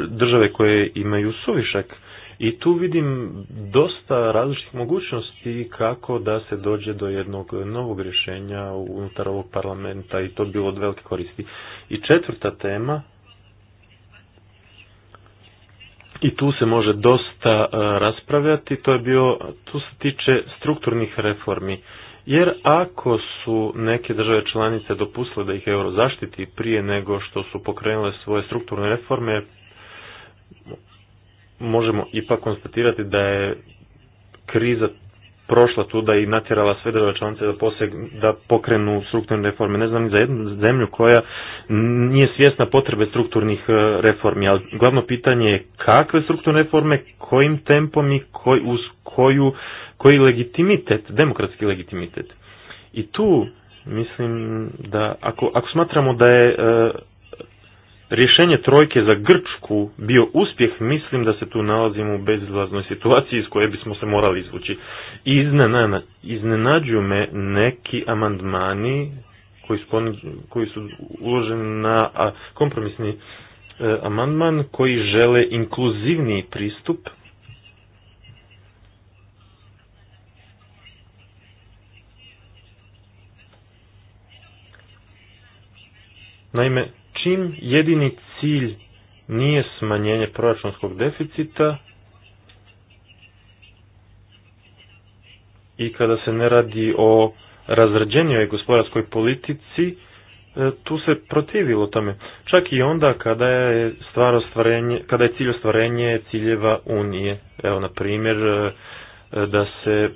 države koje imaju suvišak. I tu vidim dosta različitih mogućnosti kako da se dođe do jednog novog rješenja unutar ovog parlamenta i to bilo od velike koristi. I četvrta tema, i tu se može dosta e, raspravljati, to je bio, tu se tiče strukturnih reformi. Jer ako su neke države članice dopustile da ih euro zaštiti prije nego što su pokrenule svoje strukturne reforme, možemo ipak konstatirati da je kriza prošla tu da i natjerala sve države članice da, poseg, da pokrenu strukturne reforme. Ne znam ni za jednu zemlju koja nije svjesna potrebe strukturnih e, reformi, ali glavno pitanje je kakve strukturne reforme, kojim tempom i koj, uz koju, koji legitimitet, demokratski legitimitet. I tu mislim da ako, ako smatramo da je e, rješenje trojke za Grčku bio uspjeh, mislim da se tu nalazimo u bezizlaznoj situaciji iz koje bismo se morali izvući. I iznenađuju me neki amandmani koji, su uloženi na kompromisni e, amandman koji žele inkluzivni pristup Naime, čim jedini cilj nije smanjenje proračunskog deficita i kada se ne radi o razrađenijoj gospodarskoj politici, e, tu se protivilo tome. Čak i onda kada je, stvar ostvarenje, kada je cilj ostvarenje ciljeva Unije. Evo, na primjer, e, da se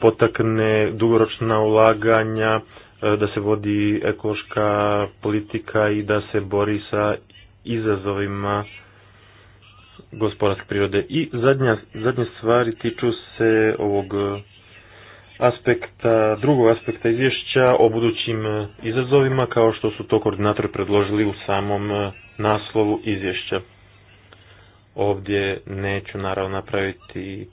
potakne dugoročna ulaganja, E, da se vodi ekološka politika i da se bori sa izazovima gospodarske prirode. I zadnja, zadnje stvari tiču se ovog aspekta, drugog aspekta izvješća o budućim izazovima kao što su to koordinatori predložili u samom naslovu izvješća. Ovdje neću naravno napraviti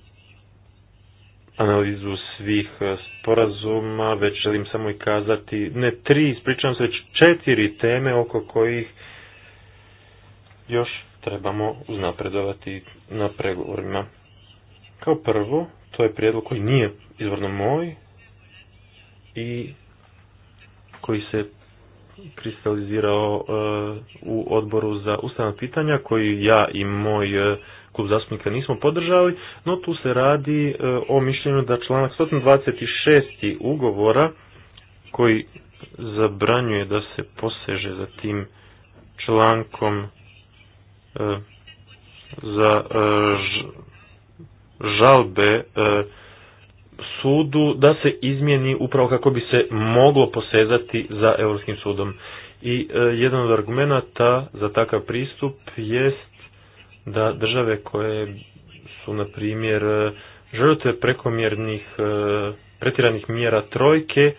analizu svih e, sporazuma, već želim samo i kazati, ne tri, ispričavam se, već četiri teme oko kojih još trebamo uznapredovati na pregovorima. Kao prvo, to je prijedlog koji nije izvorno moj i koji se kristalizirao e, u odboru za ustavna pitanja, koji ja i moj e, klub zastupnika nismo podržali, no tu se radi e, o mišljenju da članak 126. ugovora koji zabranjuje da se poseže za tim člankom e, za e, žalbe sudu da se izmijeni upravo kako bi se moglo posezati za Europskim sudom. I jedan od argumenata za takav pristup jest da države koje su, na primjer, žrtve prekomjernih e, pretiranih mjera trojke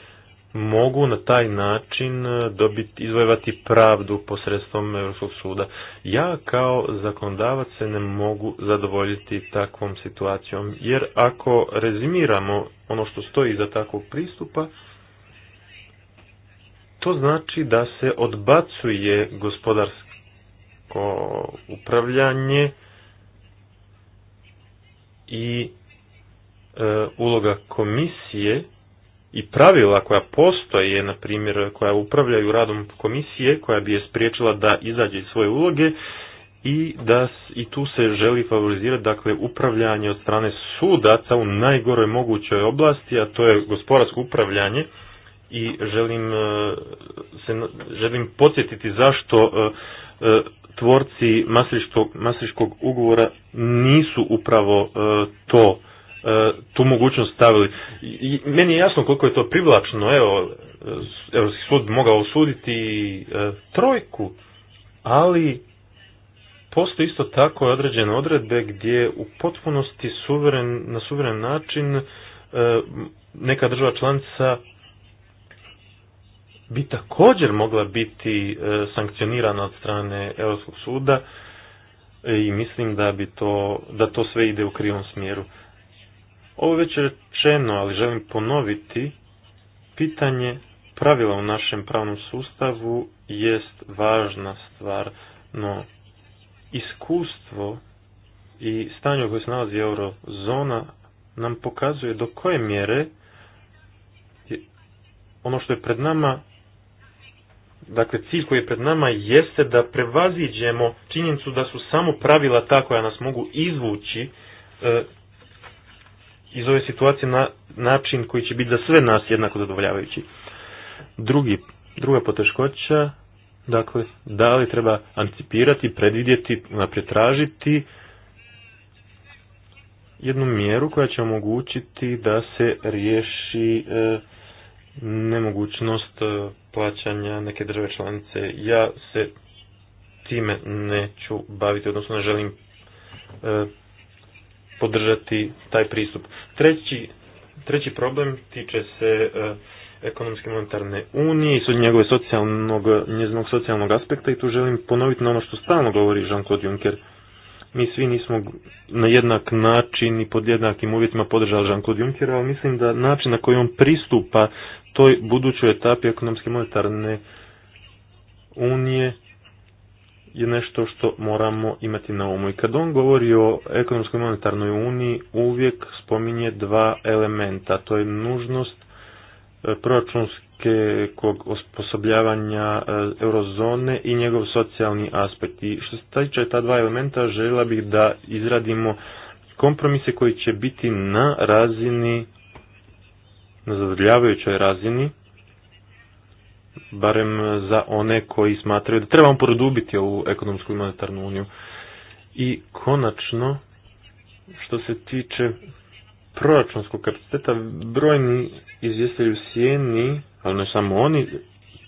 mogu na taj način e, dobiti, izvojevati pravdu posredstvom Europskog suda. Ja kao zakonodavac se ne mogu zadovoljiti takvom situacijom, jer ako rezimiramo ono što stoji iza takvog pristupa, to znači da se odbacuje gospodarski upravljanje i e, uloga komisije i pravila koja postoje, na primjer, koja upravljaju radom komisije, koja bi je spriječila da izađe iz svoje uloge i da i tu se želi favorizirati dakle upravljanje od strane sudaca u najgoroj mogućoj oblasti, a to je gospodarsko upravljanje i želim e, se želim podsjetiti zašto e, tvorci Masriškog, ugovora nisu upravo e, to e, tu mogućnost stavili. I meni je jasno koliko je to privlačno, evo, Europski sud mogao osuditi e, trojku, ali postoji isto tako određene odredbe gdje u potpunosti suveren, na suveren način neka država članica bi također mogla biti e, sankcionirana od strane Europskog suda e, i mislim da bi to, da to sve ide u krivom smjeru. Ovo već je rečeno, ali želim ponoviti, pitanje pravila u našem pravnom sustavu jest važna stvar, no iskustvo i stanje u kojoj se nalazi eurozona nam pokazuje do koje mjere ono što je pred nama Dakle, cilj koji je pred nama jeste da prevaziđemo činjenicu da su samo pravila ta koja nas mogu izvući e, iz ove situacije na način koji će biti za sve nas jednako zadovoljavajući. Drugi, druga poteškoća, dakle, da li treba anticipirati, predvidjeti, napretražiti jednu mjeru koja će omogućiti da se riješi e, nemogućnost e, plaćanja neke države članice. Ja se time neću baviti, odnosno ne želim e, podržati taj pristup. Treći, treći problem tiče se e, ekonomske monetarne unije i su njegove socijalnog, njezinog socijalnog aspekta i tu želim ponoviti na ono što stalno govori Jean-Claude Juncker. Mi svi nismo na jednak način i pod jednakim uvjetima podržali Jean-Claude Junckera, ali mislim da način na koji on pristupa toj budućoj etapi ekonomske monetarne unije je nešto što moramo imati na umu. I kad on govori o ekonomskoj monetarnoj uniji, uvijek spominje dva elementa. To je nužnost e, proračunskog osposobljavanja e, eurozone i njegov socijalni aspekt. I što se tiče ta dva elementa, željela bih da izradimo kompromise koji će biti na razini na zadovoljavajućoj razini, barem za one koji smatraju da trebamo produbiti ovu ekonomsku i monetarnu uniju. I konačno, što se tiče proračunskog kapaciteta, brojni u Sijeni, ali ne samo oni,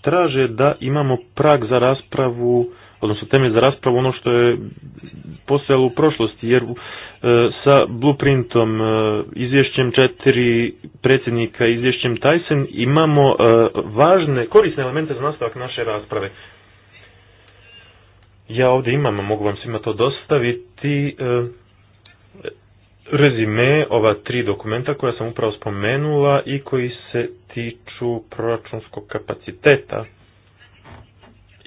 traže da imamo prag za raspravu odnosno teme za raspravu ono što je postojalo u prošlosti, jer e, sa blueprintom, e, izvješćem četiri predsjednika, izvješćem Tyson imamo e, važne, korisne elemente za nastavak naše rasprave. Ja ovdje imam, mogu vam svima to dostaviti, rezime ova tri dokumenta koja sam upravo spomenula i koji se tiču proračunskog kapaciteta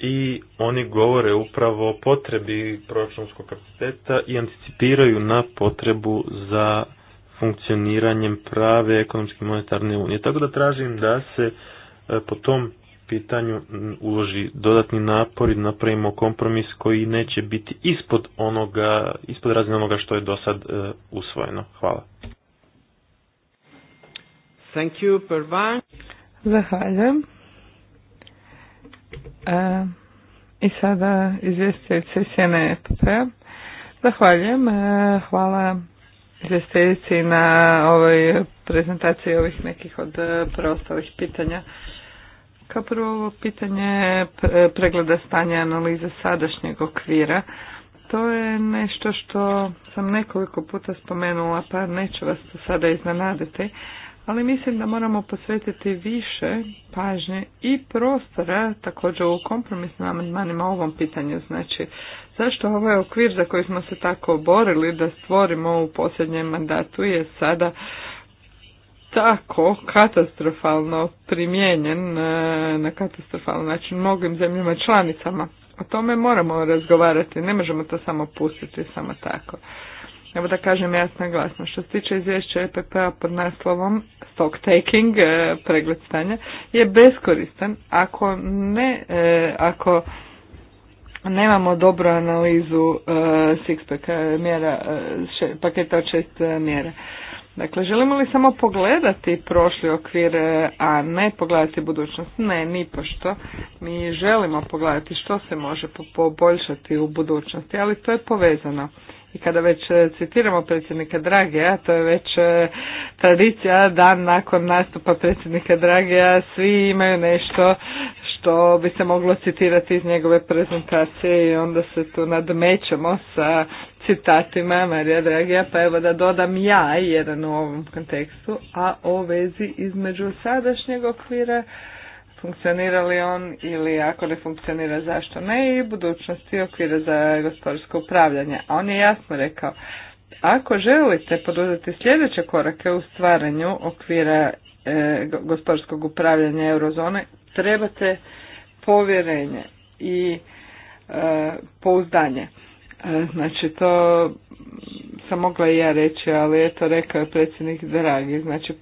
i oni govore upravo o potrebi proračunskog kapaciteta i anticipiraju na potrebu za funkcioniranjem prave ekonomske monetarne unije. Tako da tražim da se e, po tom pitanju uloži dodatni napor i napravimo kompromis koji neće biti ispod onoga, ispod razine onoga što je do sad e, usvojeno. Hvala. Thank you, Zahvaljujem. E, I sada izvjestiteljice Sjene epp Zahvaljujem. E, hvala izvjestiteljici na ovoj prezentaciji ovih nekih od e, preostalih pitanja. Kao prvo pitanje pregleda stanja analize sadašnjeg okvira. To je nešto što sam nekoliko puta spomenula, pa neću vas to sada iznenaditi, ali mislim da moramo posvetiti više pažnje i prostora također u kompromisnim amandmanima ovom pitanju. Znači, zašto ovaj okvir za koji smo se tako borili da stvorimo u posljednjem mandatu je sada tako katastrofalno primijenjen e, na katastrofalan način mnogim zemljama članicama. O tome moramo razgovarati, ne možemo to samo pustiti samo tako. Evo da kažem jasno i glasno. Što se tiče izvješća EPP-a pod naslovom stock taking, e, pregled stanja, je beskoristan ako ne, e, ako nemamo dobru analizu e, six mjera, paketa od šest mjera. Dakle, želimo li samo pogledati prošli okvir, a ne pogledati budućnost? Ne, nipošto. Pa Mi želimo pogledati što se može poboljšati u budućnosti, ali to je povezano i kada već e, citiramo predsjednika dragea to je već e, tradicija, dan nakon nastupa predsjednika Drageja, svi imaju nešto što bi se moglo citirati iz njegove prezentacije i onda se tu nadmećemo sa citatima Marija Dragija, pa evo da dodam ja jedan u ovom kontekstu, a o vezi između sadašnjeg okvira funkcionira li on ili ako ne funkcionira zašto ne i budućnosti okvira za gospodarsko upravljanje. A on je jasno rekao, ako želite poduzeti sljedeće korake u stvaranju okvira e, gospodarskog upravljanja eurozone, trebate povjerenje i e, pouzdanje. E, znači to mogla i ja reći, ali eto rekao je predsjednik Dragi. Znači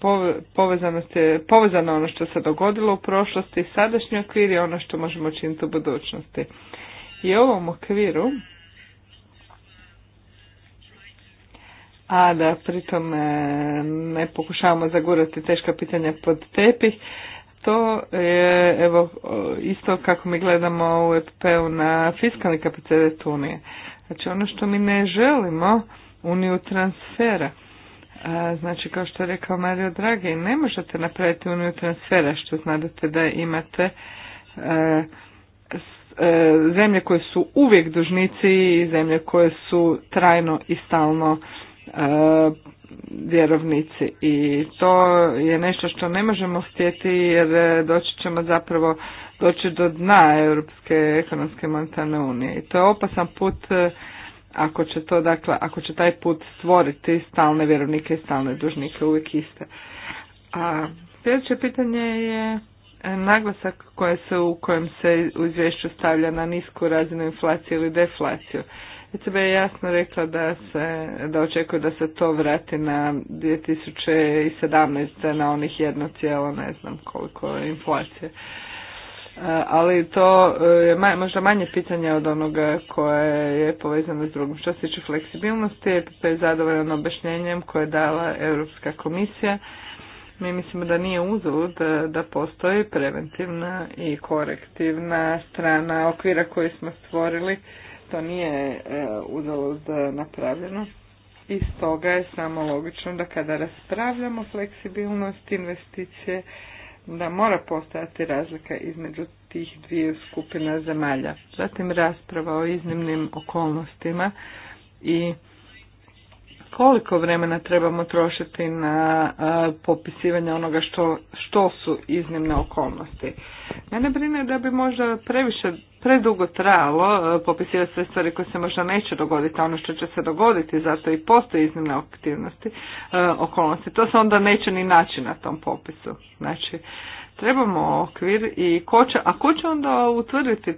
povezano je, povezano ono što se dogodilo u prošlosti, sadašnji okvir je ono što možemo činiti u budućnosti. I ovom okviru, a da pritom e, ne pokušavamo zagurati teška pitanja pod tepih, to je evo, isto kako mi gledamo u EPP-u na fiskalni kapacitet Unije. Znači ono što mi ne želimo uniju transfera. znači, kao što je rekao Mario Dragi, ne možete napraviti uniju transfera, što znate da imate zemlje koje su uvijek dužnici i zemlje koje su trajno i stalno vjerovnici i to je nešto što ne možemo htjeti jer e, doći ćemo zapravo doći do dna Europske ekonomske monetarne unije i to je opasan put e, ako će to, dakle, ako će taj put stvoriti stalne vjerovnike i stalne dužnike uvijek iste. A sljedeće pitanje je e, naglasak koje se, u kojem se u izvješću stavlja na nisku razinu inflacije ili deflaciju. ECB je jasno rekla da, se, da očekuje da se to vrati na 2017. na onih jedno cijelo ne znam koliko inflacije ali to e, je možda manje pitanje od onoga koje je povezano s drugom. Što se tiče fleksibilnosti, to je zadovoljan objašnjenjem koje je dala Europska komisija. Mi mislimo da nije uzalud da, da postoji preventivna i korektivna strana okvira koji smo stvorili. To nije e, uzalud napravljeno. I stoga je samo logično da kada raspravljamo fleksibilnost investicije, da mora postojati razlika između tih dvije skupina zemalja. Zatim rasprava o iznimnim okolnostima i koliko vremena trebamo trošiti na popisivanje onoga što, su iznimne okolnosti. Mene brine da bi možda previše, predugo trajalo popisivati sve stvari koje se možda neće dogoditi, a ono što će se dogoditi, zato i postoje iznimne aktivnosti, okolnosti. To se onda neće ni naći na tom popisu. Znači, trebamo okvir i ko će, a ko će onda utvrditi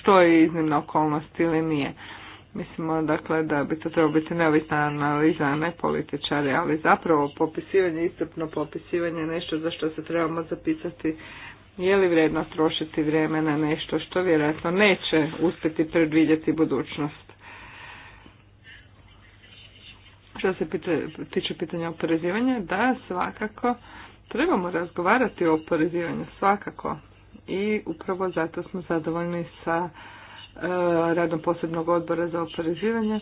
što je iznimna okolnost ili nije. Mislimo dakle da bi to trebalo biti neovisna analiza, a ne političari, ali zapravo popisivanje, istupno popisivanje je nešto za što se trebamo zapisati je li vredno trošiti vrijeme na nešto što vjerojatno neće uspjeti predvidjeti budućnost. Što se tiče pitanja oporezivanja, da svakako trebamo razgovarati o oporezivanju, svakako. I upravo zato smo zadovoljni sa Eh, radom posebnog odbora za oporezivanje.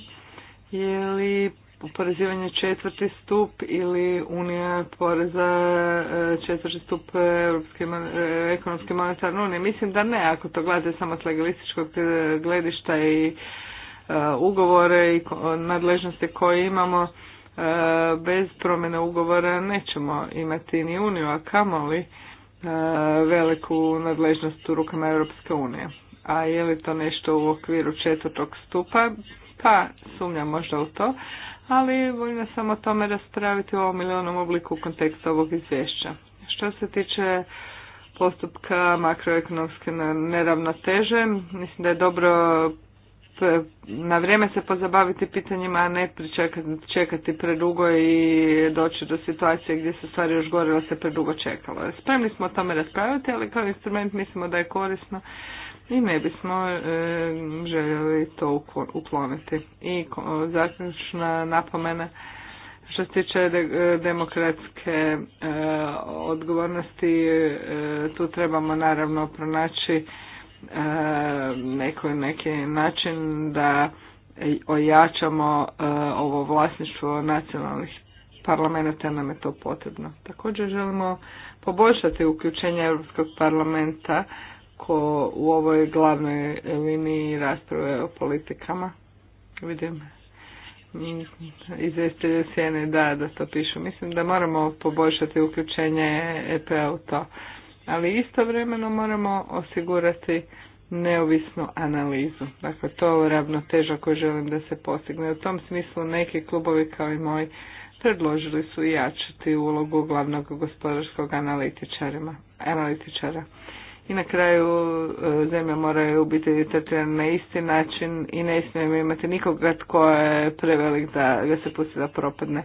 Je li oporezivanje četvrti stup ili unija poreza eh, četvrti stup Europske eh, ekonomske monetarne unije? Mislim da ne, ako to gledate samo s legalističkog gledišta i ugovore i nadležnosti koje imamo, bez promjene ugovora nećemo imati ni uniju, a kamoli veliku nadležnost u rukama Europske unije a je li to nešto u okviru četvrtog stupa, pa sumnjam možda u to, ali volim samo o tome raspraviti u ovom ili onom obliku kontekstu ovog izvješća. Što se tiče postupka makroekonomske neravnoteže, mislim da je dobro na vrijeme se pozabaviti pitanjima, a ne čekati predugo i doći do situacije gdje se stvari još gore se predugo čekalo. Spremni smo o tome raspraviti, ali kao instrument mislimo da je korisno i ne bismo e, željeli to ukloniti. I zaključna napomena što se tiče demokratske e, odgovornosti, e, tu trebamo naravno pronaći neko, neki način da ojačamo ovo vlasništvo nacionalnih parlamenta nam je to potrebno. Također želimo poboljšati uključenje Europskog parlamenta ko u ovoj glavnoj liniji rasprave o politikama vidim izvestelje sjene da, da to pišu. Mislim da moramo poboljšati uključenje EPA u to. Ali istovremeno moramo osigurati neovisnu analizu. Dakle, to je ravnoteža koju želim da se postigne. U tom smislu neki klubovi kao i moji predložili su jačati ulogu glavnog gospodarskog analitičara i na kraju e, zemlje moraju biti tretirane na isti način i ne smijemo imati nikoga tko je prevelik da ga se pusti da propadne.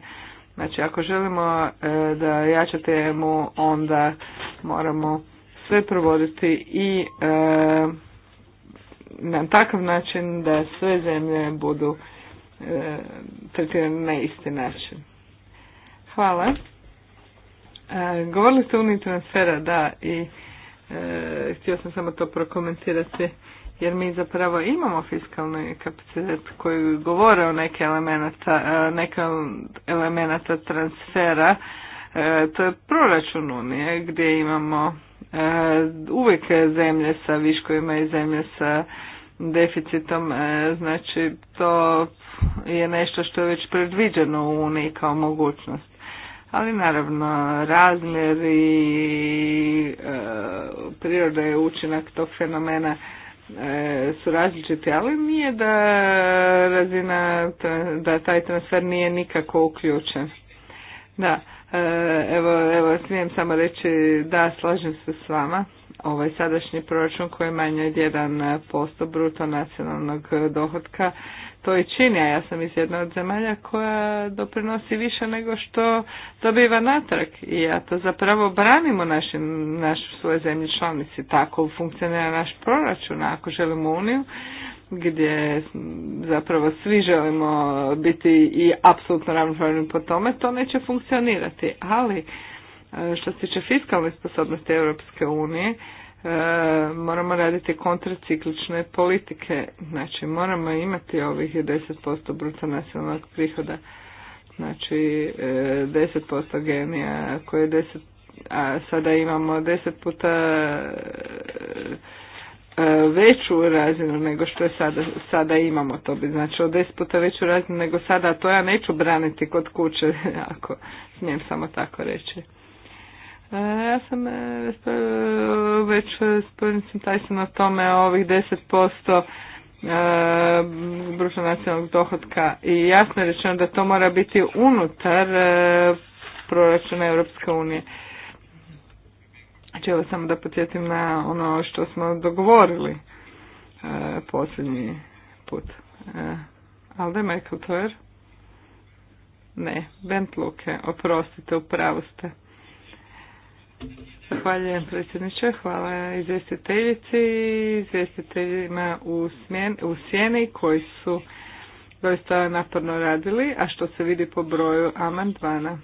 Znači ako želimo e, da jačate temu, onda moramo sve provoditi i e, na takav način da sve zemlje budu tretirane na isti način. Hvala. Govorili ste o da, i e, htio sam samo to prokomentirati jer mi zapravo imamo fiskalni kapacitet koji govore o neke elemenata, e, neke elemenata transfera. E, to je proračun Unije gdje imamo e, uvijek zemlje sa viškovima i zemlje sa deficitom. znači to je nešto što je već predviđeno u Uniji kao mogućnost ali naravno razmjer i e, priroda je učinak tog fenomena e, su različiti, ali nije da razina, da taj transfer nije nikako uključen. Da, e, evo, evo smijem samo reći da slažem se s vama. Ovaj sadašnji proračun koji je manje od 1% bruto nacionalnog dohodka to i čini, a ja sam iz jedne od zemalja koja doprinosi više nego što dobiva natrag. I ja to zapravo branimo našim naš, svoje zemlje članici. Tako funkcionira naš proračun. ako želimo uniju, gdje zapravo svi želimo biti i apsolutno ravnopravni po tome, to neće funkcionirati. Ali e, što se tiče fiskalne sposobnosti Europske unije, E, moramo raditi kontraciklične politike. Znači moramo imati ovih 10% bruto nacionalnog prihoda. Znači 10% e, genija koje deset 10 a sada imamo 10 puta e, veću razinu nego što je sada, sada imamo to bi značilo deset puta veću razinu nego sada a to ja neću braniti kod kuće ako smijem samo tako reći E, ja sam e, e, već sam taj sam na tome ovih 10% bruto nacionalnog dohotka i jasno je rečeno da to mora biti unutar proračuna Europske unije. Znači samo da podsjetim na ono što smo dogovorili posljednji put. E, Alde Michael Toer? Ne, Bent Luke, oprostite, u pravu ste. Zahvaljujem predsjedniče, hvala izvjestiteljici i izvjestiteljima u, sjeni koji su doista naporno radili, a što se vidi po broju amandmana.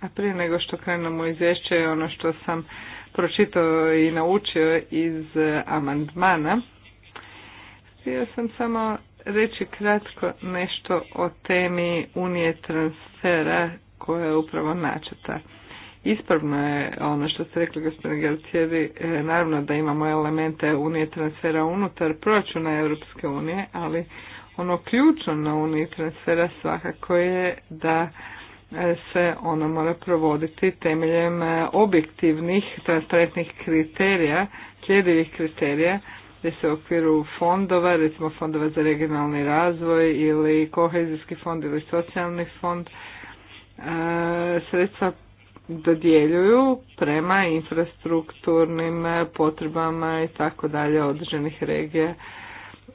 A prije nego što krenemo izvješće ono što sam pročitao i naučio iz amandmana, htio sam samo reći kratko nešto o temi Unije transfera koja je upravo načeta. Ispravno je ono što ste rekli gospodine Gelcijevi, e, naravno da imamo elemente unije transfera unutar proračuna Europske unije, ali ono ključno na uniji transfera svakako je da e, se ono mora provoditi temeljem e, objektivnih transparentnih kriterija, sljedivih kriterija, gdje se u okviru fondova, recimo fondova za regionalni razvoj ili kohezijski fond ili socijalni fond, sredstva dodjeljuju prema infrastrukturnim potrebama i tako dalje određenih regija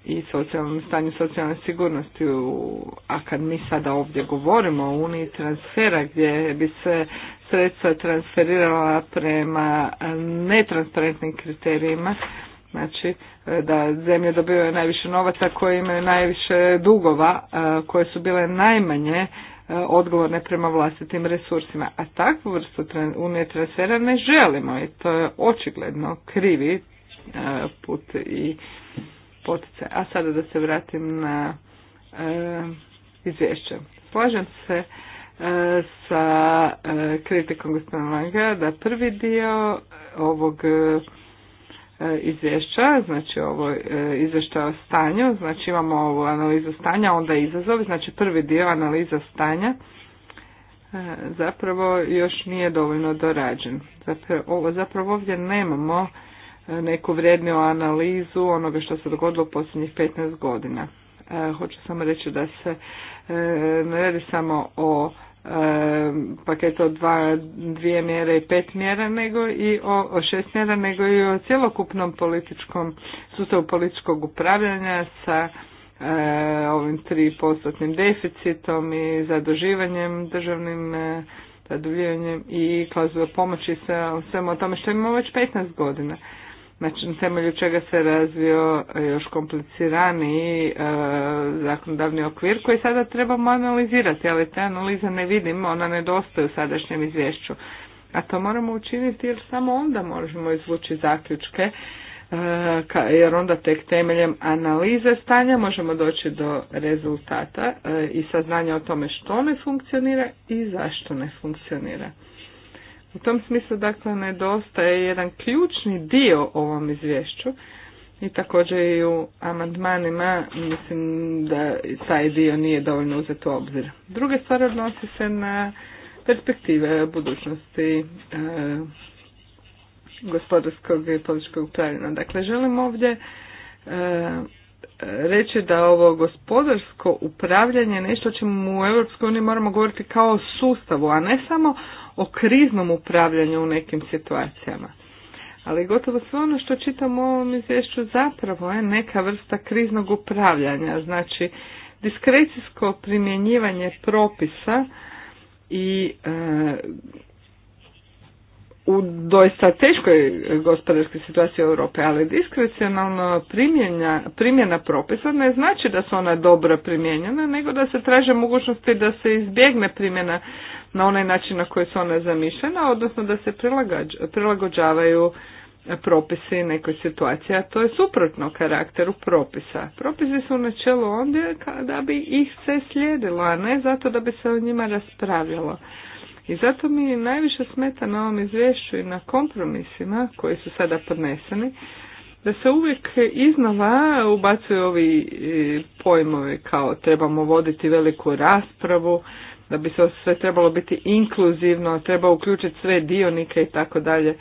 i socijalnom stanju socijalne sigurnosti. A kad mi sada ovdje govorimo o uniji transfera gdje bi se sredstva transferirala prema netransparentnim kriterijima, znači da zemlje dobivaju najviše novaca koje imaju najviše dugova, koje su bile najmanje odgovorne prema vlastitim resursima. A takvu vrstu unije transfera ne želimo i to je očigledno krivi e, put i poticaj. A sada da se vratim na e, izvješće. Slažem se e, sa kritikom gospodina Langa da prvi dio ovog E, izvješća, znači ovo e, izvješća o stanju, znači imamo ovu analizu stanja, onda izazovi, znači prvi dio analiza stanja e, zapravo još nije dovoljno dorađen. Zapravo, zapravo ovdje nemamo neku vrijedniju analizu onoga što se dogodilo u posljednjih 15 godina. Hoću samo reći da se ne radi samo o paket od dva, dvije mjere i pet mjera nego i o, o šest mjera nego i o cjelokupnom političkom sustavu političkog upravljanja sa e, ovim tri postotnim deficitom i zaduživanjem državnim e, zaduživanjem i klauzula pomoći sa svemu o tome što imamo već 15 godina na temelju čega se razvio još kompliciraniji e, zakonodavni okvir koji sada trebamo analizirati, ali te analize ne vidimo, ona nedostaje u sadašnjem izvješću. A to moramo učiniti jer samo onda možemo izvući zaključke, e, ka, jer onda tek temeljem analize stanja možemo doći do rezultata e, i saznanja o tome što ne funkcionira i zašto ne funkcionira. U tom smislu dakle nedostaje jedan ključni dio ovom izvješću i također i u amandmanima mislim da taj dio nije dovoljno uzet u obzir. Druga stvar odnosi se na perspektive budućnosti e, gospodarskog i političkog upravljena. Dakle, želim ovdje e, reći da ovo gospodarsko upravljanje je nešto o čemu u EU moramo govoriti kao o sustavu, a ne samo o kriznom upravljanju u nekim situacijama. Ali gotovo sve ono što čitam u ovom izvješću zapravo je neka vrsta kriznog upravljanja, znači diskrecijsko primjenjivanje propisa i e, u doista teškoj gospodarskoj situaciji Europe, ali diskrecionalno primjena, primjena propisa ne znači da su ona dobro primijenjena, nego da se traže mogućnosti da se izbjegne primjena na onaj način na koji su ona zamišljena, odnosno da se prilagođavaju propisi nekoj situaciji, a to je suprotno karakteru propisa. Propisi su na načelu ondje da bi ih se slijedilo, a ne zato da bi se o njima raspravljalo. I zato mi najviše smeta na ovom izvješću i na kompromisima koji su sada podneseni, da se uvijek iznova ubacuju ovi e, pojmovi kao trebamo voditi veliku raspravu, da bi se sve trebalo biti inkluzivno, treba uključiti sve dionike i tako dalje.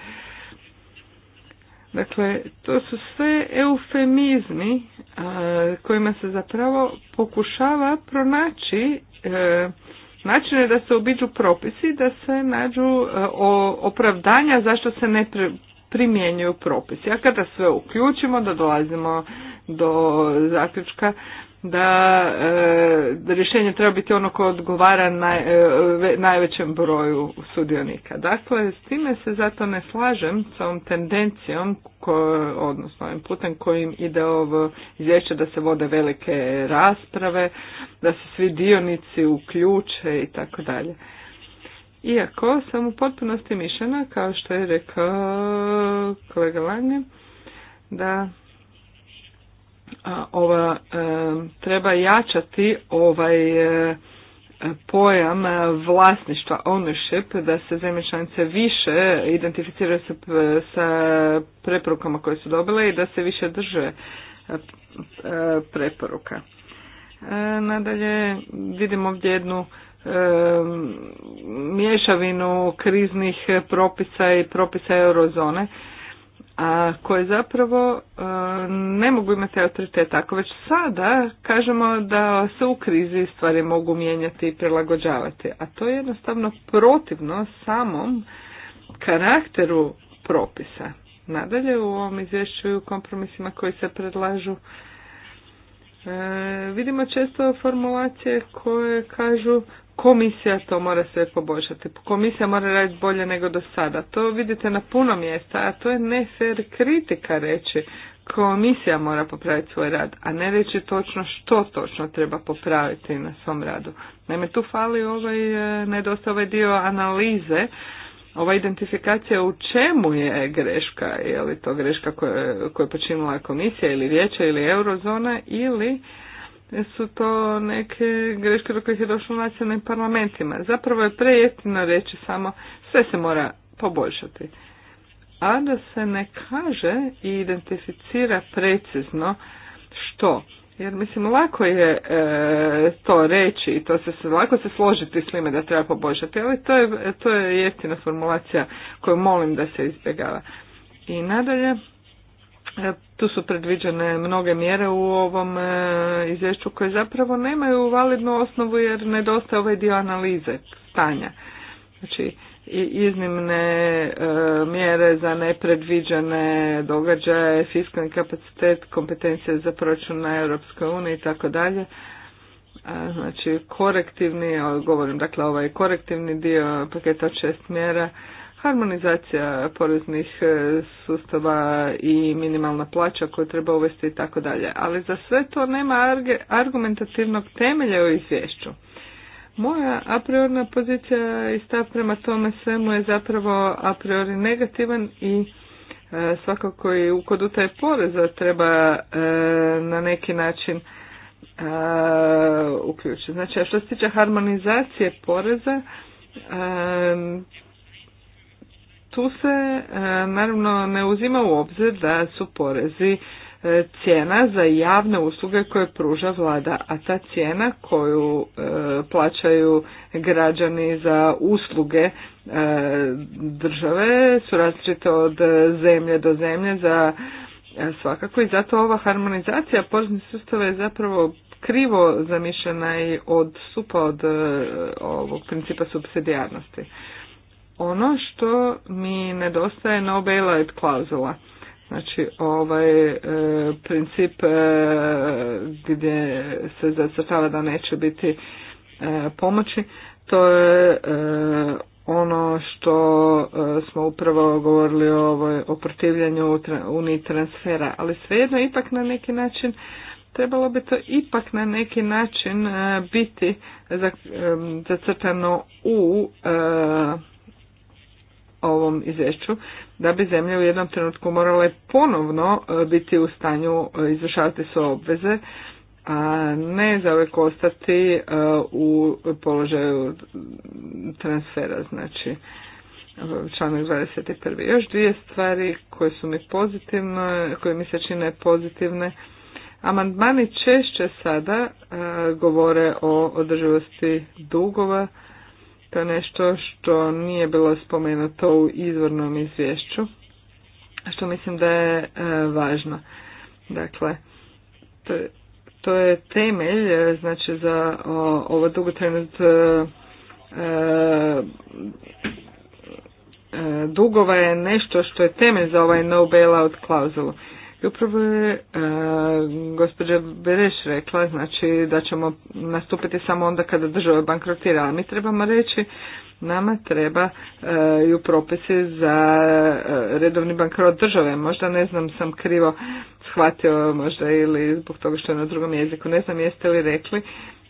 Dakle, to su sve eufemizmi e, kojima se zapravo pokušava pronaći e, način je da se obiđu propisi, da se nađu e, opravdanja zašto se ne primjenjuju propisi. A kada sve uključimo, da dolazimo do zaključka da, e, da rješenje treba biti ono koje odgovara naj, e, najvećem broju sudionika. Dakle, s time se zato ne slažem s ovom tendencijom, odnosno ovim putem kojim ide ovo izvješće da se vode velike rasprave, da se svi dionici uključe i tako dalje. Iako sam u potpunosti mišljena, kao što je rekao kolega Lange, da ova, e, treba jačati ovaj e, pojam e, vlasništva, ownership, da se zemlje članice više identificiraju sa, sa preporukama koje su dobile i da se više drže preporuka. Nadalje vidimo ovdje jednu mješavinu kriznih propisa i propisa eurozone a koje zapravo e, ne mogu imati autoritet. Ako već sada kažemo da se u krizi stvari mogu mijenjati i prilagođavati, a to je jednostavno protivno samom karakteru propisa. Nadalje u ovom izvješću i u kompromisima koji se predlažu e, vidimo često formulacije koje kažu komisija to mora sve poboljšati. Komisija mora raditi bolje nego do sada. To vidite na puno mjesta, a to je ne fair kritika reći. Komisija mora popraviti svoj rad, a ne reći točno što točno treba popraviti na svom radu. Naime, tu fali ovaj, e, nedostaje ovaj dio analize, ova identifikacija u čemu je greška, je li to greška koju je počinila komisija ili vijeće ili eurozona ili su to neke greške do kojih je došlo u nacionalnim parlamentima. Zapravo je prejeftino reći samo sve se mora poboljšati. A da se ne kaže i identificira precizno što. Jer mislim lako je e, to reći i to se, lako se složiti s time da treba poboljšati, ali to je, to je jeftina formulacija koju molim da se izbjegava. I nadalje, E, tu su predviđene mnoge mjere u ovom e, izvješću koje zapravo nemaju validnu osnovu jer nedostaje ovaj dio analize stanja. Znači, i iznimne e, mjere za nepredviđene događaje, fiskalni kapacitet, kompetencije za proračun na Europskoj uniji i tako dalje. Znači korektivni, govorim dakle ovaj korektivni dio paketa šest mjera harmonizacija poreznih e, sustava i minimalna plaća koju treba uvesti i tako dalje. Ali za sve to nema argumentativnog temelja u izvješću. Moja apriorna pozicija i stav prema tome svemu je zapravo a priori negativan i e, svakako i kod taj poreza treba e, na neki način e, uključiti. Znači, a što se tiče harmonizacije poreza, tu se e, naravno ne uzima u obzir da su porezi e, cijena za javne usluge koje pruža vlada, a ta cijena koju e, plaćaju građani za usluge države su različite od zemlje do zemlje za svakako i zato ova harmonizacija poreznih sustava je zapravo krivo zamišljena i odstupa od ovog principa subsidijarnosti ono što mi nedostaje no bailout klauzula. Znači ovaj e, princip e, gdje se zacrtava da neće biti e, pomoći, to je ono što smo upravo govorili o, ovoj, o protivljanju uniji transfera, ali svejedno ipak na neki način trebalo bi to ipak na neki način biti zacrtano u ovom izvješću da bi zemlje u jednom trenutku morala ponovno e, biti u stanju e, izvršavati svoje obveze, a ne zauvijek ostati e, u položaju transfera, znači članak 21. Još dvije stvari koje su mi pozitivne, koje mi se čine pozitivne. Amandmani češće sada govore o održivosti dugova, to je nešto što nije bilo spomenuto u izvornom izvješću, što mislim da je e, važno. Dakle, to, to je temelj e, znači za o, ovo dugotrajno e, dugova je nešto što je temelj za ovaj no bailout klauzulu. I upravo je e, gospođa Bereš rekla znači, da ćemo nastupiti samo onda kada država bankrotira, ali mi trebamo reći nama treba e, i propisi za e, redovni bankrot države. Možda ne znam sam krivo shvatio možda ili zbog toga što je na drugom jeziku. Ne znam jeste li rekli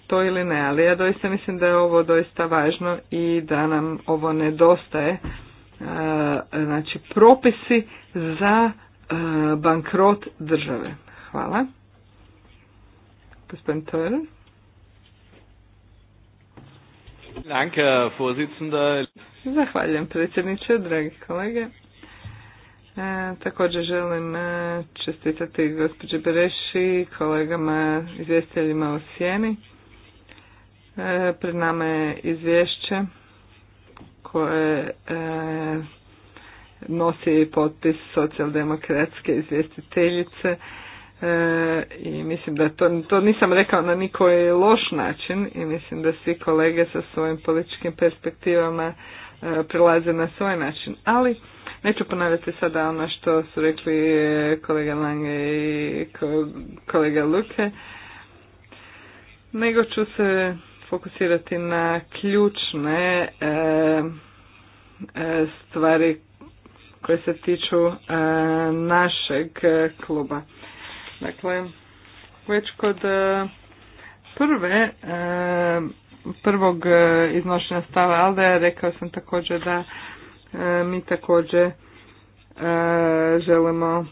to ili ne, ali ja doista mislim da je ovo doista važno i da nam ovo nedostaje. znači propisi za E, bankrot države. Hvala. Gospodin Tojer. Danke, Zahvaljujem predsjedniče, dragi kolege. E, također želim e, čestitati gospođe Bereši, kolegama izvjestiteljima o Sjeni. E, pred nama je izvješće koje e, nosi potpis socijaldemokratske izvjestiteljice e, i mislim da to, to nisam rekao na nikoji loš način i mislim da svi kolege sa svojim političkim perspektivama e, prilaze na svoj način. Ali neću ponavljati sada ono što su rekli e, kolega Lange i kolega Luke, nego ću se fokusirati na ključne stvari koje se tiču e, našeg e, kluba. Dakle, već kod e, prve, prvog iznošenja stava Aldeja rekao sam također da mi također želimo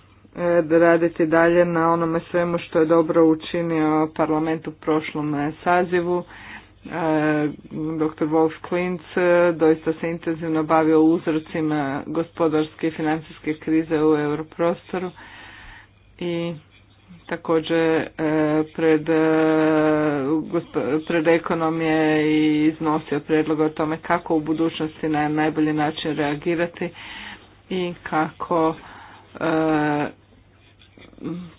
da raditi dalje na onome svemu što je dobro učinio parlament u prošlom sazivu E, dr. Wolf Klintz e, doista se intenzivno bavio uzrocima gospodarske i financijske krize u europrostoru i također e, pred, pred ekonom je i iznosio prijedloge o tome kako u budućnosti na najbolji način reagirati i kako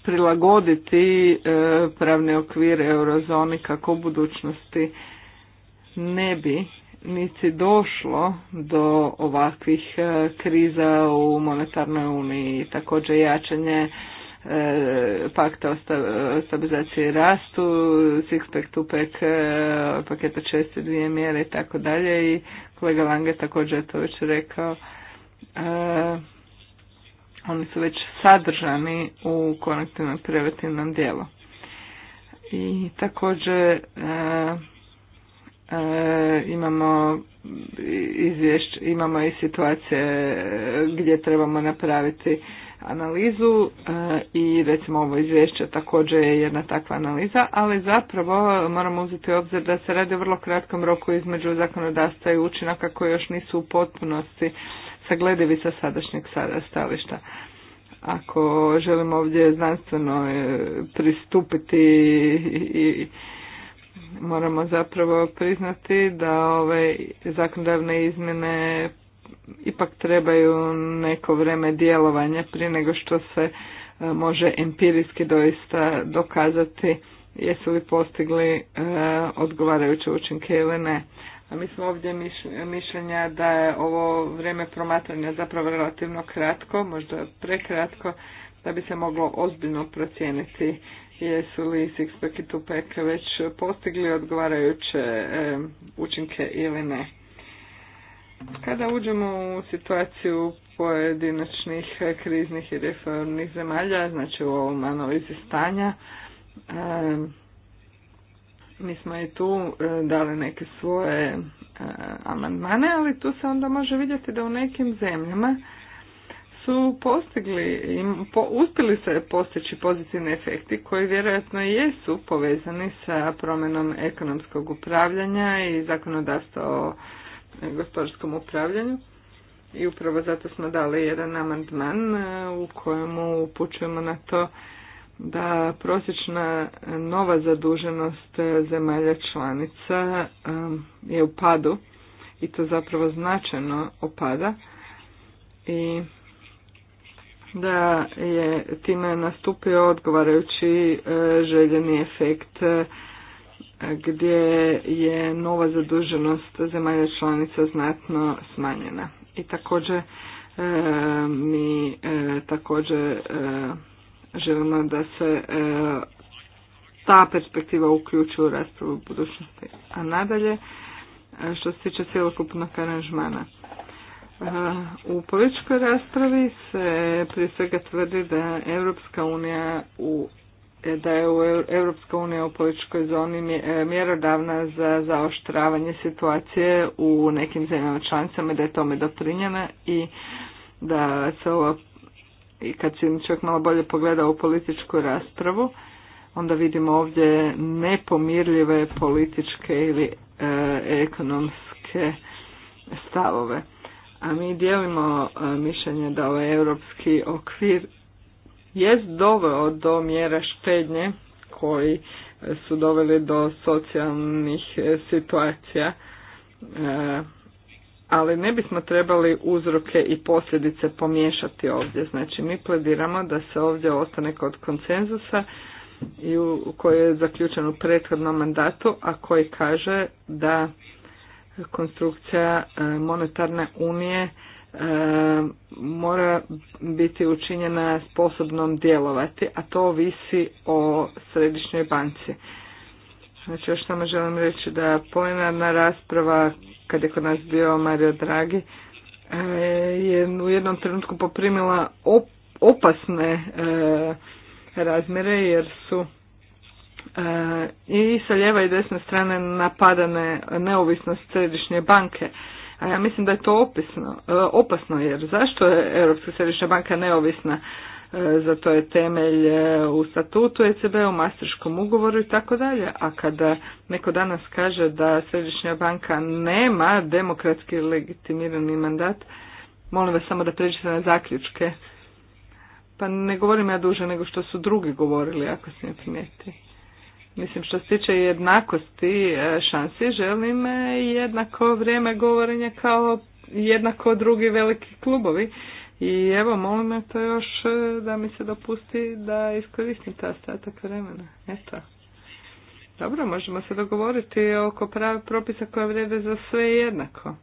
prilagoditi pravni okvir eurozoni kako u budućnosti ne bi niti došlo do ovakvih e, kriza u monetarnoj uniji. Također jačanje e, pakta o stabilizaciji rastu, six-pack, pack e, paketa česti dvije mjere i tako dalje i kolega Lange također je to već rekao. Oni su već sadržani u konektivnom preventivnom dijelu. I također E, imamo izvješć, imamo i situacije e, gdje trebamo napraviti analizu e, i recimo ovo izvješće također je jedna takva analiza, ali zapravo moramo uzeti obzir da se radi o vrlo kratkom roku između zakonodavstva i učinaka koji još nisu u potpunosti sagledivi sa sadašnjeg stavišta. Ako želimo ovdje znanstveno e, pristupiti i moramo zapravo priznati da ove zakonodavne izmjene ipak trebaju neko vrijeme djelovanja prije nego što se e, može empirijski doista dokazati jesu li postigli e, odgovarajuće učinke ili ne. A mi smo ovdje mišljenja da je ovo vrijeme promatranja zapravo relativno kratko, možda prekratko, da bi se moglo ozbiljno procijeniti jesu li Sixpack i već postigli odgovarajuće e, učinke ili ne. Kada uđemo u situaciju pojedinačnih kriznih i reformnih zemalja, znači u ovom analizi stanja, e, mi smo i tu e, dali neke svoje amandmane, ali tu se onda može vidjeti da u nekim zemljama su postigli, po, uspjeli se postići pozitivni efekti koji vjerojatno jesu povezani sa promjenom ekonomskog upravljanja i zakonodavstva o e, gospodarskom upravljanju. I upravo zato smo dali jedan amandman e, u kojemu upućujemo na to da prosječna nova zaduženost e, zemalja članica je u padu i to zapravo značajno opada i da je time nastupio odgovarajući e, željeni efekt e, gdje je nova zaduženost zemalja članica znatno smanjena. I također e, mi također želimo da se ta perspektiva uključi u raspravu budućnosti. A nadalje, što se tiče cjelokupnog aranžmana. U političkoj raspravi se prije svega tvrdi da Europska unija u da je Europska unija u političkoj zoni e, mjerodavna za zaoštravanje situacije u nekim zemljama članicama da je tome doprinjena i da se ovo i kad se čovjek malo bolje pogleda u političku raspravu onda vidimo ovdje nepomirljive političke ili e, ekonomske stavove. A mi dijelimo e, mišljenje da ovaj europski okvir jest doveo do mjera štednje koji su doveli do socijalnih e, situacija, e, ali ne bismo trebali uzroke i posljedice pomiješati ovdje. Znači mi plediramo da se ovdje ostane kod konsenzusa i u, koji je zaključen u prethodnom mandatu, a koji kaže da konstrukcija e, monetarne unije e, mora biti učinjena sposobnom djelovati, a to ovisi o središnjoj banci. Znači, još samo želim reći da plenarna rasprava, kad je kod nas bio Mario Draghi, e, je u jednom trenutku poprimila opasne razmjere jer su E, i sa lijeva i desne strane napadane neovisnost središnje banke. A ja mislim da je to opisno, e, opasno jer zašto je Europska središnja banka neovisna? E, Zato je temelj u statutu ECB, u masterškom ugovoru i tako dalje. A kada neko danas kaže da središnja banka nema demokratski legitimirani mandat, molim vas samo da pređete na zaključke. Pa ne govorim ja duže nego što su drugi govorili, ako se ne primijeti. Mislim, što se tiče jednakosti e, šansi, želim e, jednako vrijeme govorenja kao jednako drugi veliki klubovi. I evo, molim me to još e, da mi se dopusti da iskoristim ta ostatak vremena. Eto. Dobro, možemo se dogovoriti oko prava propisa koja vrijede za sve jednako.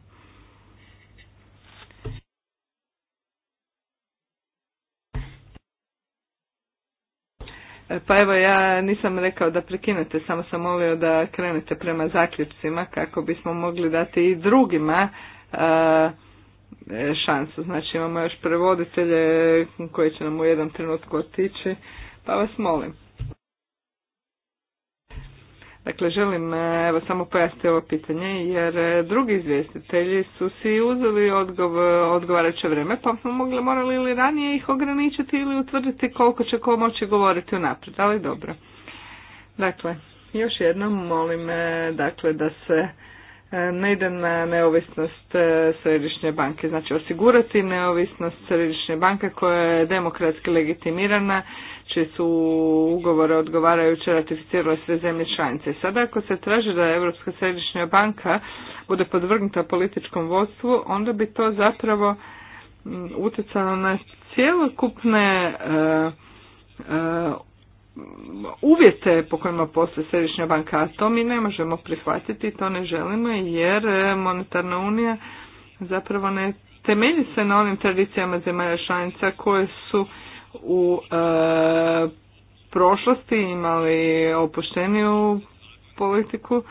E, pa evo ja nisam rekao da prekinete, samo sam molio da krenete prema zaključcima kako bismo mogli dati i drugima e, šansu. Znači imamo još prevoditelje koji će nam u jednom trenutku otići, pa vas molim. Dakle, želim e, evo, samo pojasniti ovo pitanje, jer e, drugi izvjestitelji su si uzeli odgov, odgovarajuće vrijeme, pa smo mogli, morali ili ranije ih ograničiti ili utvrditi koliko će ko moći govoriti unaprijed, ali dobro. Dakle, još jednom molim e, dakle, da se E, ne ide na neovisnost e, središnje banke. Znači osigurati neovisnost središnje banke koja je demokratski legitimirana, čiji su ugovore odgovarajuće ratificirale sve zemlje članice. Sada ako se traži da Europska središnja banka bude podvrgnuta političkom vodstvu, onda bi to zapravo utjecalo na cjelokupne e, uvjete po kojima postoji središnja banka, a to mi ne možemo prihvatiti, to ne želimo jer e, monetarna unija zapravo ne temelji se na onim tradicijama zemalja članica koje su u e, prošlosti imali opušteniju politiku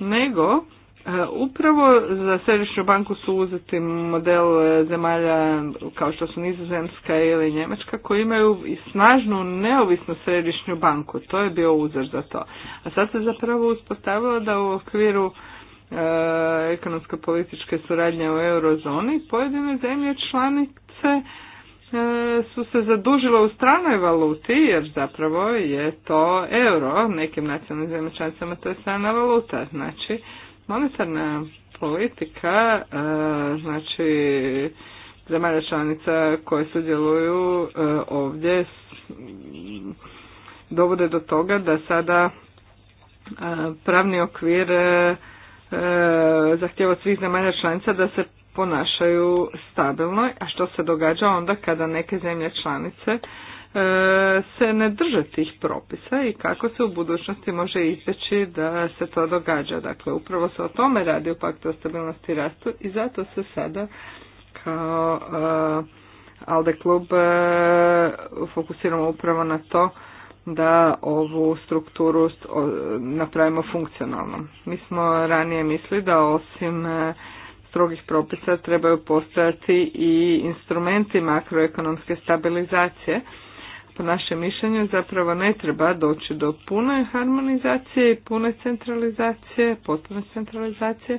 nego E, upravo za središnju banku su uzeti model e, zemalja kao što su Nizozemska ili Njemačka koji imaju snažnu neovisnu središnju banku. To je bio uzor za to. A sad se zapravo uspostavilo da u okviru e, ekonomsko-političke suradnje u eurozoni pojedine zemlje članice su se zadužile u stranoj valuti, jer zapravo je to euro, nekim nacionalnim članicama to je strana valuta, znači Monetarna politika, e, znači zemalja članica koje sudjeluju e, ovdje dovode do toga da sada e, pravni okvir zahtjeva svih zemalja članica da se ponašaju stabilno, a što se događa onda kada neke zemlje članice E, se ne drže tih propisa i kako se u budućnosti može izbjeći da se to događa. Dakle, upravo se o tome radi u paktu o stabilnosti i rastu i zato se sada kao e, ALDE klub e, fokusiramo upravo na to da ovu strukturu napravimo funkcionalnom. Mi smo ranije mislili da osim strogih propisa trebaju postojati i instrumenti makroekonomske stabilizacije po našem mišljenju zapravo ne treba doći do pune harmonizacije i pune centralizacije, potpune centralizacije,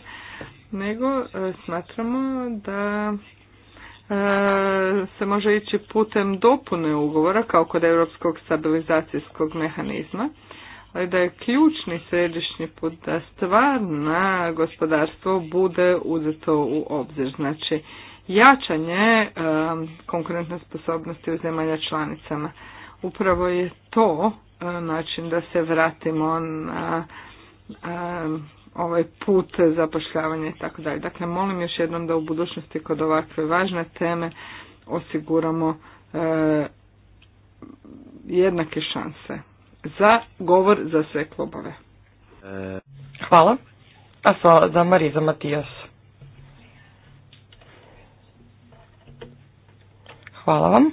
nego e, smatramo da e, se može ići putem dopune ugovora kao kod europskog stabilizacijskog mehanizma, ali da je ključni središnji put da na gospodarstvo bude uzeto u obzir. Znači, jačanje konkurentne sposobnosti u zemalja članicama. Upravo je to način da se vratimo na ovaj put zapošljavanja i tako dalje. Dakle, molim još jednom da u budućnosti kod ovakve važne teme osiguramo jednake šanse za govor za sve klubove. E. Hvala. A sada za Mariza Matijas. Hvala vam.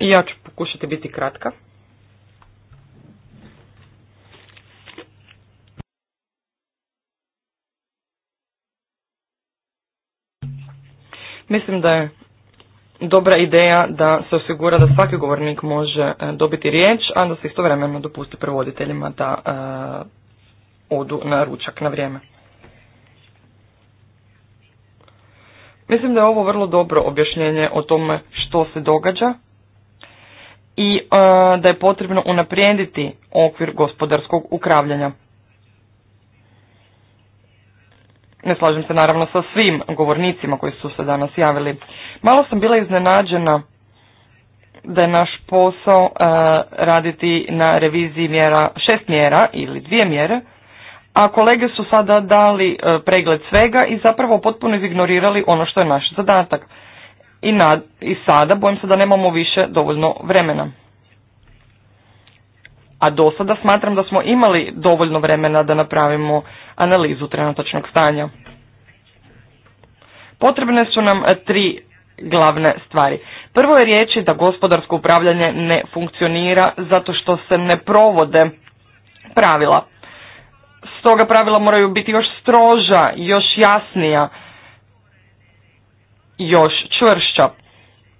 Ja ću pokušati biti kratka. Mislim da je dobra ideja da se osigura da svaki govornik može e, dobiti riječ, a da se istovremeno dopusti prevoditeljima da e, odu na ručak na vrijeme. Mislim da je ovo vrlo dobro objašnjenje o tome što se događa i e, da je potrebno unaprijediti okvir gospodarskog upravljanja. Ne slažem se naravno sa svim govornicima koji su se danas javili. Malo sam bila iznenađena da je naš posao e, raditi na reviziji mjera, šest mjera ili dvije mjere a kolege su sada dali e, pregled svega i zapravo potpuno ignorirali ono što je naš zadatak. I, I sada bojim se da nemamo više dovoljno vremena. A do sada smatram da smo imali dovoljno vremena da napravimo analizu trenutačnog stanja. Potrebne su nam e, tri glavne stvari. Prvo je riječi da gospodarsko upravljanje ne funkcionira zato što se ne provode pravila. Stoga pravila moraju biti još stroža, još jasnija, još čvršća.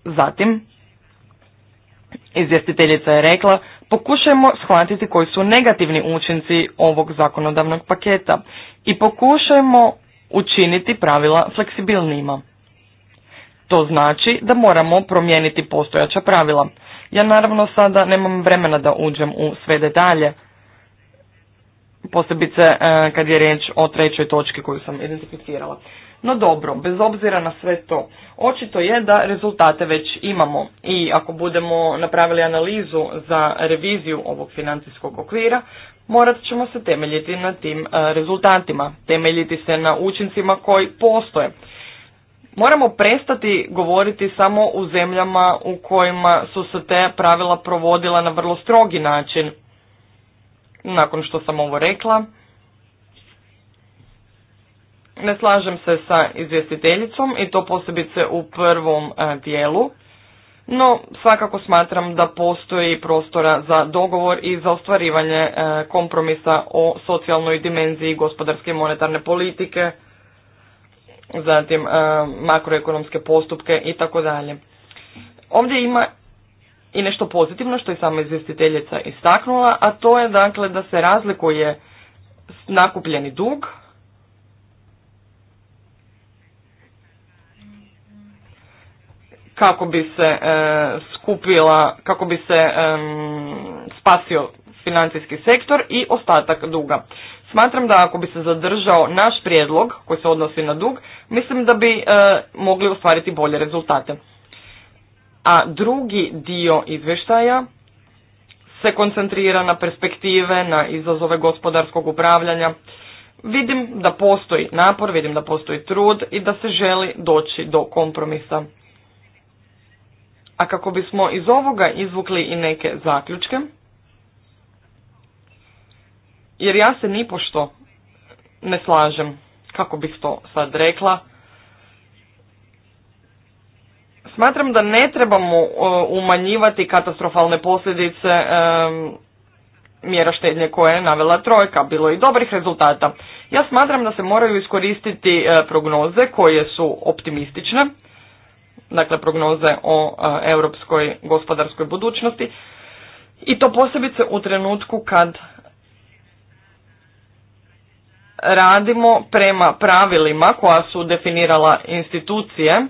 Zatim, izvjestiteljica je rekla, pokušajmo shvatiti koji su negativni učinci ovog zakonodavnog paketa i pokušajmo učiniti pravila fleksibilnijima. To znači da moramo promijeniti postojača pravila. Ja naravno sada nemam vremena da uđem u sve detalje, posebice e, kad je riječ o trećoj točki koju sam identificirala. No dobro, bez obzira na sve to, očito je da rezultate već imamo i ako budemo napravili analizu za reviziju ovog financijskog okvira, morat ćemo se temeljiti na tim e, rezultatima, temeljiti se na učincima koji postoje. Moramo prestati govoriti samo u zemljama u kojima su se te pravila provodila na vrlo strogi način, nakon što sam ovo rekla, ne slažem se sa izvjestiteljicom i to posebice u prvom e, dijelu, no svakako smatram da postoji prostora za dogovor i za ostvarivanje e, kompromisa o socijalnoj dimenziji gospodarske i monetarne politike, zatim e, makroekonomske postupke i tako dalje. Ovdje ima i nešto pozitivno što je sama izvjestiteljica istaknula, a to je dakle da se razlikuje nakupljeni dug kako bi se e, skupila, kako bi se e, spasio financijski sektor i ostatak duga. Smatram da ako bi se zadržao naš prijedlog koji se odnosi na dug, mislim da bi e, mogli ostvariti bolje rezultate a drugi dio izvještaja se koncentrira na perspektive, na izazove gospodarskog upravljanja. Vidim da postoji napor, vidim da postoji trud i da se želi doći do kompromisa. A kako bismo iz ovoga izvukli i neke zaključke, jer ja se nipošto ne slažem, kako bih to sad rekla, Smatram da ne trebamo umanjivati katastrofalne posljedice mjera štednje koje je navela trojka, bilo i dobrih rezultata. Ja smatram da se moraju iskoristiti e, prognoze koje su optimistične, dakle prognoze o e, europskoj gospodarskoj budućnosti i to posebice u trenutku kad radimo prema pravilima koja su definirala institucije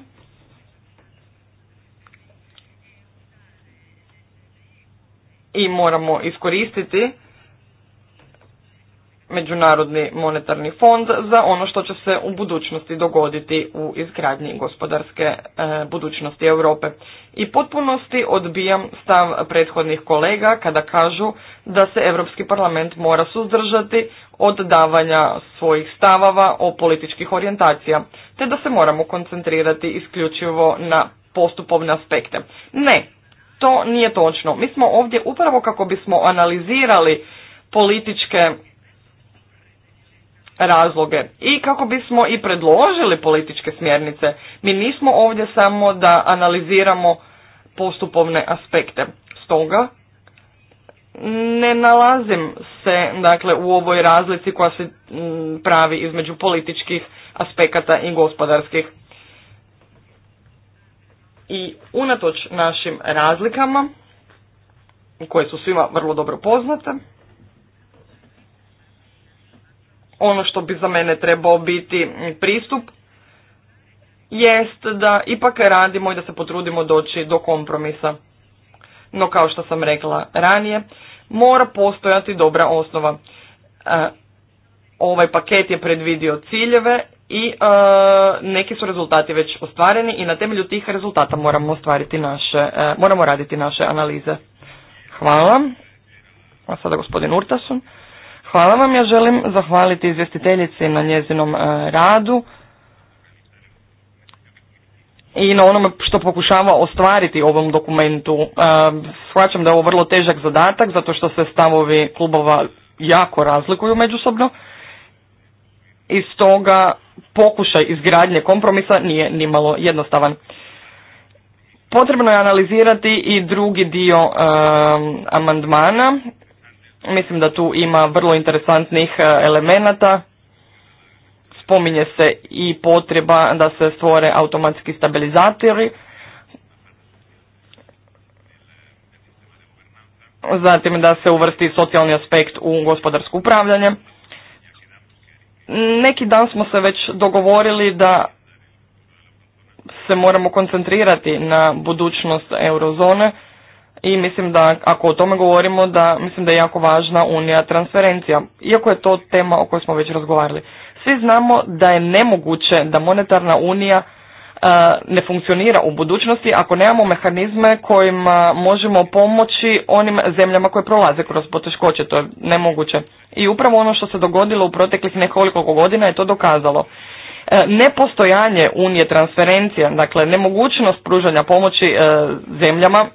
i moramo iskoristiti Međunarodni monetarni fond za ono što će se u budućnosti dogoditi u izgradnji gospodarske e, budućnosti Europe. I potpunosti odbijam stav prethodnih kolega kada kažu da se Europski parlament mora suzdržati od davanja svojih stavava o političkih orijentacija, te da se moramo koncentrirati isključivo na postupovne aspekte. Ne, to nije točno. Mi smo ovdje upravo kako bismo analizirali političke razloge i kako bismo i predložili političke smjernice. Mi nismo ovdje samo da analiziramo postupovne aspekte. Stoga ne nalazim se dakle u ovoj razlici koja se pravi između političkih aspekata i gospodarskih i unatoč našim razlikama, koje su svima vrlo dobro poznate, ono što bi za mene trebao biti pristup jest da ipak radimo i da se potrudimo doći do kompromisa. No kao što sam rekla ranije, mora postojati dobra osnova. E, ovaj paket je predvidio ciljeve i e, neki su rezultati već ostvareni i na temelju tih rezultata moramo ostvariti naše, e, moramo raditi naše analize. Hvala. A sada gospodin Urtasun. Hvala vam, ja želim zahvaliti izvjestiteljici na njezinom e, radu i na onome što pokušava ostvariti ovom dokumentu. Shvaćam da je ovo vrlo težak zadatak zato što se stavovi klubova jako razlikuju međusobno i stoga pokušaj izgradnje kompromisa nije nimalo jednostavan. Potrebno je analizirati i drugi dio e, amandmana. Mislim da tu ima vrlo interesantnih e, elemenata. Spominje se i potreba da se stvore automatski stabilizatori. Zatim da se uvrsti socijalni aspekt u gospodarsko upravljanje. Neki dan smo se već dogovorili da se moramo koncentrirati na budućnost eurozone i mislim da ako o tome govorimo da mislim da je jako važna unija transferencija. Iako je to tema o kojoj smo već razgovarali. Svi znamo da je nemoguće da monetarna unija E, ne funkcionira u budućnosti ako nemamo mehanizme kojima možemo pomoći onim zemljama koje prolaze kroz poteškoće. To je nemoguće. I upravo ono što se dogodilo u proteklih nekoliko godina je to dokazalo. E, nepostojanje unije transferencija, dakle nemogućnost pružanja pomoći e, zemljama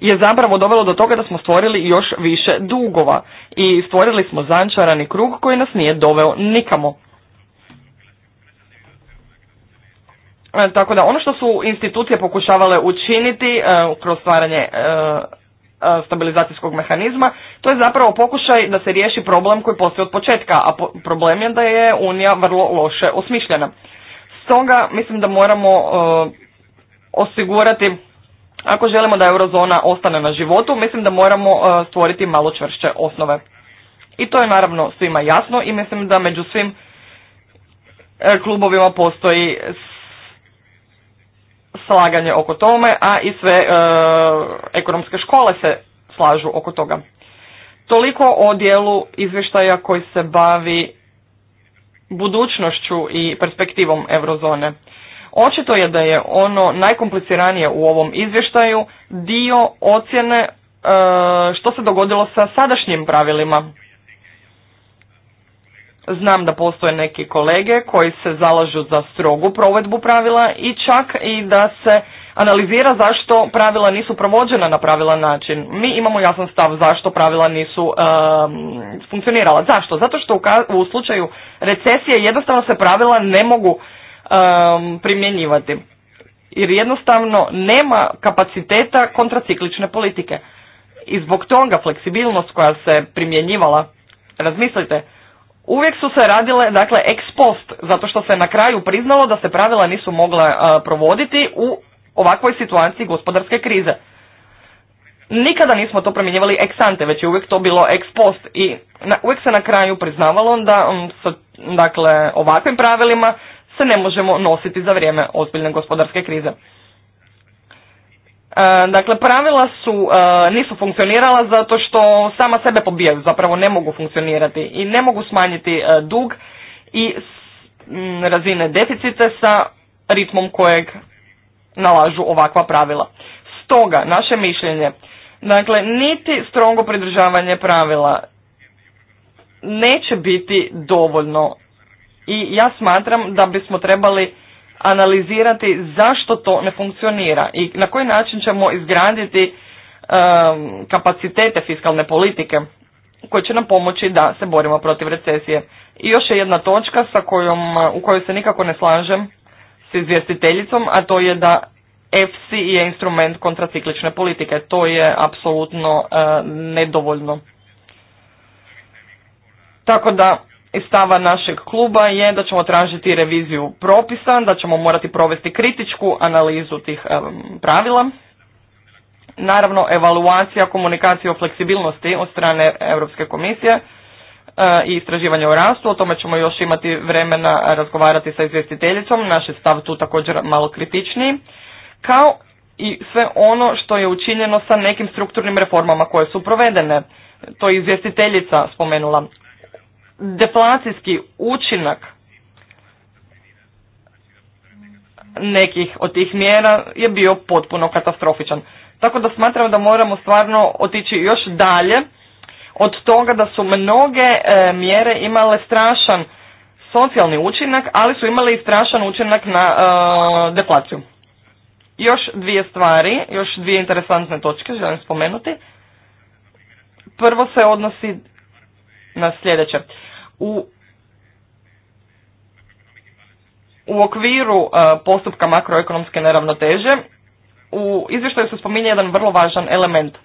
je zapravo dovelo do toga da smo stvorili još više dugova i stvorili smo zančarani krug koji nas nije doveo nikamo. E, tako da ono što su institucije pokušavale učiniti e, kroz stvaranje e, stabilizacijskog mehanizma, to je zapravo pokušaj da se riješi problem koji postoji od početka, a problem je da je Unija vrlo loše osmišljena. Stoga mislim da moramo osigurati, ako želimo da eurozona ostane na životu, mislim da moramo stvoriti malo čvršće osnove. I to je naravno svima jasno i mislim da među svim klubovima postoji slaganje oko tome, a i sve e, ekonomske škole se slažu oko toga. Toliko o dijelu izvještaja koji se bavi budućnošću i perspektivom eurozone. Očito je da je ono najkompliciranije u ovom izvještaju dio ocjene e, što se dogodilo sa sadašnjim pravilima Znam da postoje neki kolege koji se zalažu za strogu provedbu pravila i čak i da se analizira zašto pravila nisu provođena na pravilan način. Mi imamo jasan stav zašto pravila nisu um, funkcionirala. Zašto? Zato što u, slučaju recesije jednostavno se pravila ne mogu primjenjivati. Jer jednostavno nema kapaciteta kontraciklične politike. I zbog toga fleksibilnost koja se primjenjivala, razmislite, uvijek su se radile dakle ex post zato što se na kraju priznalo da se pravila nisu mogla e, provoditi u ovakvoj situaciji gospodarske krize. Nikada nismo to promjenjivali ex ante, već je uvijek to bilo ex post i na, uvijek se na kraju priznavalo da dakle ovakvim pravilima se ne možemo nositi za vrijeme ozbiljne gospodarske krize. E, dakle, pravila su, e, nisu funkcionirala zato što sama sebe pobijaju, zapravo ne mogu funkcionirati i ne mogu smanjiti e, dug i razine deficite sa ritmom kojeg nalažu ovakva pravila. Stoga, naše mišljenje, dakle, niti strogo pridržavanje pravila neće biti dovoljno i ja smatram da bismo trebali analizirati zašto to ne funkcionira i na koji način ćemo izgraditi um, kapacitete fiskalne politike koje će nam pomoći da se borimo protiv recesije. I još je jedna točka sa kojom, uh, u kojoj se nikako ne slažem s izvjestiteljicom, a to je da FC je instrument kontraciklične politike. To je apsolutno uh, nedovoljno. Tako da stava našeg kluba je da ćemo tražiti reviziju propisa, da ćemo morati provesti kritičku analizu tih pravila. Naravno, evaluacija, komunikacije o fleksibilnosti od strane Europske komisije e, i istraživanje o rastu. O tome ćemo još imati vremena razgovarati sa izvjestiteljicom. Naš je stav tu također malo kritičniji. Kao i sve ono što je učinjeno sa nekim strukturnim reformama koje su provedene. To je izvjestiteljica spomenula deflacijski učinak nekih od tih mjera je bio potpuno katastrofičan. Tako da smatram da moramo stvarno otići još dalje od toga da su mnoge e, mjere imale strašan socijalni učinak, ali su imale i strašan učinak na e, deflaciju. Još dvije stvari, još dvije interesantne točke želim spomenuti. Prvo se odnosi na sljedeće u u okviru uh, postupka makroekonomske neravnoteže u izvještaju se spominje jedan vrlo važan element.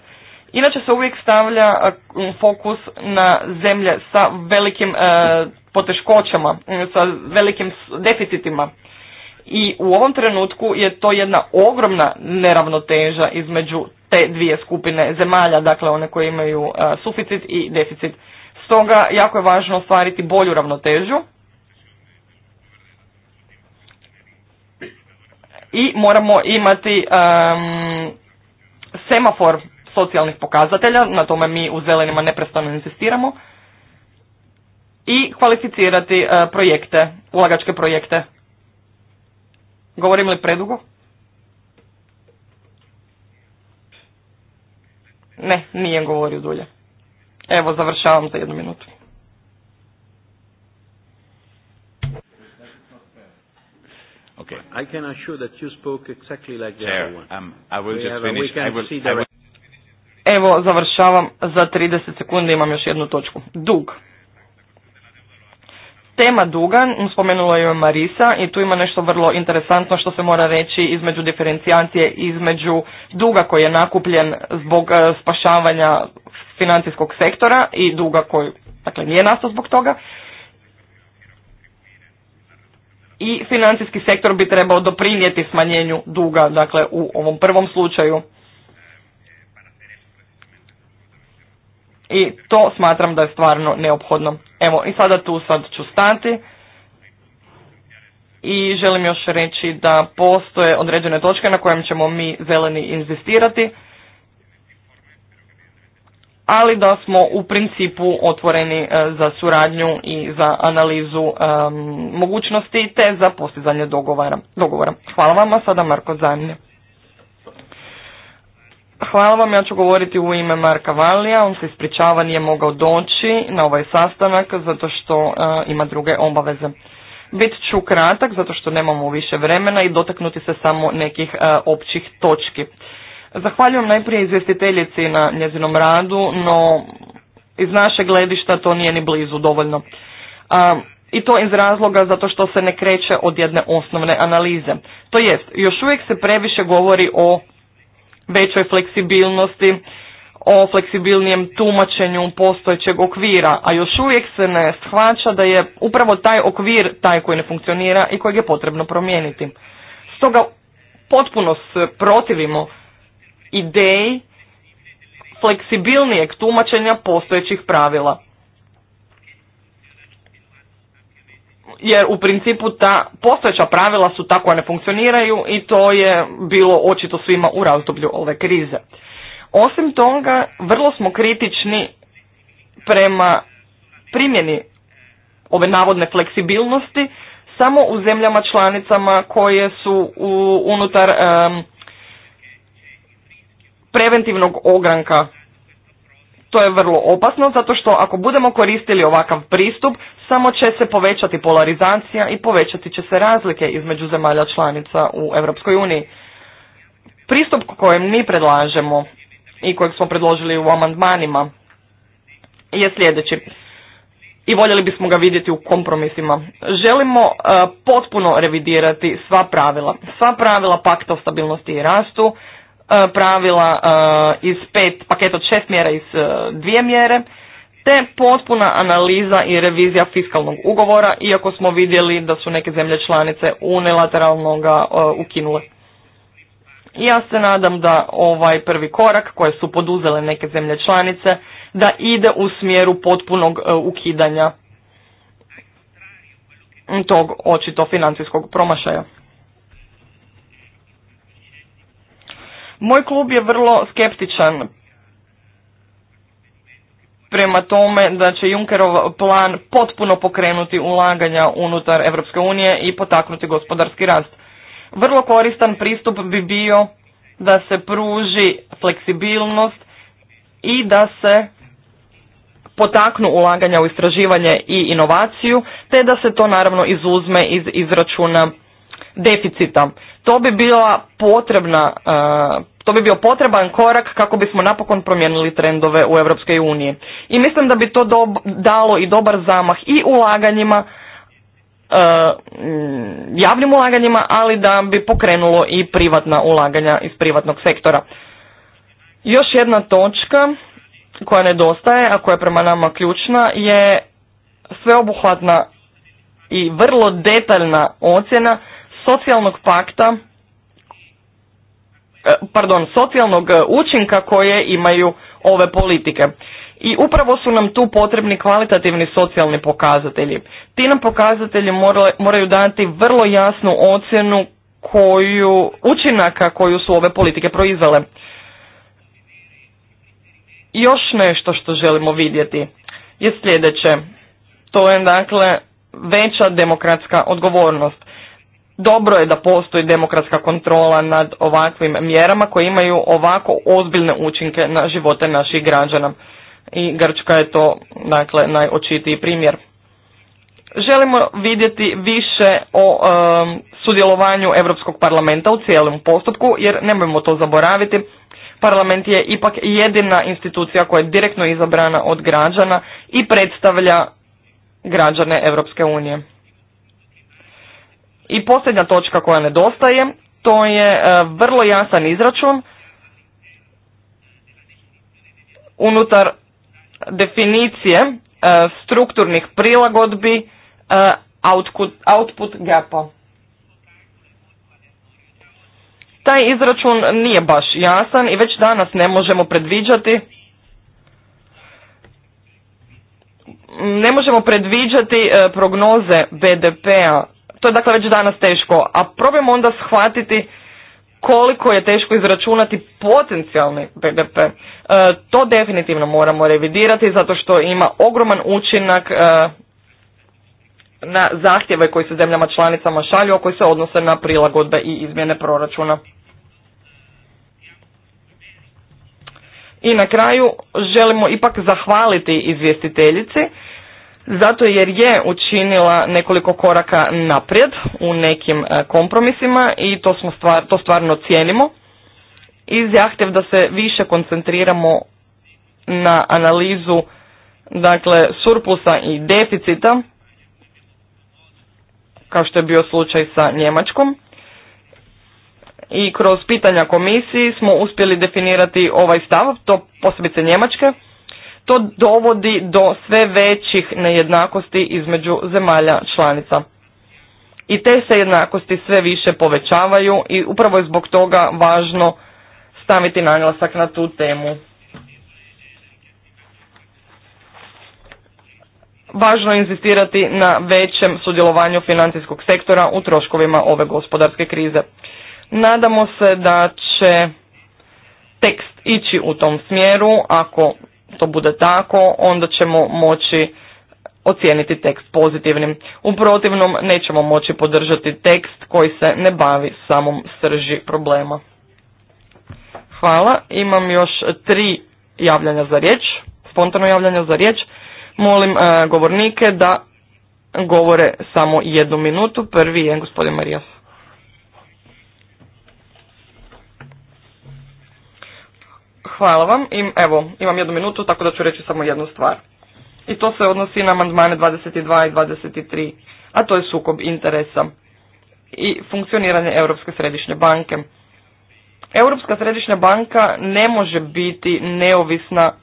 Inače se uvijek stavlja uh, fokus na zemlje sa velikim uh, poteškoćama, mm, sa velikim deficitima. I u ovom trenutku je to jedna ogromna neravnoteža između te dvije skupine zemalja, dakle one koje imaju suficit i deficit. Stoga jako je važno ostvariti bolju ravnotežu i moramo imati um, semafor socijalnih pokazatelja, na tome mi u zelenima neprestano insistiramo, i kvalificirati e, projekte, ulagačke projekte. Govorim li predugo? Ne, nije govorio dulje. Evo, završavam za jednu minutu. Evo, završavam za 30 sekundi, imam još jednu točku. Dug. Tema duga, spomenula je Marisa i tu ima nešto vrlo interesantno što se mora reći između diferencijacije, između duga koji je nakupljen zbog eh, spašavanja financijskog sektora i duga koji dakle, nije nastao zbog toga. I financijski sektor bi trebao doprinijeti smanjenju duga, dakle u ovom prvom slučaju. I to smatram da je stvarno neophodno. Evo i sada tu sad ću stati. I želim još reći da postoje određene točke na kojem ćemo mi zeleni inzistirati ali da smo u principu otvoreni e, za suradnju i za analizu mogućnosti te za postizanje dogovora. dogovora. Hvala vam, sada Marko Zajemlje. Hvala vam, ja ću govoriti u ime Marka Valija, on se ispričava, nije mogao doći na ovaj sastanak zato što e, ima druge obaveze. Bit ću kratak zato što nemamo više vremena i dotaknuti se samo nekih e, općih točki. Zahvaljujem najprije izvjestiteljici na njezinom radu, no iz našeg gledišta to nije ni blizu dovoljno. A, I to iz razloga zato što se ne kreće od jedne osnovne analize. To jest, još uvijek se previše govori o većoj fleksibilnosti, o fleksibilnijem tumačenju postojećeg okvira, a još uvijek se ne shvaća da je upravo taj okvir taj koji ne funkcionira i kojeg je potrebno promijeniti. Stoga potpuno se protivimo ideji fleksibilnijeg tumačenja postojećih pravila. Jer u principu ta postojeća pravila su tako ne funkcioniraju i to je bilo očito svima u razdoblju ove krize. Osim toga, vrlo smo kritični prema primjeni ove navodne fleksibilnosti samo u zemljama članicama koje su u, unutar preventivnog ogranka. To je vrlo opasno zato što ako budemo koristili ovakav pristup, samo će se povećati polarizacija i povećati će se razlike između zemalja članica u Europskoj uniji. Pristup kojem mi predlažemo i kojeg smo predložili u amandmanima je sljedeći. I voljeli bismo ga vidjeti u kompromisima. Želimo e, potpuno revidirati sva pravila. Sva pravila pakta o stabilnosti i rastu, E, pravila e, iz pet, paketa od šest mjera iz e, dvije mjere, te potpuna analiza i revizija fiskalnog ugovora, iako smo vidjeli da su neke zemlje članice unilateralno ga ukinule. Ja se nadam da ovaj prvi korak koje su poduzele neke zemlje članice da ide u smjeru potpunog ukidanja tog očito financijskog promašaja. Moj klub je vrlo skeptičan prema tome da će Junckerov plan potpuno pokrenuti ulaganja unutar Europske unije i potaknuti gospodarski rast. Vrlo koristan pristup bi bio da se pruži fleksibilnost i da se potaknu ulaganja u istraživanje i inovaciju, te da se to naravno izuzme iz izračuna deficita. To bi bila potrebna, e, to bi bio potreban korak kako bismo napokon promijenili trendove u Europskoj uniji. I mislim da bi to dalo i dobar zamah i ulaganjima, e, javnim ulaganjima, ali da bi pokrenulo i privatna ulaganja iz privatnog sektora. Još jedna točka koja nedostaje, a koja je prema nama ključna, je sveobuhvatna i vrlo detaljna ocjena socijalnog pakta, e, pardon, socijalnog e, učinka koje imaju ove politike. I upravo su nam tu potrebni kvalitativni socijalni pokazatelji. Ti nam pokazatelji moraju dati vrlo jasnu ocjenu koju, učinaka koju su ove politike proizvele. Još nešto što želimo vidjeti je sljedeće. To je dakle veća demokratska odgovornost dobro je da postoji demokratska kontrola nad ovakvim mjerama koje imaju ovako ozbiljne učinke na živote naših građana. I Grčka je to dakle najočitiji primjer. Želimo vidjeti više o sudjelovanju Europskog parlamenta u cijelom postupku jer nemojmo to zaboraviti. Parlament je ipak jedina institucija koja je direktno izabrana od građana i predstavlja građane Europske unije. I posljednja točka koja nedostaje, to je e, vrlo jasan izračun unutar definicije e, strukturnih prilagodbi e, output, output gapa. Taj izračun nije baš jasan i već danas ne možemo predviđati ne možemo predviđati prognoze BDP-a to je dakle već danas teško, a probajmo onda shvatiti koliko je teško izračunati potencijalni BDP. E, to definitivno moramo revidirati zato što ima ogroman učinak e, na zahtjeve koji se zemljama članicama šalju, a koji se odnose na prilagodbe i izmjene proračuna. I na kraju želimo ipak zahvaliti izvjestiteljici zato jer je učinila nekoliko koraka naprijed u nekim e, kompromisima i to, smo stvar, to stvarno cijenimo i zahtjev da se više koncentriramo na analizu dakle surplusa i deficita kao što je bio slučaj sa Njemačkom i kroz pitanja komisiji smo uspjeli definirati ovaj stav, to posebice Njemačke to dovodi do sve većih nejednakosti između zemalja članica. I te se jednakosti sve više povećavaju i upravo je zbog toga važno staviti naglasak na tu temu. Važno je inzistirati na većem sudjelovanju financijskog sektora u troškovima ove gospodarske krize. Nadamo se da će tekst ići u tom smjeru ako to bude tako, onda ćemo moći ocijeniti tekst pozitivnim. U protivnom nećemo moći podržati tekst koji se ne bavi samom srži problema. Hvala. Imam još tri javljanja za riječ, spontano javljanja za riječ. Molim e, govornike da govore samo jednu minutu. Prvi je gospodin Marijas. Hvala vam i evo, imam jednu minutu, tako da ću reći samo jednu stvar. I to se odnosi na amandmane 22 i 23, a to je sukob interesa i funkcioniranje Europske središnje banke. Europska središnja banka ne može biti neovisna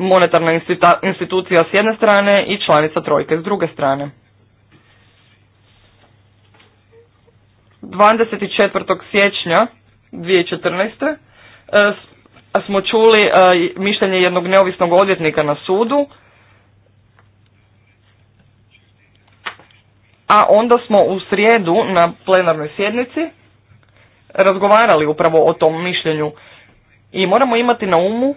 monetarna institucija s jedne strane i članica trojke s druge strane. 24. siječnja 2014 smo čuli e, mišljenje jednog neovisnog odvjetnika na sudu, a onda smo u srijedu na plenarnoj sjednici razgovarali upravo o tom mišljenju i moramo imati na umu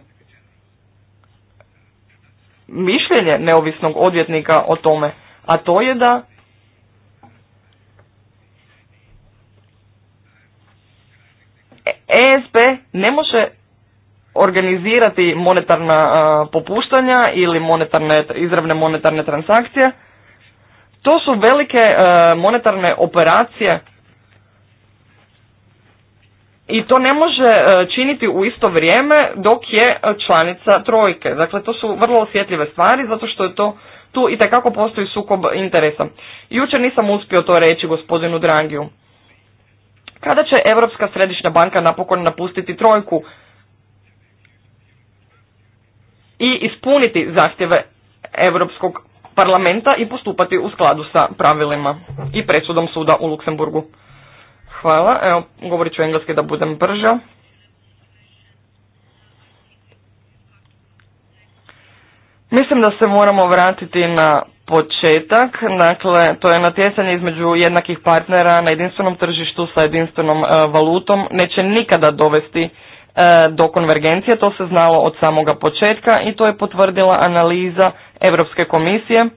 mišljenje neovisnog odvjetnika o tome, a to je da ESP ne može organizirati monetarna popuštanja ili monetarne, izravne monetarne transakcije. To su velike monetarne operacije i to ne može činiti u isto vrijeme dok je članica trojke. Dakle, to su vrlo osjetljive stvari zato što je to tu i takako postoji sukob interesa. Jučer nisam uspio to reći gospodinu Drangiju. Kada će Europska središnja banka napokon napustiti trojku? i ispuniti zahtjeve Europskog parlamenta i postupati u skladu sa pravilima i presudom suda u Luksemburgu. Hvala. Evo, govorit ću engleski da budem brža. Mislim da se moramo vratiti na početak. Dakle, to je natjecanje između jednakih partnera na jedinstvenom tržištu sa jedinstvenom e, valutom. Neće nikada dovesti E, do konvergencije, to se znalo od samoga početka i to je potvrdila analiza Europske komisije.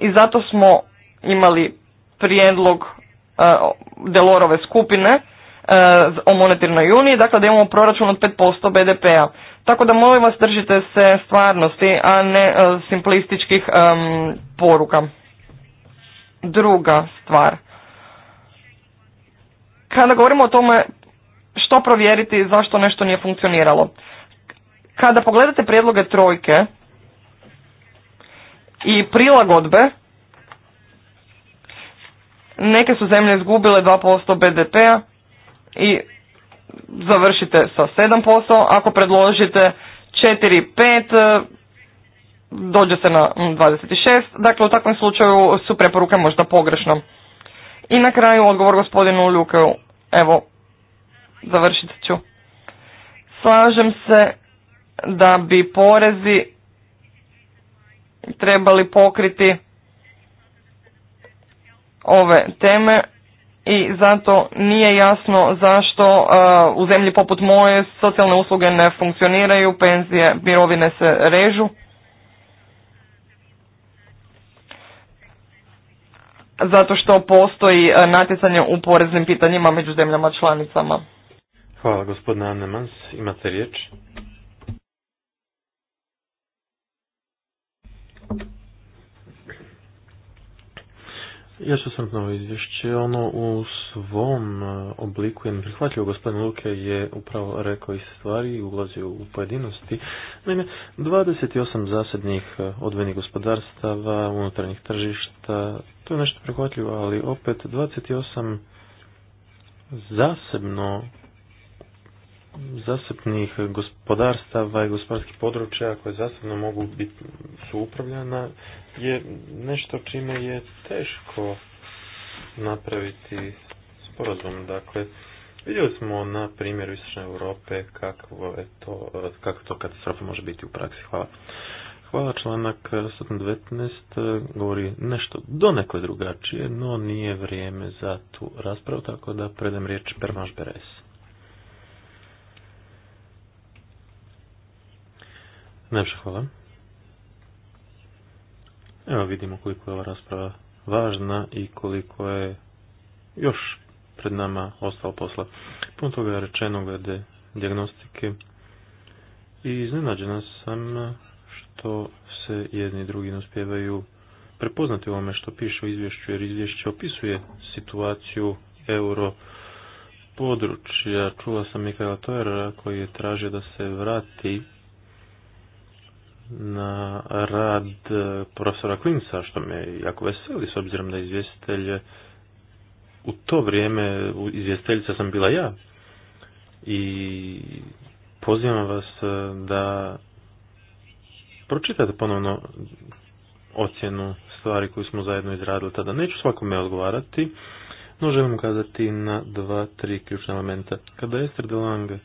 I zato smo imali prijedlog e, Delorove skupine e, o monetarnoj uniji, dakle da imamo proračun od 5% BDP-a. Tako da molim vas držite se stvarnosti, a ne simplističkih poruka druga stvar. Kada govorimo o tome što provjeriti zašto nešto nije funkcioniralo. Kada pogledate prijedloge trojke i prilagodbe, neke su zemlje izgubile 2% BDP-a i završite sa 7%, ako predložite 4-5 dođe se na 26, dakle u takvom slučaju su preporuke možda pogrešno. I na kraju odgovor gospodinu Ljukeu, evo, završit ću. Slažem se da bi porezi trebali pokriti ove teme i zato nije jasno zašto uh, u zemlji poput moje socijalne usluge ne funkcioniraju, penzije, mirovine se režu. zato što postoji e, natjecanje u poreznim pitanjima među zemljama članicama. Hvala gospodine Annemans, imate riječ. Ja ću sam novo izvješće, ono u svom e, obliku je neprihvatljivo, gospodin Luke je upravo rekao i stvari i ulazio u pojedinosti. Naime, 28 zasadnih e, odvenih gospodarstava, unutarnjih tržišta, je nešto prihvatljivo, ali opet 28 zasebno zasebnih gospodarstava i gospodarskih područja koje zasebno mogu biti su upravljana je nešto čime je teško napraviti sporazum. Dakle, vidjeli smo na primjeru Istočne Europe kakvo je to, kako to katastrofa može biti u praksi. Hvala. Hvala, članak 19 govori nešto do neko drugačije, no nije vrijeme za tu raspravu, tako da predem riječ Permaš Beres. Najviše hvala. Evo vidimo koliko je ova rasprava važna i koliko je još pred nama ostalo posla. Puno toga je rečeno glede diagnostike i iznenađena sam to se jedni i drugi ne uspjevaju prepoznati u ovome što piše u izvješću, jer izvješće opisuje situaciju euro područja. Čula sam Mikaela Tojera koji je tražio da se vrati na rad profesora Klinca, što me jako veseli, s obzirom da izvjestitelj u to vrijeme izvjestiteljica sam bila ja. I pozivam vas da Pročitajte ponovno ocjenu stvari koju smo zajedno izradili tada. Neću svakome odgovarati, no želim ukazati na dva, tri ključna elementa. Kada je Esther de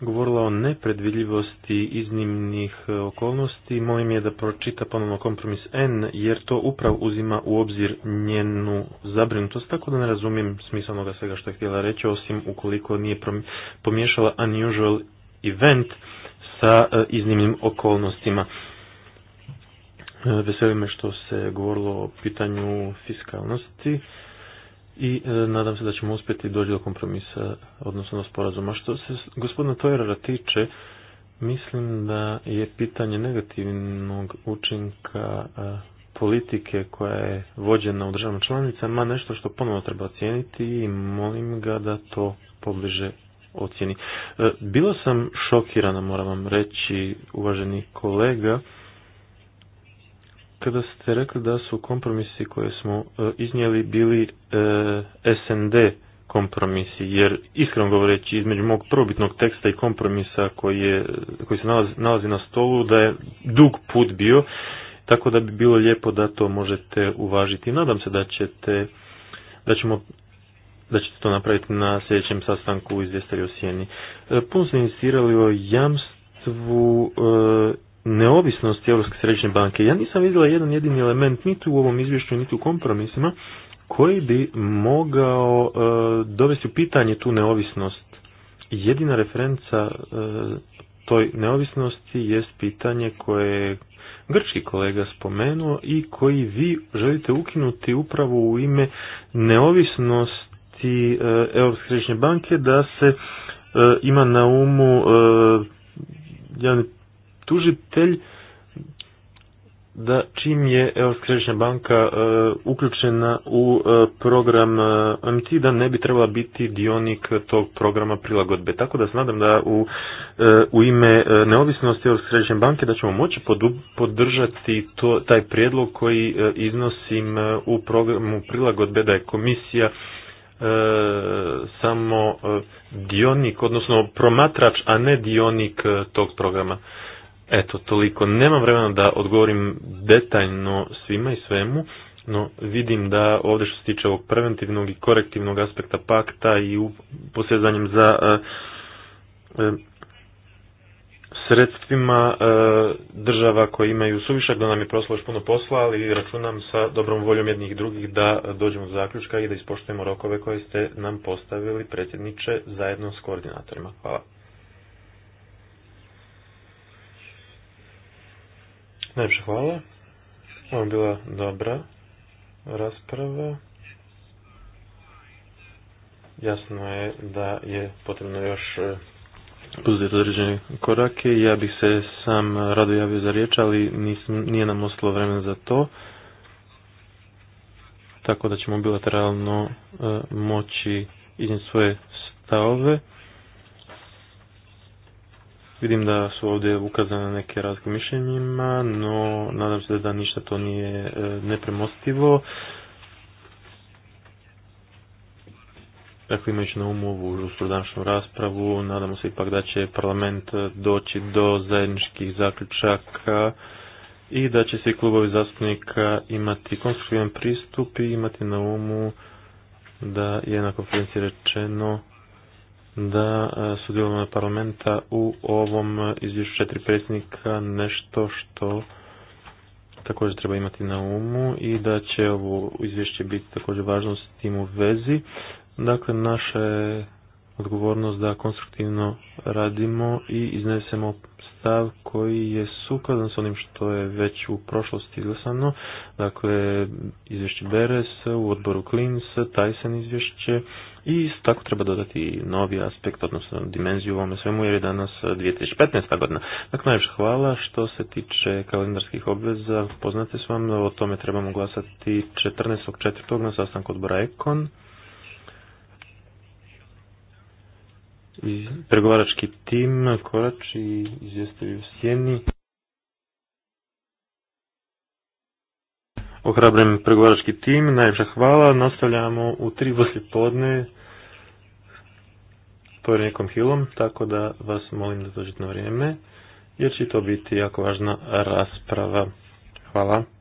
govorila o nepredvidljivosti iznimnih okolnosti, molim je da pročita ponovno kompromis N, jer to upravo uzima u obzir njenu zabrinutost, tako da ne razumijem smislanoga svega što je htjela reći, osim ukoliko nije pomiješala unusual event sa e, iznimnim okolnostima. E, veseli me što se govorilo o pitanju fiskalnosti i e, nadam se da ćemo uspjeti doći do kompromisa, odnosno sporazuma. Što se gospodina Tojera tiče, mislim da je pitanje negativnog učinka politike koja je vođena u državama članicama nešto što ponovno treba cijeniti i molim ga da to pobliže ocjeni. E, bilo sam šokirana, moram vam reći, uvaženi kolega, kada ste rekli da su kompromisi koje smo e, iznijeli bili e, SND kompromisi, jer iskreno govoreći između mog probitnog teksta i kompromisa koji, je, koji se nalazi, nalazi na stolu, da je dug put bio, tako da bi bilo lijepo da to možete uvažiti. Nadam se da ćete da ćemo da ćete to napraviti na sljedećem sastanku izvjestelju u Sjeni. E, puno ste inicirali o jamstvu e, neovisnosti Europske središnje banke. Ja nisam vidjela jedan jedini element niti u ovom izvješću, niti u kompromisima koji bi mogao e, dovesti u pitanje tu neovisnost. Jedina referenca toj neovisnosti jest pitanje koje je grčki kolega spomenuo i koji vi želite ukinuti upravo u ime neovisnost i e, Europske središnje banke da se e, ima na umu e, jedan tužitelj da čim je Europska središnja banka uključena u program MT da ne bi trebala biti dionik tog programa prilagodbe. Tako da se nadam da u, ime neovisnosti Europske središnje banke da ćemo moći podržati to, taj prijedlog koji iznosim u programu prilagodbe da je komisija E, samo e, dionik, odnosno promatrač, a ne dionik e, tog programa. Eto, toliko. Nemam vremena da odgovorim detaljno svima i svemu, no vidim da ovdje što se tiče ovog preventivnog i korektivnog aspekta pakta i posjedanjem za sredstvima e, država koje imaju suvišak, da nam je prošlo još puno posla, ali računam sa dobrom voljom jednih drugih da dođemo do zaključka i da ispoštujemo rokove koje ste nam postavili predsjedniče zajedno s koordinatorima. Hvala. Najpše hvala. Ovo je bila dobra rasprava. Jasno je da je potrebno još e, poduzeti određene korake. Ja bih se sam rado javio za riječ, ali nije nam ostalo vremena za to. Tako da ćemo bilateralno e, moći iznijeti svoje stavove. Vidim da su ovdje ukazane neke razlike mišljenjima, no nadam se da ništa to nije e, nepremostivo. Dakle, imajući na umu ovu današnju raspravu, nadamo se ipak da će parlament eh, doći do zajedničkih zaključaka i da će svi klubovi zastupnika imati konstruktivan pristup i imati na umu da je na konferenciji rečeno da eh, sudjelovanje parlamenta u ovom eh, izvješću četiri predsjednika nešto što također treba imati na umu i da će ovo izvješće biti također važno s tim u vezi. Dakle, naša je odgovornost da konstruktivno radimo i iznesemo stav koji je sukladan s onim što je već u prošlosti izglasano. Dakle, izvješće Beres, u odboru Klins, Tyson izvješće i tako treba dodati novi aspekt, odnosno dimenziju u ovome svemu jer je danas 2015. godina. Dakle, najviše hvala što se tiče kalendarskih obveza, poznate s vam, o tome trebamo glasati 14.4. na sastanku odbora Ekon. pregovarački tim, korači i u Sjeni. Ohrabren pregovarački tim, najljepša hvala. Nastavljamo u tri poslje podne nekom hilom tako da vas molim da dođete na vrijeme, jer će to biti jako važna rasprava. Hvala.